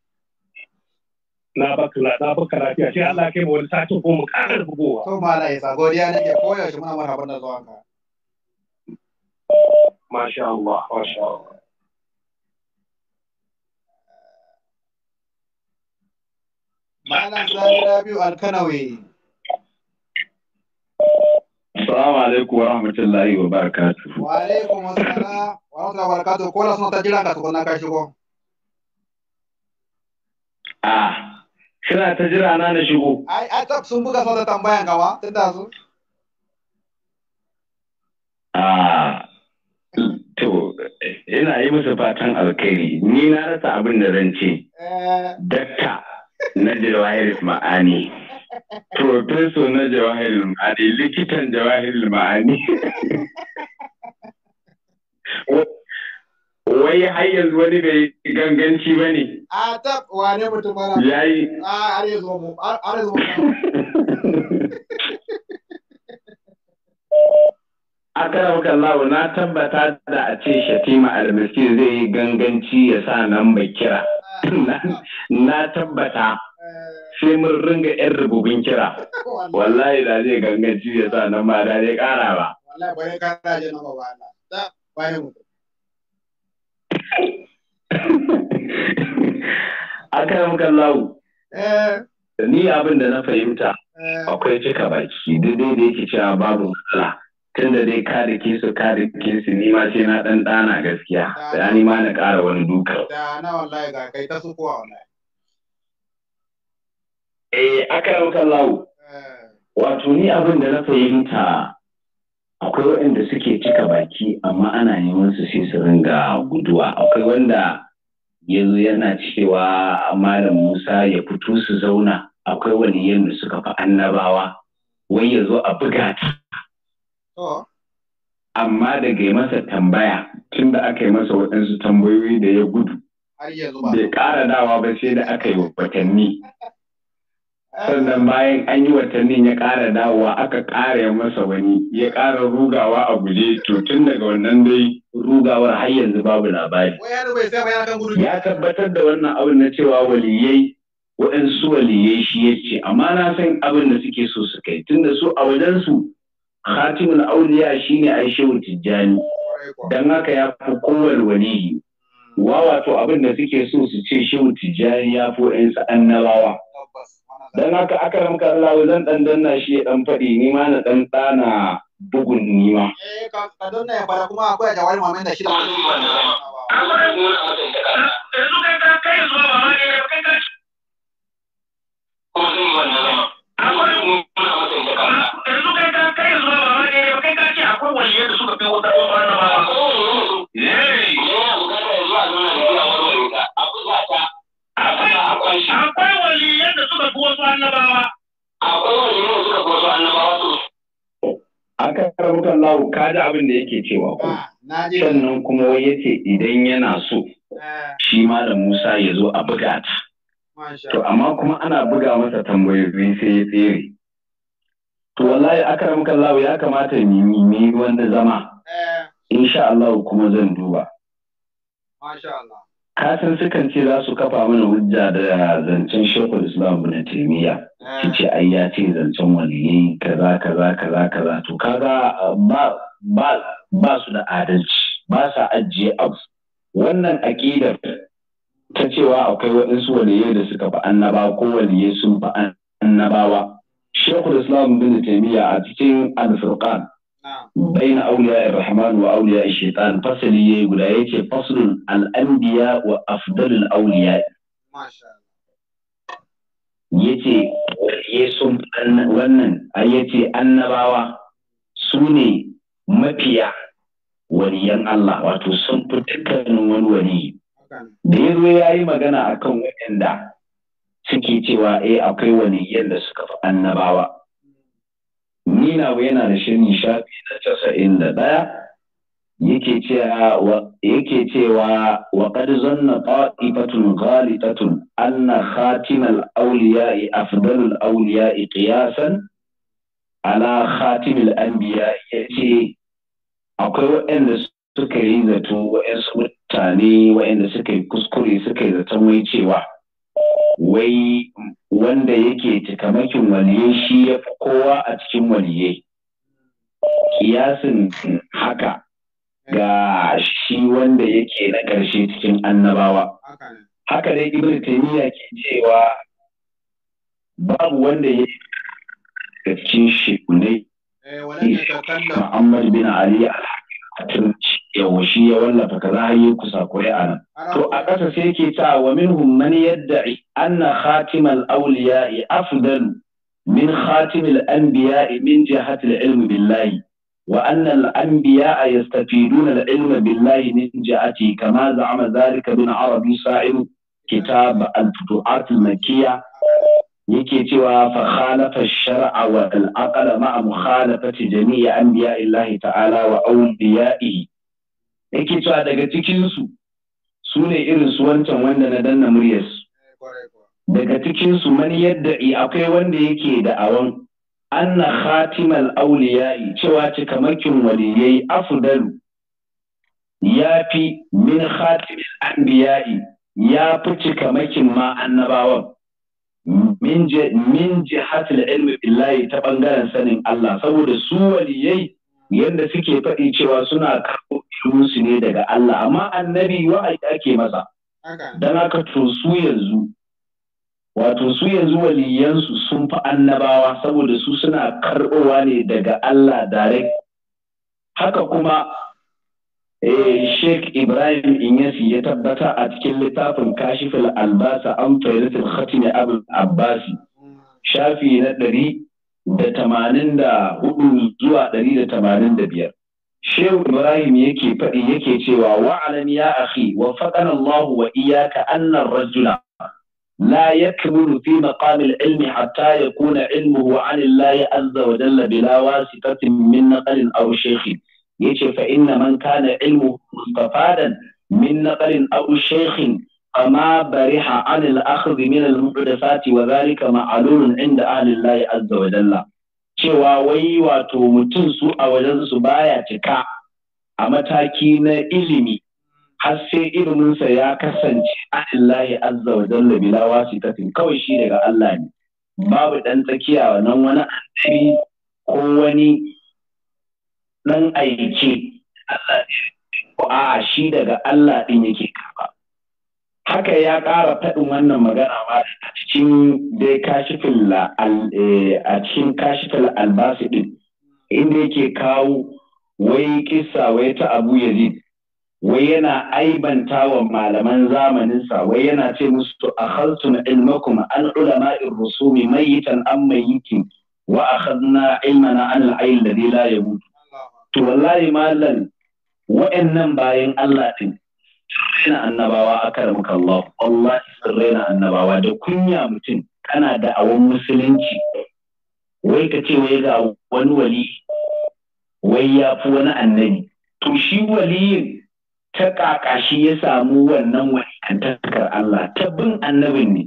na baka na baka lafiya sai Allah kai mu wani sati ko mu ƙara bugowa to mala isa godiya ne nake koyaushe muna marhaban da zuwa ka masha Allah masha Allah Malam Sani Rabiu Alkanawi. Assalamu alaikum wa rahmatullahi wa barakatuhu. Wa alaikum assalam wa rahmatullahi wa barakatuhu. Kola suna ta jiran ka tukuna ka shigo. Ah, Kina ta jira na na shigo. Ai, ai, tab sun buga sa da tambayan gawa, tun da su. Ah, to, ina yi musu fatan alkhairi. Ni na rasa abin da zan ce. Eh. Dakta na Jawahir Ma'ani. Profeso na Jawahir Ma'ani, likitan Jawahir Ma'ani. (laughs) wai har yanzu wani bai ganganci ba ne. A tab wane mutum ba na yi. A are zo mu are zo A karam kallahu na tabbata da a ce Shatima Almiskin zai yi ganganci ya sa nan bai kira. Na tabbata. Sai mun ringa 'yan rububin kira. Wallahi da zai ganganci ya sa nan ba da zai kara ba. Wallahi bayan kara je nan ba ba. Bayan mutum. akan kallahu eh. ni abin da na fahimta eh. akwai cika baki daidai da yake cewa babu matsala tunda dai ka da su ka da su ni ma sai na dan dana gaskiya da ni ma na ƙara wani duka da na wallahi ga kai ta sukuwa wallahi eh aka rauka lawo eh. wato ni abin da na fahimta akwai waɗanda suke cika baki amma ana neman su sai su ringa guduwa akwai wanda ya zo yana cewa malam musa ya fito su zauna akwai wani da suka fi annabawa wai ya zo a buga ta amma daga yi masa tambaya tun da aka yi masa waɗansu tambayoyi da ya gudu bai ƙara dawa ba sai da aka yi watanni sannan bayan an yi watannin ya ƙara dawowa aka ƙara masa wani ya ƙara rugawa a guje to tun daga wannan dai rugawar har yanzu babu labari ya tabbatar da wannan abin na cewa waliyai waɗansu waliyai shi ya ce amma na san abin da suke so su kai tun da su a wajensu khatimul auliya shine aishewar tijjani don haka ya fi kowane waliyi hmm. wa wato abin da suke so su ce shehu tijjani ya fi waɗansu annabawa dan haka aka ramka Allah zan dan danna shi dan faɗi ni ma na dan dana bugun ni ma eh ka danna ya fara kuma akwai jawar mamin da shi da wani wannan da yanzu kai ka kai zuwa ba ne kai ka ko sun wannan ka abin da yake cewa ku ah, sannan kuma wai yace idan yana so ah. shi malam Musa ya zo a buga ta to amma kuma ana buga masa tambayoyi sai ya tsere to wallahi akram kallahu ya kamata ni mi wanda zama eh. insha Allah kuma zan duba masha Allah kasan sukan ce za su kafa mana hujja da zancen shekul islam na Taymiya. shi eh. ce ai ya ce zancen wani kaza kaza kaza kaza to kaga ah, ba ba su da adalci ba sa ajiye abu wannan aƙidar ta cewa akwai waɗansu waliyai da suka fi annaba ko waliyai sun fi annabawa shekul islam bin taimiyya a cikin al-furqan بين أولياء الرحمن وأولياء الشيطان فصل يقول يتي فصل الأنبياء وأفضل الأولياء ما شاء الله yace yesu wannan a yace annabawa su ne mafiya waliyan Allah wato sun fi dukkanin wani wani da ya zo ya yi magana a akan waɗanda suke cewa eh akwai wani yadda suka fi annabawa ni na yana da shirin shafi na casa'in da ɗaya yake cewa yake cewa wa qad zanna ta'ifatun ghalitatun anna khatimal awliya'i afdalul awliya'i qiyasan ala khatimil ya ce. akwai waɗanda suka yi zato waɗansu mutane waɗanda suka yi kuskure suka yi zaton wai cewa wai wanda yake cikamakin waliye shi ya fi kowa a cikin waliye kiyasin haka ga shi wanda yake na ƙarshe cikin annabawa haka dai ibn taymiya ke cewa babu wanda ya cikin shekunai Eh, Muhammad bin Ali yawa shi ya wallafa kaza har yi kusa kure a nan. To a ƙasa sai ke ta wa minhum man yadda'i anna khatimal awliya'i afdalu min khatimil anbiya'i min jihatil ilmi billahi wa anna al anbiya'a yastafiduna al ilma billahi min jihati kama za'ama dhalika bin arabi sa'ir kitab al futuhat al makkiyah yake cewa fa khalafa shar'a wa al-aqla ma'a mukhalafati jami'i anbiya'illahi ta'ala wa awliya'i yake cewa daga cikin su su ne irin su wancan wanda na danna muryar su daga cikin su mani yadda akwai wanda yake da awan anna khatimal awliya'i cewa cikamakin waliyai afdalu yafi fi min khatimil anbiya'i ya fi cikamakin ma annabawan min jihatul ilmi billahi ta bangaren sanin Allah saboda su waliyai yadda suke faɗi cewa suna karɓo ilminsu ne daga Allah amma annabi wa'ayi ake masa dan haka to su yanzu wato su yanzu waliyansu sun fi annabawa saboda su suna karɓowa ne daga Allah direct haka kuma Eh, Sheikh Ibrahim Inyasi ya tabbata a cikin littafin kashifin albasa an faizatul khatimi abul abbasi shafi na ɗari da tamanin da hudu zuwa ɗari da tamanin da biyar. Shehu Ibrahim yake faɗi yake cewa wa'alam ya akhi wa faɗan Allah wa iyaka annar rajula la yakmulu fi maqamil ilmi hatta yakuna ilmuhu an Allah azza wa jalla bila wasitatin min naqalin aw shaykhin yace fa inna man kana ilmu mustafadan min naqalin aw shaykhin amma bariha an al-akhdh min al-muhdathati wa dhalika ma'lulun inda ahli Allah azza wa jalla cewa wai wato mutum su a wajen su baya cika a mataki na ilimi har sai iliminsa ya kasance anillahi azza wa jalla bila wasitatin kawai shi daga Allah ne babu dan tsakiya nan wani annabi ko wani ɗan aiki Allah a shi daga Allah ɗin yake kafa. haka ya ƙara faɗin wannan magana ma a cikin dai kashifin eh, a cikin kashifin albasi ɗin inda yake kawo wai kissa wai ta abu yazid wai yana aibanta wa malaman zamaninsa wai yana ce musu a haltun ilmakum an in rusumi mayitan an mayitin wa a ilmana an la'ayin da la ya mutu to wallahi mallan wa'annan bayan Allah din sirrena annabawa aka ramuka Allah wallahi annabawa da kunya mutum kana da awon musulunci wai ka ce wai ga wani wali wai ya fi wani annabi to shi waliyin ta kakashi ya samu wannan walikantakar Allah ta bin annabin ne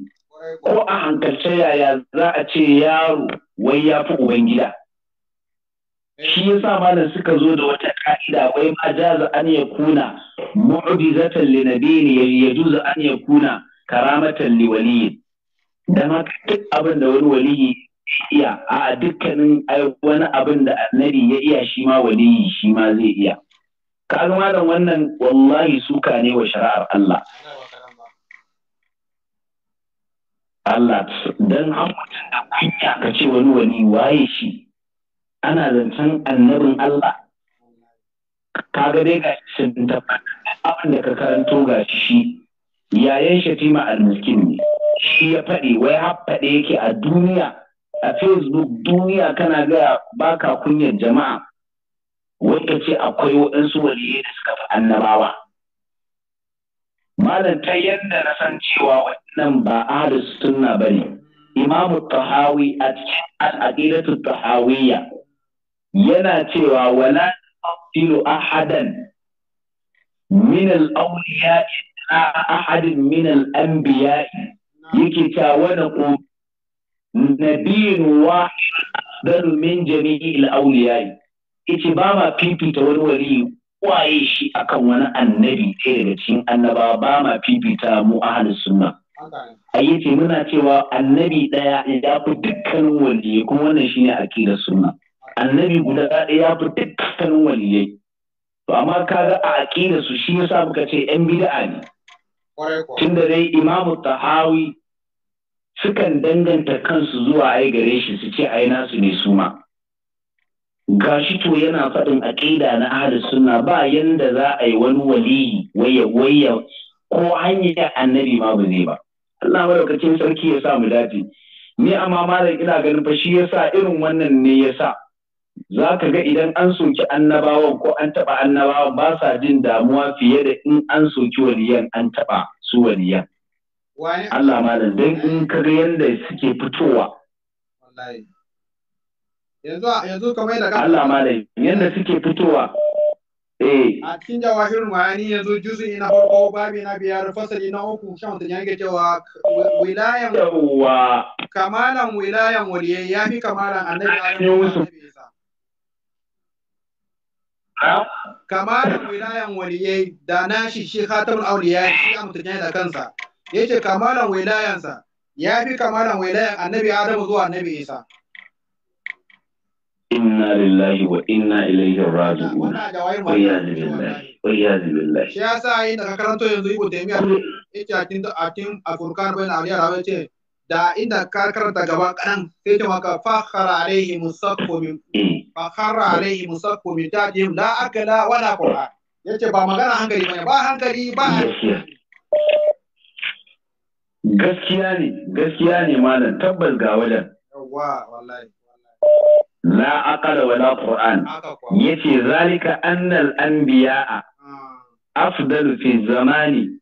ko a hankalce yaya za a ce yaro wai ya fi ubangida shi yasa malam suka zo da wata ka'ida wai ma jaza an ya kuna mu'jizatan li nabiyyin ya juza an ya kuna karamatan li waliyin dan haka duk abin da wani waliyi iya a dukkanin wani abin da annabi ya iya shi ma waliyi shi ma zai iya Ka kaga malam wannan wallahi suka ne wa shari'ar Allah Allah dan an mutum da kunya ka ce wani wali waye shi ana zancen annabin Allah kaga ga dai ga sun abin da ka karanto ga shi yayan shatima almiskin ne shi ya faɗi wai haffaɗe yake a duniya a facebook duniya kana gaya baka kunyar jama'a wai ka ce akwai waɗansu waliyai da suka fi annabawa malam ta yadda na san cewa waɗannan ba ahlus sunna bane imamu tahawi a cikin al'aqidatu tahawiyya yana cewa wala nafsilu ahadan min al-awliya ahadin min al-anbiya yake cewa wani ko nabiyin wahid afdalu min jami'il awliya yace ba ma fifita wani wali waye shi akan wani annabi ɗaya daga cikin annaba ba ma fifita mu ahli sunna a muna cewa annabi ɗaya ya fi dukkanin wali kuma wannan shine aqidar sunna annabi guda ɗaya ya fi dukkanin waliyai to amma ga a aƙida su shi yasa muka ce yan bid'a ne tunda dai imamu tahawi sukan danganta kansu zuwa ai gare shi su ce ai nasu ne suma. ma gashi to yana faɗin aƙida na ahlus sunna ba yanda za a yi wani waliyi waya waya ko hanyar annabi ma ba zai ba Allah madaukakin sarki ya sa mu dace ni amma malam ina ganin fa shi yasa irin wannan ne yasa za ka ga idan an soki annabawan ko an taɓa annabawan ba sa jin damuwa fiye da in an soki waliyan an taɓa su waliyan. Allah malam don in ka ga yadda suke fitowa. Yanzu kamar da Allah malam yadda suke fitowa. Eh. A cikin jawahirul ma'ani yanzu juzu'i na farko babi na biyar fasali na uku shan mutum ya cewa wilayan kamalan wilayan waliyai ya fi kamalan annabi. kamar wilayan waliyai da nashi shi khatamul awliya shi ya mutune da kansa yace kamalan wilayansa ya fi kamalan wilayan annabi Adamu zuwa annabi Isa inna lillahi wa inna ilaihi raji'un iyyazu wa ya billahi shi yasa yin da karanto yanzu da miya yace a tin a tin a furkan bayan ariya rawace da inda ka karanta gaba kaɗan sai ce maka fakhara alaihi musakku min (clears throat) fakhara alaihi musakku min tajim la akala wala qura yace ba magana hankali bane ba hankali ba gaskiya ne gaskiya ne malam tabbas ga wajen yawa wallahi la aqala wala qur'an yace zalika annal anbiya'a ah. afdalu fi zamani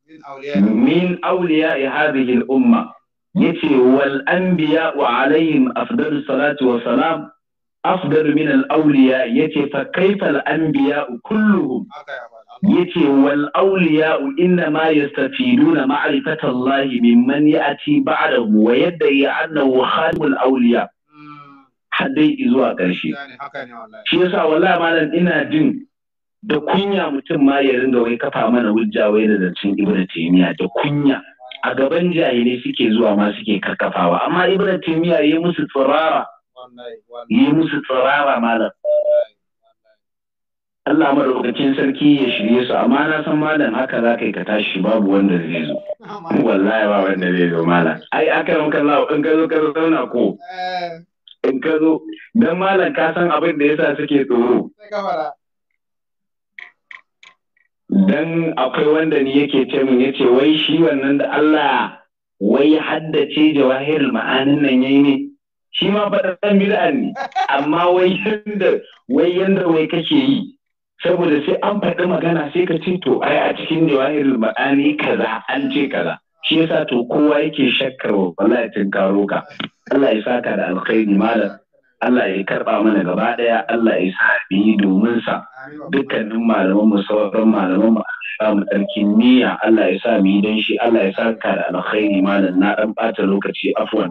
min awliya'i hadhihi al-umma yace wal anbiya wa alaihim afdalu salatu wa salam afdalu min al awliya yace fa kaifa al anbiya kulluhum yace wal awliya inna ma yastafiduna ma'rifata Allah mimman ya'ti ba'dahu wa yadda annahu khatimul awliya haddai zuwa ƙarshe. Shi yasa wallahi malam ina jin da kunya mutum ma ya ringa wai kafa mana hujja wai da zancen Ibn Taymiyyah da kunya. a gaban ne suke zuwa ma suke kakkafawa amma ibn taymiya yi musu tsirara yi musu tsirara malam Allah madaukakin sarki ya shirye su amma na san malam haka za ka yi ka tashi babu wanda zai zo wallahi ba wanda zai zo malam ai aka ranka Allah in ka zo ka zauna ko eh. in ka zo dan malam ka san abin da yasa suke tsoro dan akwai wanda ni yake ce mun yace wai shi wannan da Allah wai haddace jawahirul ma'anin nan yayi ne shi ma faɗaɗɗen bid'a ne amma wai yanda wai yanda wai kake yi saboda sai an faɗi magana sai ka ce to ai a cikin jawahirul ma'ani kaza an ce kaza shi yasa to kowa yake shakkar wallahi tun karo ka Allah ya saka da alkhairi malam Allah ya karɓa mana gaba ɗaya Allah ya sabi domin sa dukkanin malaman mu sauran malaman mu ba mu ɗarkin niyya Allah ya sa mu yi dan shi Allah ya sa ka da alkhairi malam na ɗan ɓata lokaci afwan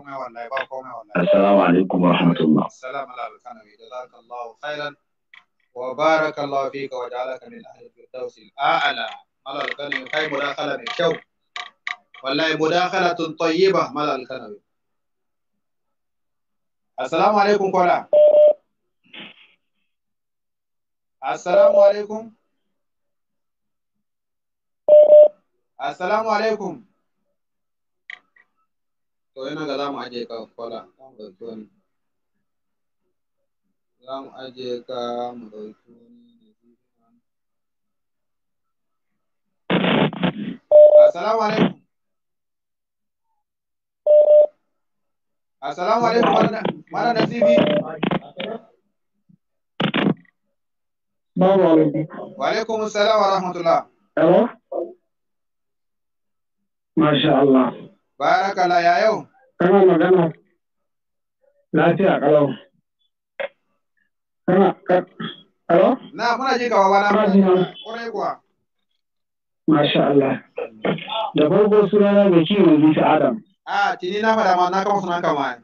assalamu alaikum wa rahmatullah assalamu alaikum khairan wa wa ja'alaka min ahli malal kanawi kai mudakala mai kyau wallahi tayyiba malal kanawi Assalamu alaikum kwana. Assalamu alaikum. Assalamu alaikum. To yana ga zamu mu aje ka kwana. Za mu aje ka mu dauki wani Assalamu alaikum. Assalamu alaikum. Mara Wa Masha Allah. ya yau. Kana magana. Lafiya ah, kalau. Kana Hello? Na muna ji gawa na. Kwarai kuwa. Masha Allah. Da farko sunana mai Bisa Adam. Ah, tini na faɗa ma na kama sunan kama.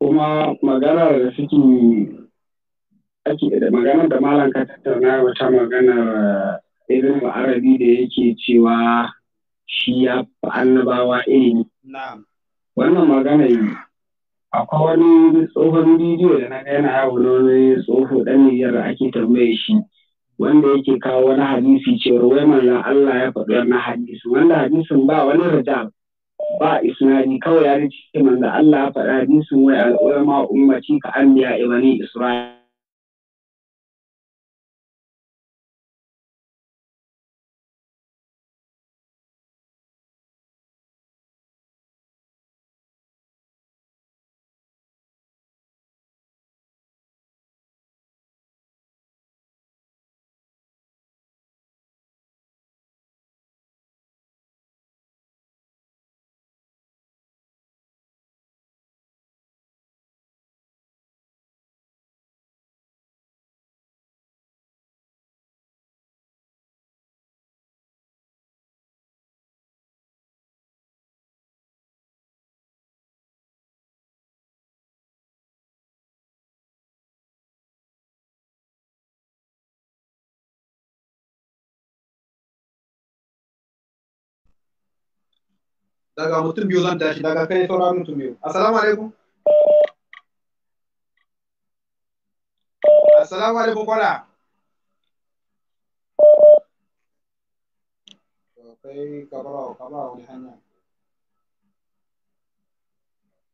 kuma maganar da suke ake da maganar da malam ka tattauna wata maganar eh, irin arabi da yake cewa shi ya fi annabawa ilimi. Wannan magana yi akwai wani tsohon bidiyo da na ga yana yawo na wani tsoho ɗan niyyar da ake tambaye shi wanda yake kawo wani hadisi cewa wai manzon Allah ya faɗi wannan hadisi wanda hadisin ba wani rajab ba isnadi kawai ya ce manzo Allah faɗa bisu wai al'ulama ummaci ka anbiya ibani isra'il daga mutum biyu zan tashi daga kai sauran mutum biyu assalamu alaikum assalamu alaikum kwala kai kabarawa kabarawa wani hanya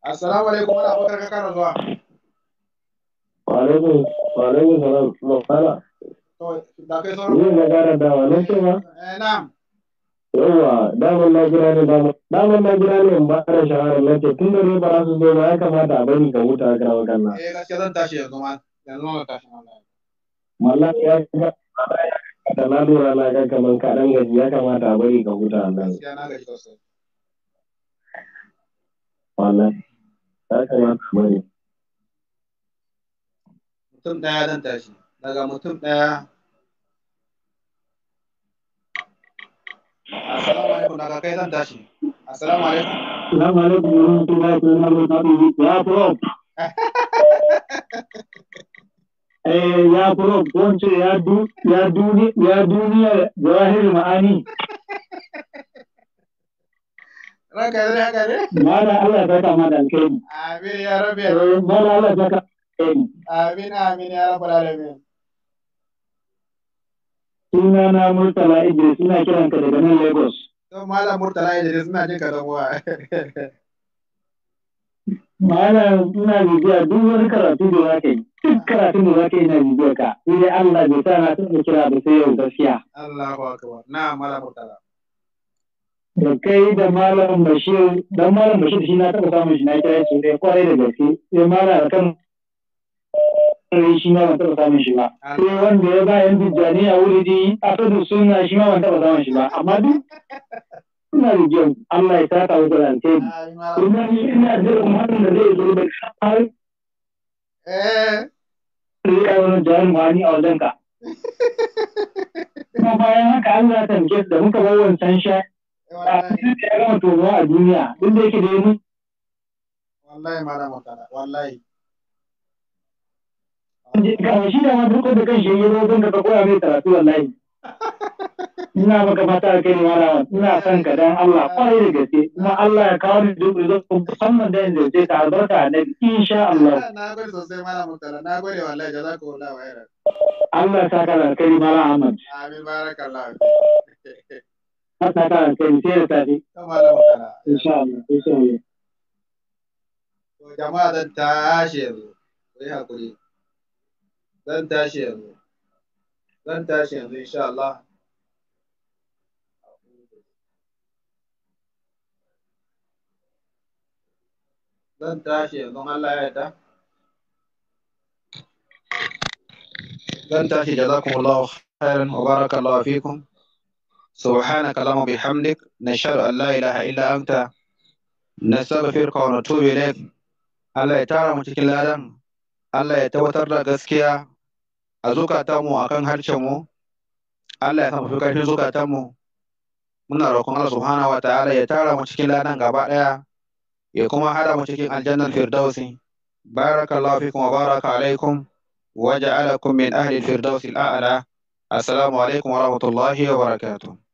assalamu alaikum wani abokan ka zuwa Wa alaikum salam kwala da kai sauran mutum biyu na gara dawa na eh, na'am yawa damar na jira ne damar na jira ne in ba da shawarar lafiya tun da zai ba su zo ba ya kamata a bari ka huta ga wakan nan eh gaskiya zan tashi yanzu ma yanzu ma tashi wallahi ya ga da na lura na ga kamar ka dan gaji ya kamata a bari ka huta nan gaskiya na gaji sosai wallahi ya kamata a bari mutum daya zan tashi daga mutum daya Assalamu alaikum daga kai zan tashi. alaikum. alaikum wa Ya prof. (laughs) Eh ya prof ya du ya duni ya duniya jawahir ma'ani. Raka ne haka Mala Allah ta kama da Amin ya rabbi. Eh, mala Allah Amin amin ya rabbal alamin. Suna na Murtala Idris suna kiran ka daga nan Lagos. Don Malam Murtala Idris suna jin ka dan uwa. Malam suna bibiya duk wani karatu da zaka yi. Duk karatu da zaka yi na bibiya ka. Sai Allah bai sa na taɓa kira da sai yau gaskiya. Allahu akbar. Na Malam Murtala. Da kai da Malam Bashir, dan Malam Bashir shi na taɓa samun shi na kira shi kwarai da gaske. Sai da kan shi ma ban taɓa samun shi ba. Sai wanda ya bayan tijjani a wuridi a sadu suna shi ma ban taɓa samun shi ba. Amma duk suna da gyau Allah ya saka wasu ne Kuma ni ina jira umarin da zai zo da har. Sai ya wani jihar Buhari a wajen ka. Kuma bayan haka Allah ta tamke da muka bar wancan sha. A cikin da ya gama tozuwa a duniya duk da yake da yi. Wallahi malam wallahi. shi da ma da kan shi yayi wajen ka koya mai karatu wallahi (laughs) ina maka fata a kai malama ina son ka dan Allah kwarai da gaske kuma Allah ya kawo ni duk rizo musamman da yanzu sai ta albarka da insha Allah (laughs) na gode sosai malama tara na gode wallahi jazakallahu khairan Allah ya saka da kai amin barakallahu (laughs) Allah ya saka kai sai da tafi malama tara insha Allah insha Allah jama'a zan tashi yanzu hakuri zan tashi yanzu zan tashi yanzu insha Allah zan tashi yanzu Allah ya yarda zan tashi jazakumullahu khairan wa barakallahu fikum سبحانك اللهم وبحمدك نشهد أن لا إله إلا أنت نستغفرك ونتوب إليك Allah ya tara mu cikin ladan Allah ya tabbatar da gaskiya a zukatanmu a kan mu Allah ya samu fi ƙarfin zukatanmu muna roƙon Allah subhanahu wa ta'ala ya tara mu cikin ladan gaba ɗaya ya kuma hada mu cikin aljannar firdausi barakallahu fikum wa baraka alaikum wa ja'alakum min ahli firdausi al'ala assalamu alaikum wa rahmatullahi wa barakatuh